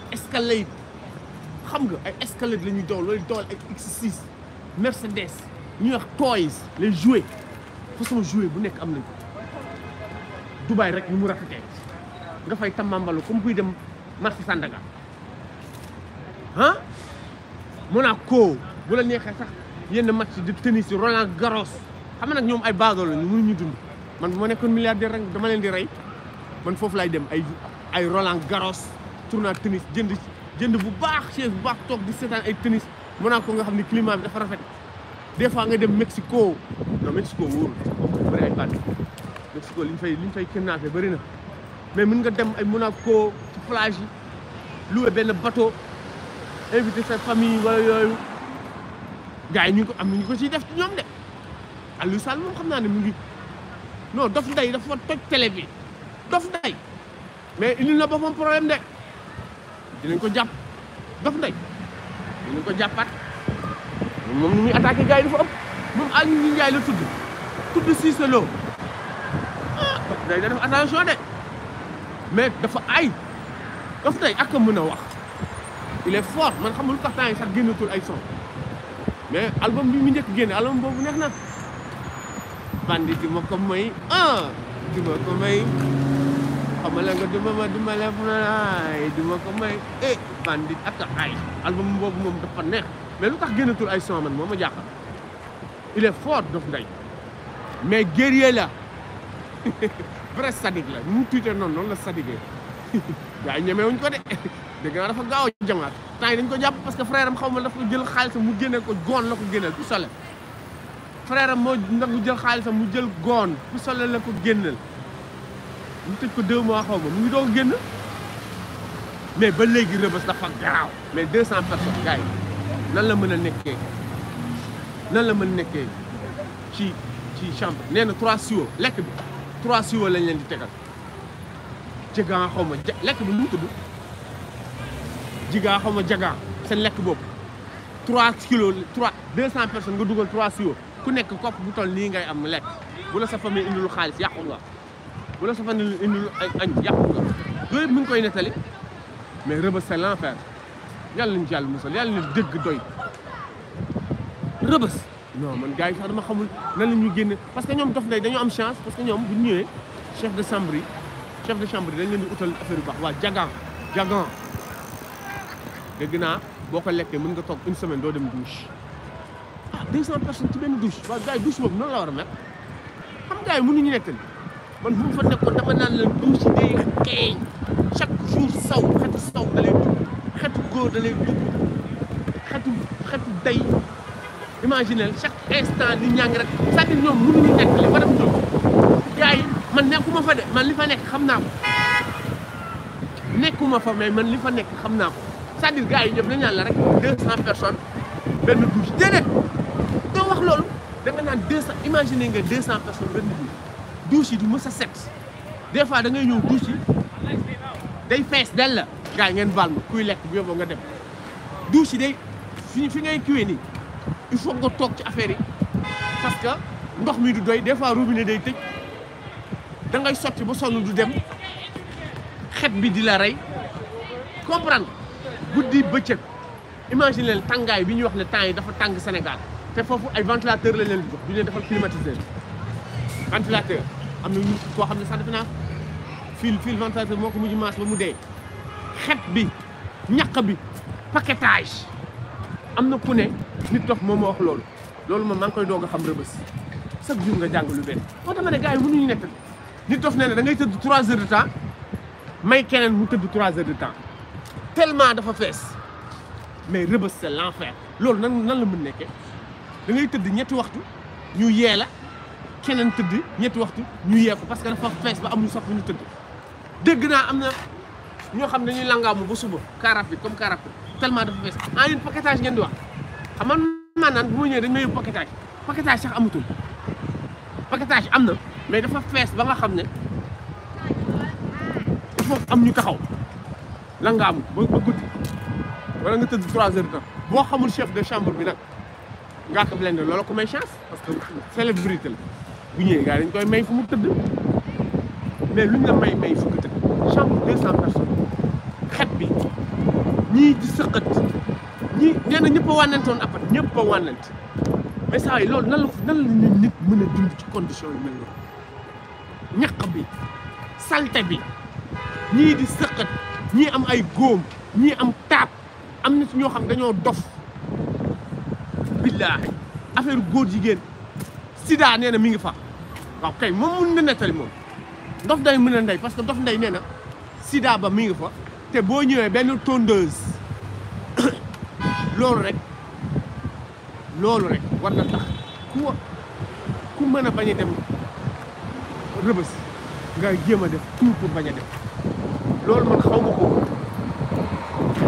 escalade xam nga ay escalade la ñuy dawal loolu dawal ay x Mercedes ñuy wax toys les jouets façon jouet bu nekk am nañ ko Dubaï rek ñu mu rafetee nga fay tamambalu comme kuy dem marché Sandaga ah Monaco bu la neexee sax yenn match de tennis yi Roland Garros xam nag ñoom ay baadoo mu ñu mënuñu dund man bu ma nekkoon rek dama leen di rey man foofu laay dem ay ay Roland Garros tournoi tennis jënd jënd bu baax chaise bu baax toog di seetaan ay tennis Monaco nga xam ne climat bi dafa rafet des fois nga dem Mexico non Mexico wóorul bëri ay parti Mexico li ñu fay li ñu fay kidnappé bëri na mais mën nga dem ay Monaco ci plage yi loué benn bateau invité sa famille wala yooyu gars yi ñu ko am ñu ko ciy def ci ñoom de Aliou moom xam naa ne mu ngi non Dof Ndeye dafa toj télé bi Dof Ndeye mais indi na boppam problème de. dinañ ko jàpp Dof Ndeye dinañ ko jàppaat moom ni muy attaqué gars yi dafa ëpp moom Aliou ñu Ndiaye la tudd tudd Cissé Lo ah Dof Ndeye da def attention de mais dafa ay Dof Ndeye ak a mën a wax il est fort man xamul tax temps yi sax génnatul ay son mais album bi mu njëkk génne album boobu neex na bandi di ma ko may ah di ma ko may xamale nga duma ma duma lef naay duma ko may eh bandit ak ay album boobu moom dafa neex mais lu tax génnatul ay son man moo ma jàqal il est fort Dof Ndeye mais guerrier la vrai sadique la mu tuite noonu noonu la sadique gaa yi ñemewuñ ko de dégg naa dafa gaaw a jamaat temps yi dañ ko jàpp parce que frère am xaw ma dafa jël xaalisam mu génne ko goon la ko génneel ku sole frère am moo ndax mu jël xaalisam mu jël goon ku sole la ko génneel ñu tëj ko deux mois xaw ma mu ngi doo génn mais ba léegi rëbës dafa garaaw mais deux cent personnes gars yi nan la mën a nekkee nan la mën nekkee ci ci chambre nee na trois siwo lekk bi trois siwo lañ leen di tegal jagaan xaw ma lekk bi mu tudd jigaa xaw ma jagaan seen lekk boobu trois kilos trois deux cent personnes nga dugal trois siwo ku nekk kopp bu toll nii ngay am lekk bu la sa famille indilu xaalis yàqu nga bu la safan indil ay añ yàqu nga yooyu yëpp koy nettali mais rëbës se l'enfer yàlla nañu ci yàlla musal yàlla na dëgg doy rëbës ñoom man gars yi sax dama xamul nan la ñu génne parce que ñoom dof ndey dañoo am chance parce que ñoom bu ñu ñëwee chef de chambre yi chef de chambre dañ leen di utal affaire yu baax waa jagan jagan dégg naa boo ko lekkee mën nga toog une semaine doo dem douche ah 200 personnes ci benn douche waaw gars yi douche boobu noonu la war a mel xam gars yi mënuñu nettali man bu fa nekkoon dama naan la douche day xeeñ chaque jour saw xetu saw da lay xetu góor da lay xetu xetu day imaginel chaque instant di ñàng rek c'est-à-dire ñoom mënuñu nekk li fa def ñoom gars man nekkuma fa de man li fa nekk xam naa ko nekkuma fa mais man li fa nekk xam naa ko c'est-à-dire yi ñoom na naan la rek deux cent personnes benn douche déedéet doo wax loolu da nga naan deux cent imaginer nga deux cent personnes benn douche douche yi du mës a set des fois da ngay ñëw douche yi day fees del la gars yi ngeen baal ma kuy lekk bu yóbboo nga dem douche si day fi fi ngay kiwee nii il faut nga toog ci affaire yi parce que ndox mi du doy des fois robinet day tëj da sotti ba sonn du dem xet bi di la rey comprendre guddi bëccëg imagine leen tàngaay bi ñuy wax ne temps yi dafa tàng Sénégal te foofu ay ventilateur la leen di jox du ñu defal climatiseur ventilateur am na ñu koo xam ne fil fil ventilateur moko ko mujj maas ba mu dee xet bi ñak bi paquetage amna ku ne nit dox momo wax loolu loolu moom mang koy doga xam rëbës chaque jour nga jàng lu benn moo tax ma ne gars yi mënuñu nekk nit dof nee da ngay teud 3 heures de temps may kenen mu teud 3 heures de temps tellement dafa fess mais rëbës c'est l'enfer loolu nan nan la mu nekké da ngay teud ñetti waxtu ñu yéla keneen tëdd ñetti waxtu ñu yeeku parce que dafa fees ba amuñu sax fu ñu tëdd dégg naa am na ñoo xam ne dañuy langaamu ba suba car rapide comme car rapide tellement dafa fees en ah yéen paquetage ngeen di wax xam man maanaam bu ma ñëwee dañ may yóbbu paquetage paquetage sax amatul paquetage am mais dafa fees ba nga xam ne foofu am ñu taxaw langaamu ba ba guddi wala nga tëdd 3 heures de boo xamul chef de chambre bi nag ngaa ko blende loolu ko may chance parce que célébrité la bu ñëwee gars yi dañ koy may fu mu tëdd mais luñ la may may fu mu tëdd chambre deux cent personnes xet bi ñii di sëqat ñii na a wànnentoon appat ñëpp bi salte bi ñii di sëqat ñii am ay góom ñii am taab am na su ñoo xam dañoo dof billaahi affaire góor jigéen sida nee na mi ngi fa waaw kay moom mun na nettali moom ndof nday mën a ndey parce que ndof nday nee na ba mi ngi fa te boo ñëwee benn tondeuse loolu rek loolu rek war na tax ku ku mën a bañ a dem rëbës nga jéem a def tout pour bañ def loolu man xaw ma ko woon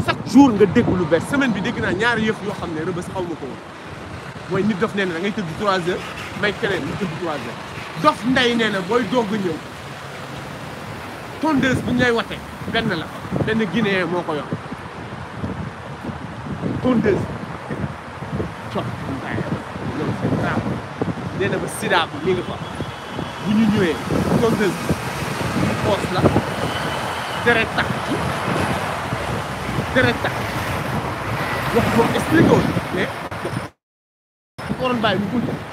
chaque jour nga dégg lu bees semaine bi dégg naa ñaari yëf yoo xam ne rëbës xaw ma ko woon mooy nit daf nee na da ngay tëdd 3 heures may keneen ñu tudd troisième dof ndey nee na booy doog a ñëw tondeuse bu ñu lay wate benn la benn guinéen moo ko yor tondeuse cot ndaay loolu c'est bu ñu ñëwee tondeuse bi mu poos la deret takk deret takk wax boo expliqué woon mais waroon bàyyi ñu bunte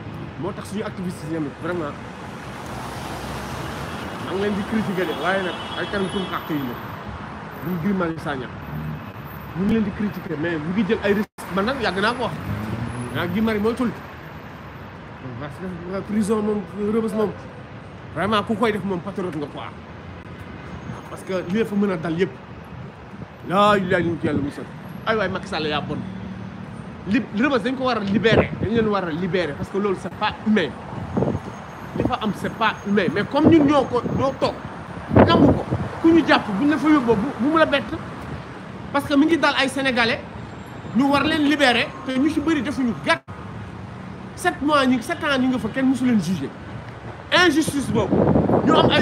motax suñu activiste yi tamit vraiment maa ngi leen di critiquer de waaye nak ay tan tum xaq yi nag ñu ngi Guy Sagna ñu ngi leen di critiquer mais mu ngi jël ay risque man nak yag na ko wax naa gi mari mo tul parce que prison mom Rebeuss mom vraiment ku koy def mom patriote nga quoi parce que li fa mëna dal yépp la ilaha illallah ay way Macky ya bon Nous devons dañ libérer parce que l'homme c'est pas humain Les c'est pas humain mais comme nous, nous ñoo Nous devons nous parce que nous, sommes dal ay sénégalais nous devons leen libérer que nous ci nous. mois 7 ans nous nga fa injustice nous ñu am ay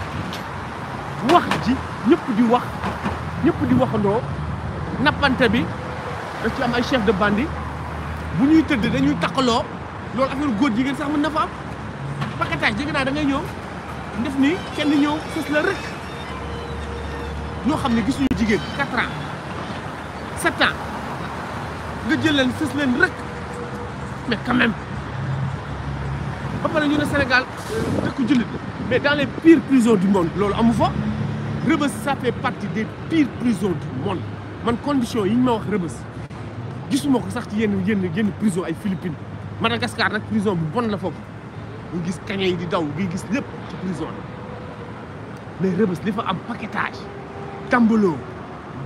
wax ji ñëpp di wax ñépp di waxandoo nappante bi da ci am ay chef de bu ñuy tëdd dañuy takkaloo loolu affaire góor jigéen sax mën na fa am paquetage jege naa da ñëw ndef nii kenn ñëw fës la rek ñoo xam ne gisuñu jigéen 4 ans 7 ans nga jël leen fës leen rek mais quand même ba pare ñu ne Sénégal dëkku jullit mais dans les pires prisons du monde loolu amu fa. Rebeuss ça fait partie des pires prisons du monde man condition yi ma wax Rebeuss gisuma en sax ci yenn yenn yenn prison ay Philippines Madagascar nag prison bu la foofu nga gis kaña yi di daw nga gis lépp ci prison mais Rebeuss li fa am paquetage Tambolo,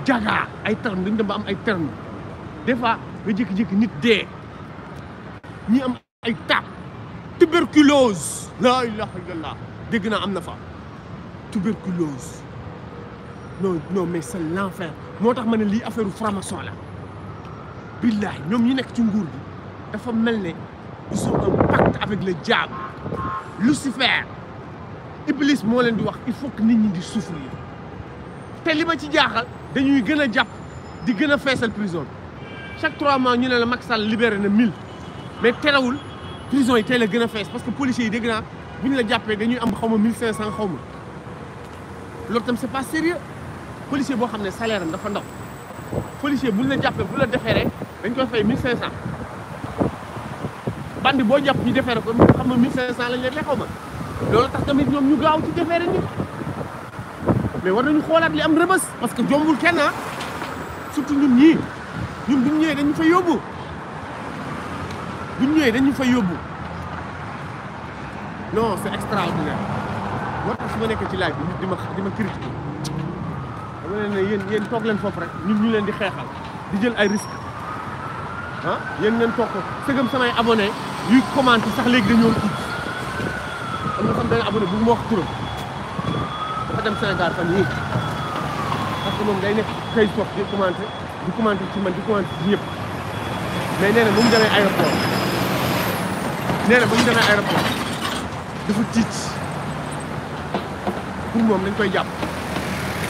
jaga ay terme dañu dem ba am ay terme des fois nga jékki-jékki nit dee ñi am ay taab tuberculose la ilaha illallah dégg naa am fa tuberculose non non mais c'est l'enfer motax tax li ne lii affaire franc-maçon la billaay ñom ñi nek ci nguur bi dafa melne ne ils ont un pacte avec le diable Lucifer Iblis mo len di wax il faut que nit ñi di souffrir te li ma ci jaaxal dañuy gëna japp di gëna fessel prison chaque 3 mois ñu ne la Macky Sall libéré na 1000 mais terewul prison yi tey la gën a parce que policiers yi dégg na bu ñu la jappé dañuy am xaw 1500 mille cinq tam c'est pas sérieux policier boo xam ne salaire am dafa ndaw policier buñ la jàppee bu la rek dañ koy fay 1500 bandi boo jàpp ñu defeere ko xam nga 1500 lañ leen lexaw ma loolu tax tamit ñoom ñu gaaw ci defeere nit mais war nañu xoolaat li am rëbës parce que jombul kenn ah surtout ñun ñii ñun buñ ñëwee dañu fa yóbbu buñ ñëwee dañu fa yóbbu non c'est extraordinaire moo tax su ma nekk ci laaj bi di ma di ma critiquer mu ne ne yéen toog leen foofu rek ñun ñu leen di xeexal di jël ay risque ah yéen ngeen toog ko sëgam samay abonné yuy commenté sax léegi dañoo tiit am na xam da nga bu ma wax turam dafa moom day nekk kay toog di commenté di commenté ci man di commenté ci ñëpp mais nee na ba mu demee aéroport nee na ba mu demee aéroport dafa tiit pour moom dañ koy jàpp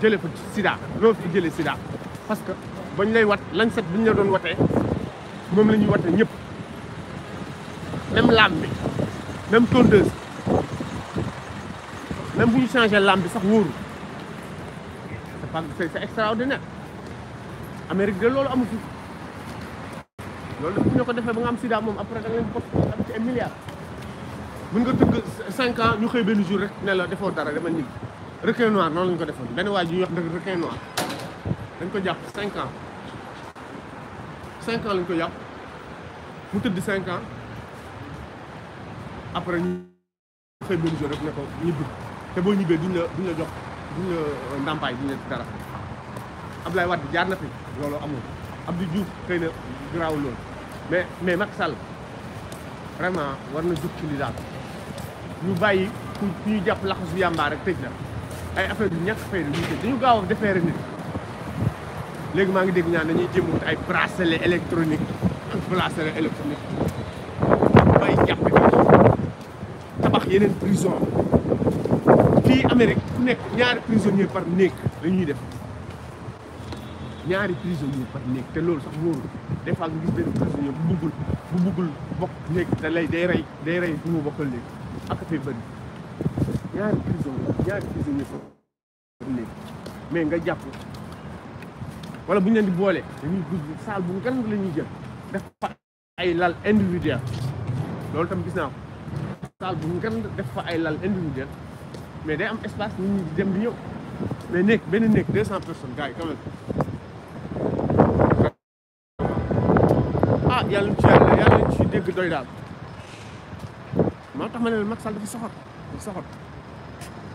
jëlé fa sida loo fi jëlé sida parce que bañ lay wat lañ set bi la doon waté mom lañuy waté ñëpp même lambi, même tondeuse même bu changer changé sax wooru c'est pas c'est extraordinaire Amérique de lolu amu fi lolu bu ñu ko défé ba nga am sida mom après da nga leen am ci 1 milliard mën nga tëgg 5 ans ñu xey benn jour rek né la défo dara dama ñibbi requin noir noonu lañ ko defoon benn waa ji wax dëgg requin noir dañ ko jàpp cinq ans cinq ans lañ ko jàpp mu tëdd cinq ans après ñu xëy benn jour rek ne ko ñibbi te boo ñibbee duñ la duñ la jox duñ la euh, ndàmpaay duñ la dara Abdoulaye Wade jaar na fi loolu amul Abdou Diouf xëy na garaaw loolu mais mais Macky Sall vraiment war na jóg ci li daal ñu bàyyi ku ñu jàpp laxasu yàmbaa rek tëj la ay affaire yu ñàkk fay dañuy dañu gaaw a defeere nit léegi maa ngi dégg ñaan dañuy jéem wut ay bracelet électronique bracelet électronique bay jàppe tabax yeneen prison fii Amérique ku nekk ñaari prisonnier par néeg lañuy def ñaari prisonnier par néeg te loolu sax wóoru des fois nga gis benn prisonnier bu buggul bu buggul bokk néeg da lay day rey day rey bu mu bokkal néeg ak fay bëri ñaari prisonnier ñaari mais nga jàpp wala bu ñu leen di boole dañuy dugg saal bu gan la ñuy jël def fa ay lal individuel loolu tam gis naa saal bu gan def fa ay lal individuel mais day am espace nit ñi di dem di ñëw mais néeg benn néeg deux cent personnes gars yi quand même ah ci dégg doy daal moo tax ma ne la Macky Sall dafa soxor dafa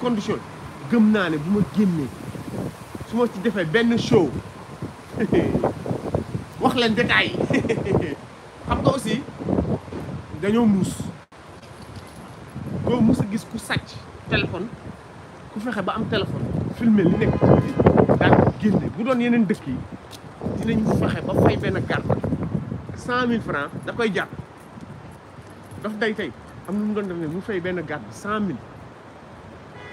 condition gëm naa ne bu ma génnee su ma ci defee benn show wax leen détails yi xam nga aussi dañoo muus doo mus a gis ku sàcc téléphone ku fexe ba am téléphone filmer li nekk ci daal génne bu doon yeneen dëkk yi dinañu fexe ba fay benn carte cent mille francs da koy jàpp daf day tey am na mu doon def ne mu fay benn carte cent mille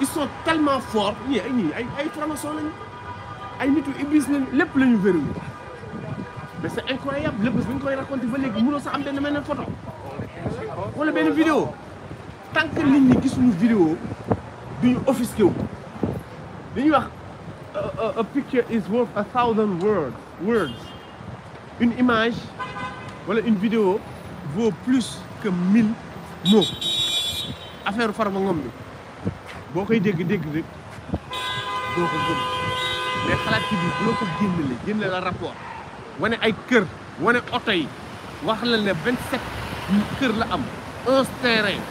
ils sont tellement forts Ils sont très ay Ils sont très forts. ay mais c'est incroyable lépp bu raconté photo vidéo tant que nit gens une vidéo duñu offusqué wu li wax euh, euh, a picture is worth a thousand words words une image wala une vidéo vaut plus que 1000 mots affaire faire boo koy dégg dégg rek doo ko gëm mais xalaat ci biir loo ko génne la génne la rapport wane ay kër wane oto yi wax la ne vingt sept kër la am un terrain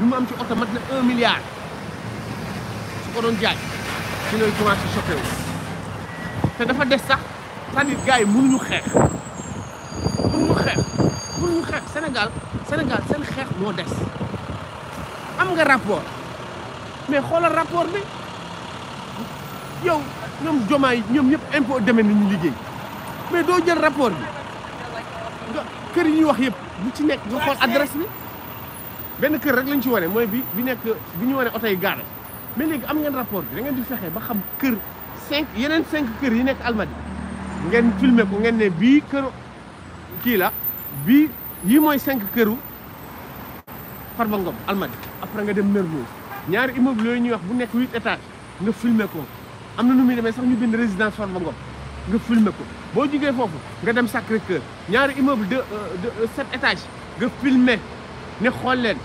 lu mu am ci oto mat na un milliard su ko doon jaay ci lay commencé choqué te dafa des sax c'est-à-dire gars yi xeex mënuñu xeex mënuñu xeex Sénégal Sénégal seen xeex moo des am nga rapport mais xoolal rapport bi yow ñoom jomaay ñoom ñëpp impôt demee nañu liggéey mais doo jël rapport bi kër yi ñuy wax yëpp bu ci nekk nga xool adresse bi benn kër rek lañ ci wane mooy bi bi nekk bi ñu wane oto yi gaara mais léegi am ngeen rapport bi da ngeen di fexe ba xam kër cinq yeneen cinq kër yi nekk Almadi ngeen filmer ko ngeen ne bii kër kii la bii yii mooy cinq këru Farba Ngom Almadi après nga dem Mermoz ñaari immeuble yooyu ñuy wax bu nekk huit étages nga filmer ko am na nu muy demee sax ñu bind résidence Farba Ngom nga filmer ko boo jugee foofu nga dem Sacré Cœur ñaari immeuble de sept étages nga filmer ne xool leen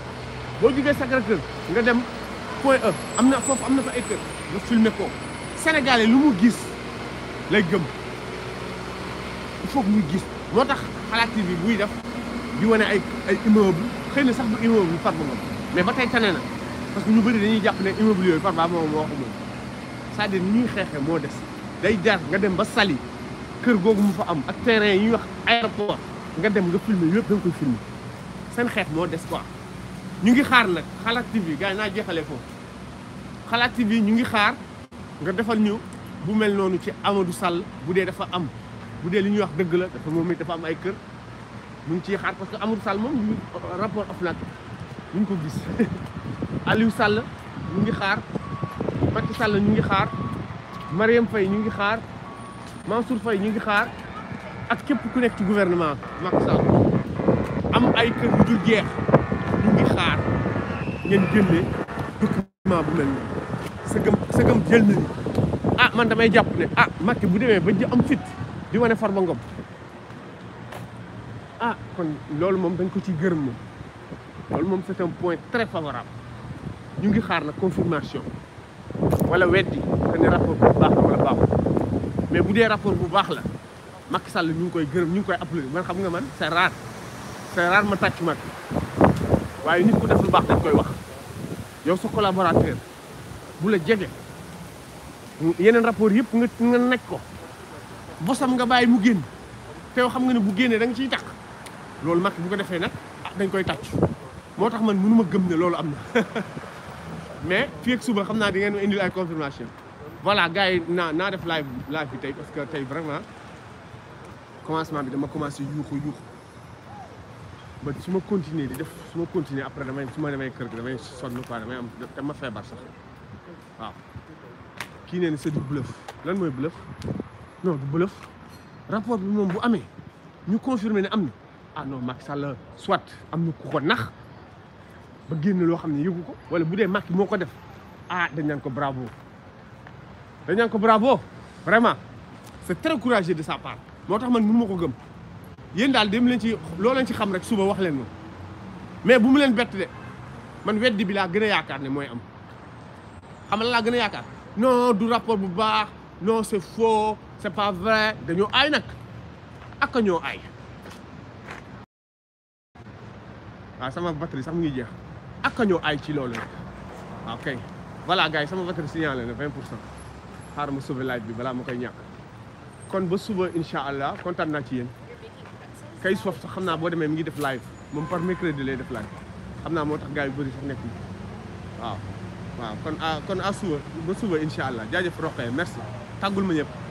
boo jugee Sacré Cœur nga dem Point E am na foofu am na fa ay kër nga filmer ko Sénégalais lu mu gis lay gëm il faut que muy gis moo tax Xalaat TV bi buy def di wane ay ay immeuble xëy na sax bu immeuble Farba Ngom mais ba tey tane na. parce que ñu bëri dañuy jàpp ne immobilier yooyu Farba moom moo ko moom c'est-à-dire ñuy xeexee moo des day jar nga dem ba Saly kër googu mu fa am ak terrain yi ñuy wax ay aéroport nga dem nga filmer yëpp da koy filmer seen xeex moo des quoi ñu ngi xaar nag xalaat TV gars yi naa jeexale foofu xalaat TV ñu ngi xaar nga defal ñu bu mel noonu ci Amadou Sall bu dee dafa am bu dee li ñuy wax dëgg la dafa moom it dafa am ay kër mu ngi ciy xaar parce que Amadou Sall moom rapport OFNAC ñu ngi ko gis Aliou Sall ñu ngi xaar Macky Sall ñu ngi xaar Mariam Faye ñu ngi xaar Mansour Faye ñu ngi xaar ak képp ku nekk ci gouvernement Macky Sall am ay kër yu jeex ñu ngi xaar ngeen génne document bu mel nii sëgëm sëgëm jël nañu ah man damay jàpp ne ah Macky bu demee ba am fit di wane Farba Ngom ah kon loolu moom dañ ko ciy gërëm loolu moom c'est un point très favorable ñu ngi xaar la confirmation wala weddi que ne rapport bu baax la wala baaxul mais bu dee rapport bu baax la Macky Sall ñu ngi koy gërëm ñu ngi koy applaudir man xam nga man c'est rare c'est rare ma tàcc Macky waaye nit ku def lu baax dañ koy wax yow sa collaborateur bu la jege yeneen rapport yëpp nga nga nekk ko bosam nga bàyyi mu génn te yow xam nga ne bu génnee danga ciy tàq loolu Macky bu ko defee nag ah dañ koy tàcc moo tax man mënu ma gëm ne loolu am na mais fii ak suba xam naa di ngeen ma indil ay confirmation voilà gars yi naa naa def live live bi tey parce que tey vraiment commencement bi dama commencé yuuxu yuuxu ba su ma continuer di def su ma continuer après damay su ma demee kër gi damay sonn quoi damay am dama feebar sax waaw kii nee na c'est du bluff lan mooy bluff non du bluff rapport bi moom bu amee ñu confirmer ne am na ah non Macky Sall soit am nu ku ko ba génn loo xam ne yëgu ko wala bu dee Macky moo ko def ah dañ naan ko bravo dañ naan ko bravo vraiment c'est très de sa part moo tax man mënu ma ko gëm yéen daal dem leen ci loo leen ci xam rek suba wax leen ma mais bu mu leen bett de man weddi bi laa gën a yaakaar ne mooy am xam la laa gën a yaakaar non du rapport bu baax non c'est faux c'est pas vrai dañoo aay nag ak ñoo aay waaw sama batterie sax mu ngi jeex ak ñoo ay ci loolu ok balaa gars yi sama voiture signalé na 20 pour cent xaaral ma sauver live bi balaa ma koy ñàkk kon ba suba incha allah kontaan naa ci yéen kay soof sax xam naa boo demee mi ngi def live moom par mercredi lay def live xam naa moo tax gars yu bëri sax nekk waaw waaw kon a ah, kon à suba ba suba incha allah jaajëf roqee merci tàggul ma ñëpp